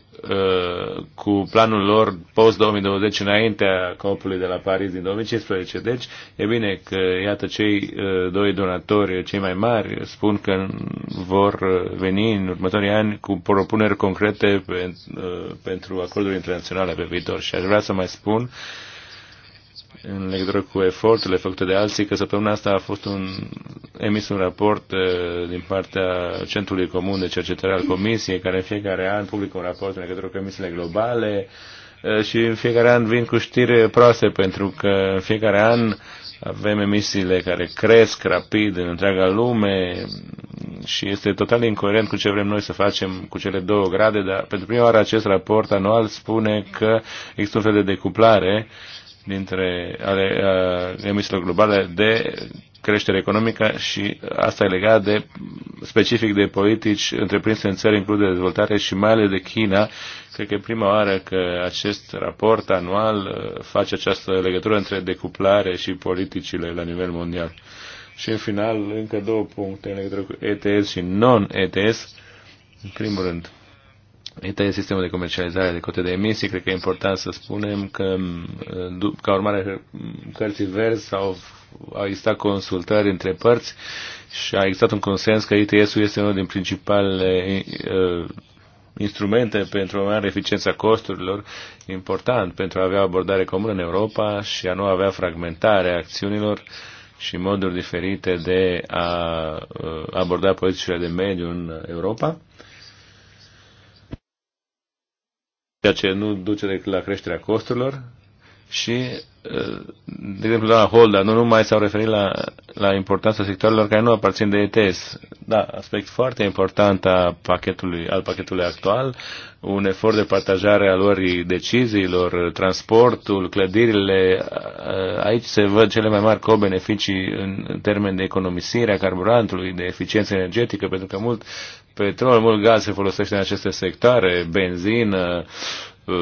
cu planul lor post-2020 înaintea copului de la Paris din 2015. Deci, e bine că, iată, cei uh, doi donatori, cei mai mari, spun că vor uh, veni în următorii ani cu propuneri concrete uh, pentru acorduri internaționale pe viitor. Și aș vrea să mai spun uh, în legătură cu eforturile făcute de alții, că săptămâna asta a fost un, emis un raport eh, din partea Centrului Comun de Cercetare al Comisiei, care în fiecare an publică un raport în legătură cu emisiile globale eh, și în fiecare an vin cu știri proaste, pentru că în fiecare an avem emisiile care cresc rapid în întreaga lume și este total incoerent cu ce vrem noi să facem cu cele două grade, dar pentru prima oară acest raport anual spune că există un fel de decuplare uh, dintre ale, uh, emisiilor globale de creștere economică și asta e legat de specific de politici întreprinse în țări include dezvoltare și mai ales de China. Cred că e prima oară că acest raport anual face această legătură între decuplare și politicile la nivel mondial. Și în final, încă două puncte în legătură cu ETS și non-ETS. În primul rând, este e sistemul de comercializare de cote de emisii. Cred că e important să spunem că, ca urmare, cărții verzi sau au existat consultări între părți și a existat un consens că ITS-ul este unul din principalele uh, instrumente pentru a mare eficiența costurilor, important pentru a avea abordare comună în Europa și a nu avea fragmentare acțiunilor și moduri diferite de a ă, aborda politicile de mediu în Europa. ceea ce nu duce la creșterea costurilor și, uh, de exemplu, doamna Holda, nu numai s-au referit la, la importanța sectorilor care nu aparțin de ETS. Da, aspect foarte important a pachetului, al pachetului actual, un efort de partajare a luării deciziilor, transportul, clădirile, uh, aici se văd cele mai mari co-beneficii în termen de economisire a carburantului, de eficiență energetică, pentru că mult petrol, mult gaz se folosește în aceste sectoare, benzină, uh,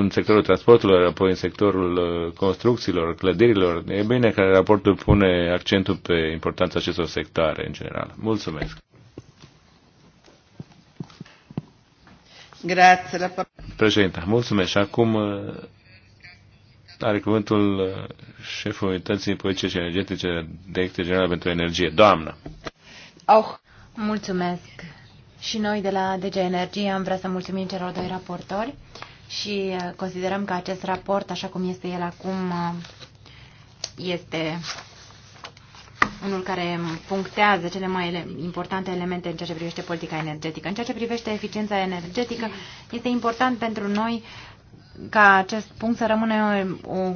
în sectorul transporturilor, apoi în sectorul uh, construcțiilor, clădirilor. E bine că raportul pune accentul pe importanța acestor sectoare în general. Mulțumesc!
Grazie.
Președinte, mulțumesc. Și acum uh, are cuvântul șeful Unității Politice și Energetice, Director General pentru Energie. Doamnă.
Oh, mulțumesc! Și noi de la DG Energie am vrea să mulțumim celor doi raportori și uh, considerăm că acest raport, așa cum este el acum, uh, este unul care punctează cele mai importante elemente în ceea ce privește politica energetică. În ceea ce privește eficiența energetică, este important pentru noi ca acest punct să rămână o uh,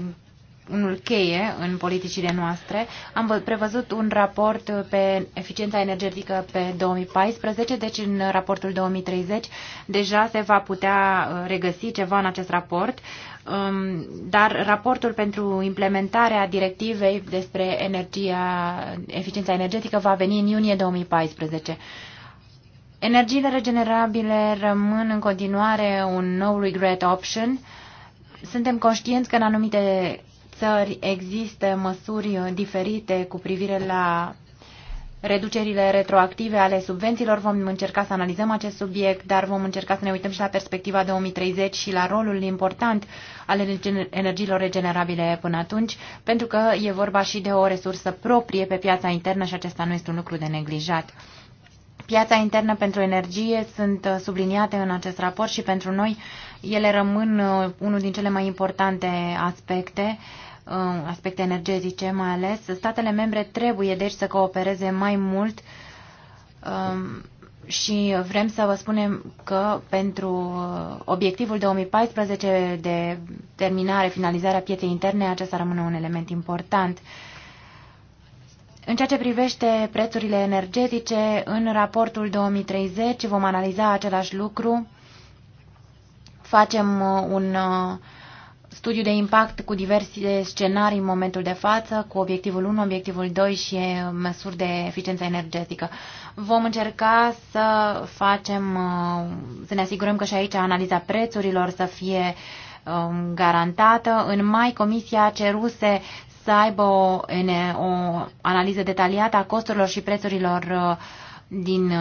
unul cheie în politicile noastre. Am prevăzut un raport pe eficiența energetică pe 2014, deci în raportul 2030 deja se va putea uh, regăsi ceva în acest raport, um, dar raportul pentru implementarea directivei despre energia, eficiența energetică va veni în iunie 2014. Energiile regenerabile rămân în continuare un nou regret option. Suntem conștienți că în anumite țări există măsuri diferite cu privire la reducerile retroactive ale subvențiilor. Vom încerca să analizăm acest subiect, dar vom încerca să ne uităm și la perspectiva 2030 și la rolul important al energiilor regenerabile până atunci, pentru că e vorba și de o resursă proprie pe piața internă și acesta nu este un lucru de neglijat. Piața internă pentru energie sunt subliniate în acest raport și pentru noi ele rămân unul din cele mai importante aspecte Um, aspecte energetice mai ales. Statele membre trebuie deci să coopereze mai mult um, și vrem să vă spunem că pentru uh, obiectivul 2014 de terminare, finalizarea pieței interne, acesta rămâne un element important. În ceea ce privește prețurile energetice, în raportul 2030 vom analiza același lucru. Facem uh, un uh, studiu de impact cu diverse scenarii în momentul de față, cu obiectivul 1, obiectivul 2 și eh, măsuri de eficiență energetică. Vom încerca să facem, eh, să ne asigurăm că și aici analiza prețurilor să fie eh, garantată. În mai Comisia ceruse să aibă o, o analiză detaliată a costurilor și prețurilor din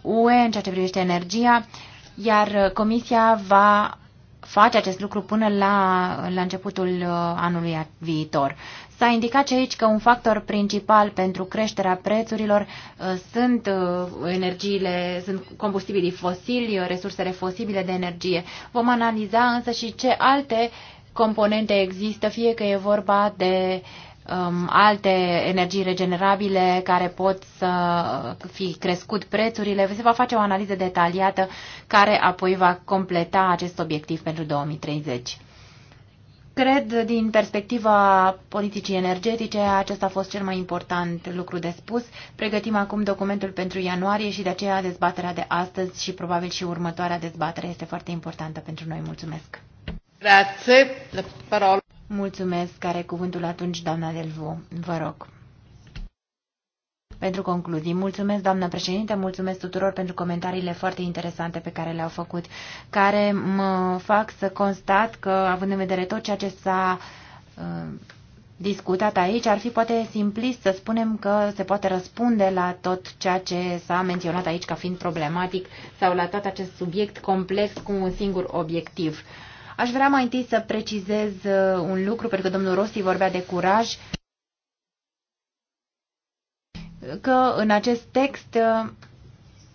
UE în ceea ce privește energia, iar Comisia va face acest lucru până la, la începutul uh, anului viitor. S-a indicat și aici că un factor principal pentru creșterea prețurilor uh, sunt uh, energiile, sunt combustibilii fosili, resursele fosibile de energie. Vom analiza însă și ce alte componente există, fie că e vorba de uh, um, alte energii regenerabile care pot să fi crescut prețurile. Se va face o analiză detaliată care apoi va completa acest obiectiv pentru 2030. Cred, din perspectiva politicii energetice, acesta a fost cel mai important lucru de spus. Pregătim acum documentul pentru ianuarie și de aceea dezbaterea de astăzi și probabil și următoarea dezbatere este foarte importantă pentru noi. Mulțumesc! Grazie, Mulțumesc. Care cuvântul atunci, doamna Delvo? Vă rog. Pentru concluzii, mulțumesc, doamnă președinte, mulțumesc tuturor pentru comentariile foarte interesante pe care le-au făcut, care mă fac să constat că, având în vedere tot ceea ce s-a uh, discutat aici, ar fi poate simplist să spunem că se poate răspunde la tot ceea ce s-a menționat aici ca fiind problematic sau la tot acest subiect complex cu un singur obiectiv. Uh, Aș vrea mai întâi să precizez uh, un lucru, pentru că domnul Rossi vorbea de curaj, că în acest text uh,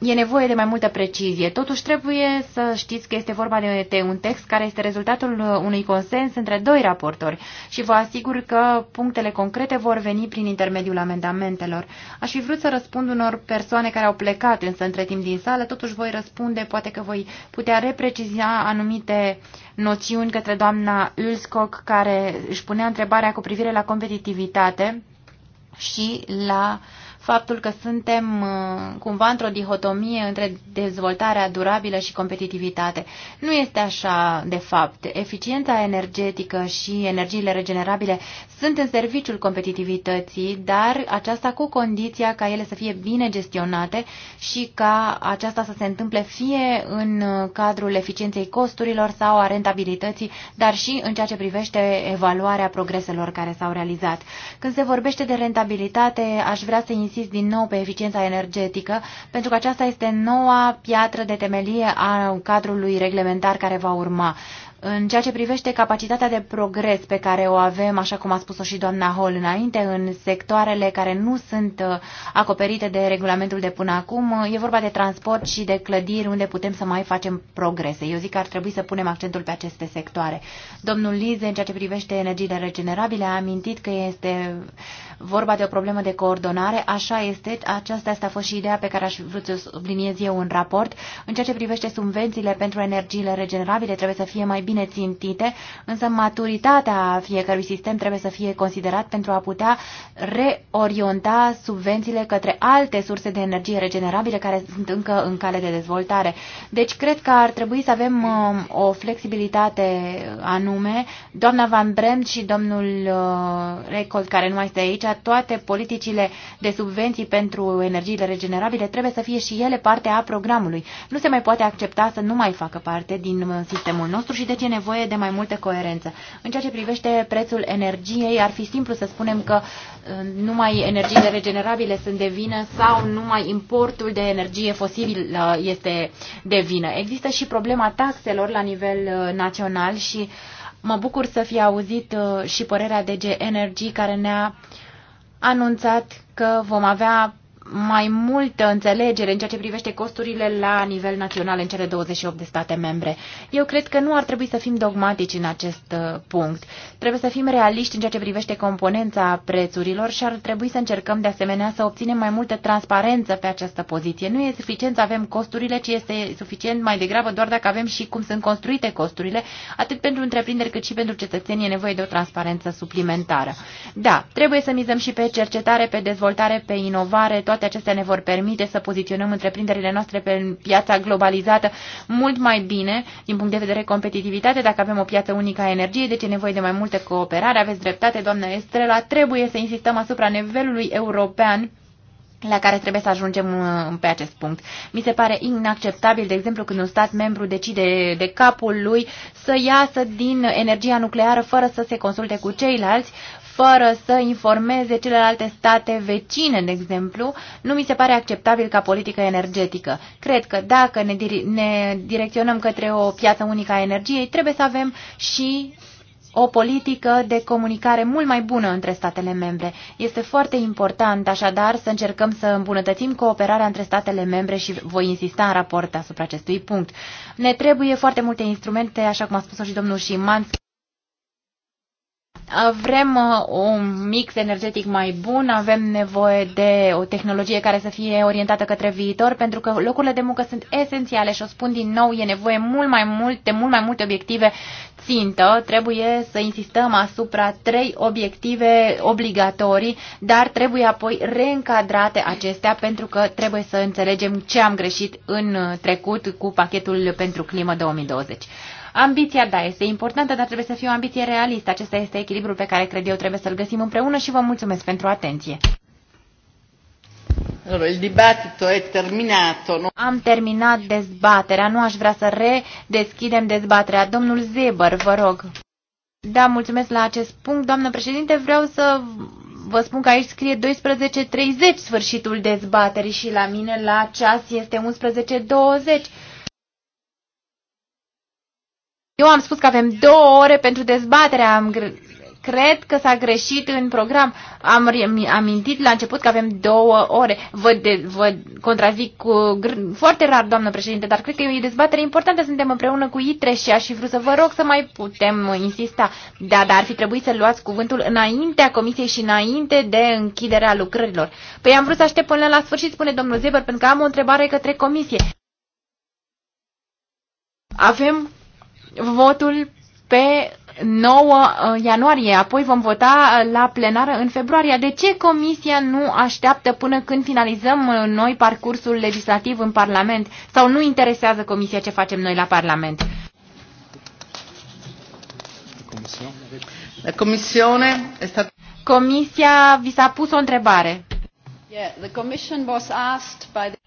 e nevoie de mai multă precizie. Totuși trebuie să știți că este vorba de un text care este rezultatul uh, unui consens între doi raportori și vă asigur că punctele concrete vor veni prin intermediul amendamentelor. Aș fi vrut să răspund unor persoane care au plecat însă între timp din sală, totuși voi răspunde, poate că voi putea repreciza anumite noțiuni către doamna Ulskog care își punea întrebarea cu privire la competitivitate și la uh, faptul că suntem uh, cumva într-o dihotomie între dezvoltarea durabilă și competitivitate. Nu este așa, de fapt. Eficiența energetică și energiile regenerabile sunt în serviciul competitivității, dar aceasta cu condiția ca ele să fie bine gestionate și ca aceasta să se întâmple fie în uh, cadrul eficienței costurilor sau a rentabilității, dar și în ceea ce privește evaluarea progreselor care s-au realizat. Când se vorbește de rentabilitate, aș vrea să insist insist din nou pe eficiența energetică, pentru că aceasta este noua piatră de temelie a cadrului reglementar care va urma. În ceea ce privește capacitatea de progres pe care o avem, așa cum a spus-o și doamna Hall înainte, în sectoarele care nu sunt uh, acoperite de regulamentul de până acum, uh, e vorba de transport și de clădiri unde putem să mai facem progrese. Eu zic că ar trebui să punem accentul pe aceste sectoare. Domnul Lize, în ceea ce privește energiile regenerabile, a amintit că este vorba de o problemă de coordonare, așa este, aceasta asta a fost și ideea pe care aș vrut să subliniez eu în raport. În ceea ce privește subvențiile pentru energiile regenerabile trebuie să fie mai bine țintite, însă maturitatea fiecărui sistem trebuie să fie considerat pentru a putea reorienta subvențiile către alte surse de energie regenerabile care sunt încă în cale de dezvoltare. Deci cred că ar trebui să avem um, o flexibilitate anume. Doamna Van Bremt și domnul uh, Recol care nu mai este aici, aceea toate politicile de subvenții pentru energiile regenerabile trebuie să fie și ele parte a programului. Nu se mai poate accepta să nu mai facă parte din uh, sistemul nostru și deci e nevoie de mai multă coerență. În ceea ce privește prețul energiei, ar fi simplu să spunem că uh, numai energiile regenerabile sunt de vină sau numai importul de energie fosilă uh, este de vină. Există și problema taxelor la nivel național și mă bucur să fi auzit și părerea DG Energy care ne-a uh, anunțat că vom avea mai multă înțelegere în ceea ce privește costurile la nivel național în cele 28 de state membre. Eu cred că nu ar trebui să fim dogmatici în acest uh, punct. Trebuie să fim realiști în ceea ce privește componența prețurilor și ar trebui să încercăm de asemenea să obținem mai multă transparență pe această poziție. Nu e suficient să avem costurile, ci este suficient mai degrabă doar dacă avem și cum sunt construite costurile, atât pentru întreprinderi cât și pentru cetățenii e nevoie de o transparență suplimentară. Da, trebuie să mizăm și pe cercetare, pe dezvoltare, pe inovare, toate toate acestea ne vor permite să poziționăm întreprinderile noastre pe piața globalizată mult mai bine din punct de vedere competitivitate, dacă avem o piață unică a energiei, deci e nevoie de mai multă cooperare. Aveți dreptate, doamna Estrela, trebuie să insistăm asupra nivelului european la care trebuie să ajungem uh, pe acest punct. Mi se pare inacceptabil, de exemplu, când un stat membru decide de capul lui să iasă din energia nucleară fără să se consulte cu ceilalți, fără să informeze celelalte state vecine, de exemplu, nu mi se pare acceptabil ca politică energetică. Cred că dacă ne, dir ne direcționăm către o piață unică a energiei, trebuie să avem și o politică de comunicare mult mai bună între statele membre. Este foarte important, așadar, să încercăm să îmbunătățim cooperarea între statele membre și voi insista în raport asupra acestui punct. Ne trebuie foarte multe instrumente, așa cum a spus și domnul Șimanț. Vrem uh, un mix energetic mai bun, avem nevoie de o tehnologie care să fie orientată către viitor, pentru că locurile de muncă sunt esențiale și o spun din nou, e nevoie mult mai mult, de mult mai multe obiective țintă. Trebuie să insistăm asupra trei obiective obligatorii, dar trebuie apoi reîncadrate acestea pentru că trebuie să înțelegem ce am greșit în trecut cu pachetul pentru climă 2020. Ambiția, da, este importantă, dar trebuie să fie o ambiție realistă. Acesta este echilibrul pe care cred eu trebuie să-l găsim împreună și vă mulțumesc pentru atenție. Am terminat dezbaterea. Nu aș vrea să redeschidem dezbaterea. Domnul Zeber, vă rog. Da, mulțumesc la acest punct. Doamnă președinte, vreau să vă spun că aici scrie 12.30 sfârșitul dezbaterii și la mine la ceas este 11.20. Eu am spus că avem două ore pentru dezbatere. Am cred că s-a greșit în program. Am amintit la început că avem două ore. Vă, de, vă contrazic cu foarte rar, doamnă președinte, dar cred că e o dezbatere importantă. Suntem împreună cu ITRE și aș fi vrut să vă rog să mai putem insista. Da, dar ar fi trebuit să luați cuvântul înaintea comisiei și înainte de închiderea lucrărilor. Păi am vrut să aștept până la sfârșit, spune domnul Zeber, pentru că am o întrebare către comisie. Avem votul pe 9 uh, ianuarie, apoi vom vota uh, la plenară în februarie. De ce Comisia nu așteaptă până când finalizăm uh, noi parcursul legislativ în Parlament? Sau nu interesează Comisia ce facem noi la Parlament? La comisione è stata... Comisia vi s-a pus o întrebare.
Yeah, the commission was asked by the...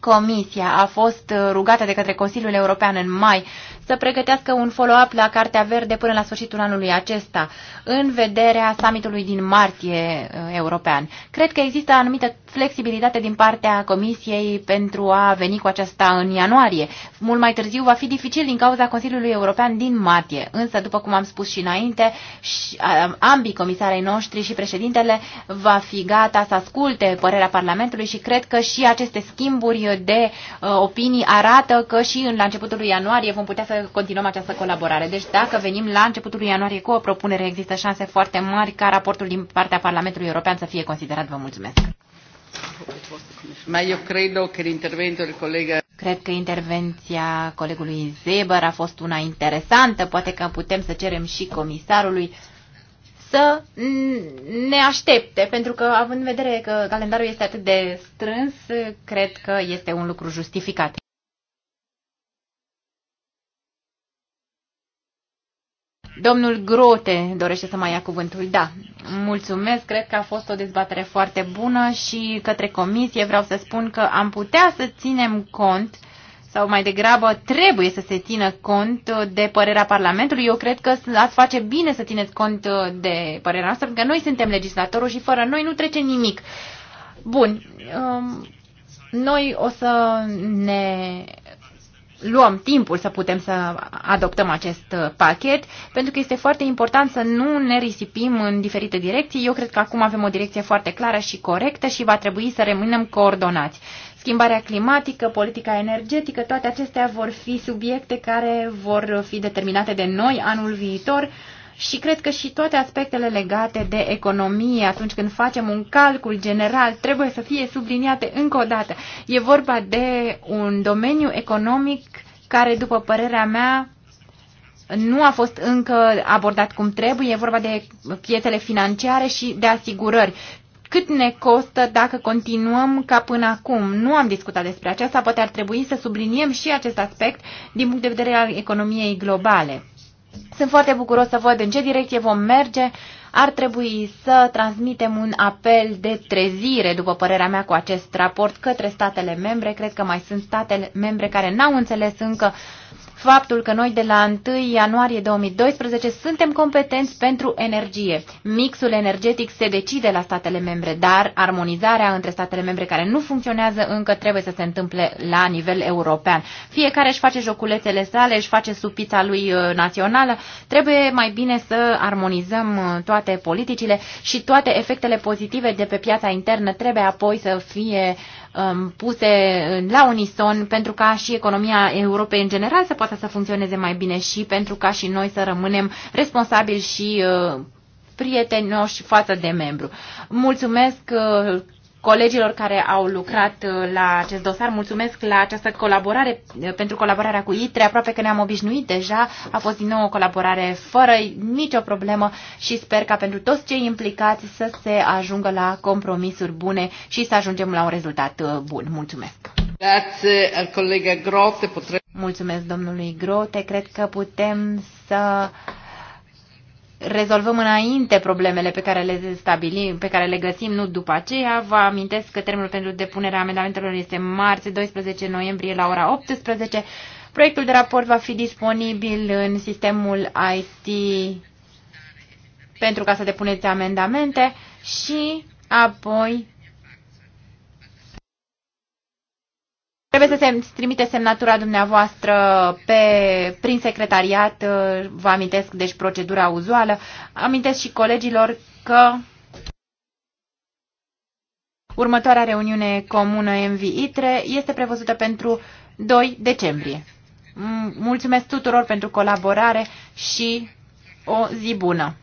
Comisia a fost rugată de către Consiliul European în mai să pregătească un follow-up la Cartea Verde până la sfârșitul anului acesta, în vederea summitului din martie uh, european. Cred că există anumită flexibilitate din partea Comisiei pentru a veni cu aceasta în ianuarie. Mult mai târziu va fi dificil din cauza Consiliului European din martie, însă, după cum am spus și înainte, și, ambii comisarei noștri și președintele va fi gata să asculte părerea Parlamentului și cred că și aceste schimburi de uh, opinii arată că și în la începutul lui ianuarie vom putea să continuăm această colaborare. Deci dacă venim la începutul lui ianuarie cu o propunere, există șanse foarte mari ca raportul din partea Parlamentului European să fie considerat. Vă mulțumesc. Mai eu Cred că intervenția colegului Zeber a fost una interesantă. Poate că putem să cerem și comisarului să ne aștepte, pentru că având în vedere că calendarul este atât de strâns, cred că este un lucru justificat. Domnul Grote dorește să mai ia cuvântul. Da, mulțumesc. Cred că a fost o dezbatere foarte bună și către comisie vreau să spun că am putea să ținem cont sau mai degrabă trebuie să se țină cont de părerea Parlamentului. Eu cred că ați face bine să țineți cont de părerea noastră, pentru că noi suntem legislatorul și fără noi nu trece nimic. Bun, um, noi o să ne luăm timpul să putem să adoptăm acest uh, pachet, pentru că este foarte important să nu ne risipim în diferite direcții. Eu cred că acum avem o direcție foarte clară și corectă și va trebui să rămânem coordonați. Schimbarea climatică, politica energetică, toate acestea vor fi subiecte care vor fi determinate de noi anul viitor și cred că și toate aspectele legate de economie, atunci când facem un calcul general, trebuie să fie subliniate încă o dată. E vorba de un domeniu economic care, după părerea mea, nu a fost încă abordat cum trebuie. E vorba de piețele financiare și de asigurări. Cât ne costă dacă continuăm ca până acum? Nu am discutat despre aceasta, poate ar trebui să subliniem și acest aspect din punct de vedere al economiei globale. Sunt foarte bucuros să văd în ce direcție vom merge. Ar trebui să transmitem un apel de trezire, după părerea mea, cu acest raport către statele membre. Cred că mai sunt statele membre care n-au înțeles încă faptul că noi de la 1 ianuarie 2012 suntem competenți pentru energie. Mixul energetic se decide la statele membre, dar armonizarea între statele membre care nu funcționează încă trebuie să se întâmple la nivel european. Fiecare își face joculețele sale, își face supița lui uh, națională. Trebuie mai bine să armonizăm uh, toate politicile și toate efectele pozitive de pe piața internă trebuie apoi să fie uh, um, puse la unison pentru ca și economia Europei în general să poată să funcționeze mai bine și pentru ca și noi să rămânem responsabili și uh, prietenoși față de membru. Mulțumesc uh, colegilor care au lucrat uh, la acest dosar. Mulțumesc la această colaborare, uh, pentru colaborarea cu ITRE. Aproape că ne-am obișnuit deja. A fost din nou o colaborare fără nicio problemă și sper ca pentru toți cei implicați să se ajungă la compromisuri bune și să ajungem la un rezultat uh, bun. Mulțumesc! Grazie al colega Grote. Mulțumesc domnului Grote. Cred că putem să rezolvăm înainte problemele pe care le stabilim, pe care le găsim, nu după aceea. Vă amintesc că termenul pentru depunerea amendamentelor este marți, 12 noiembrie la ora 18. Proiectul de raport va fi disponibil în sistemul IT pentru ca să depuneți amendamente și apoi Trebuie să se trimite semnatura dumneavoastră pe, prin secretariat, uh, vă amintesc, deci procedura uzuală. Amintesc și colegilor că următoarea reuniune comună MVITRE este prevăzută pentru 2 decembrie. Mulțumesc tuturor pentru colaborare și o zi bună!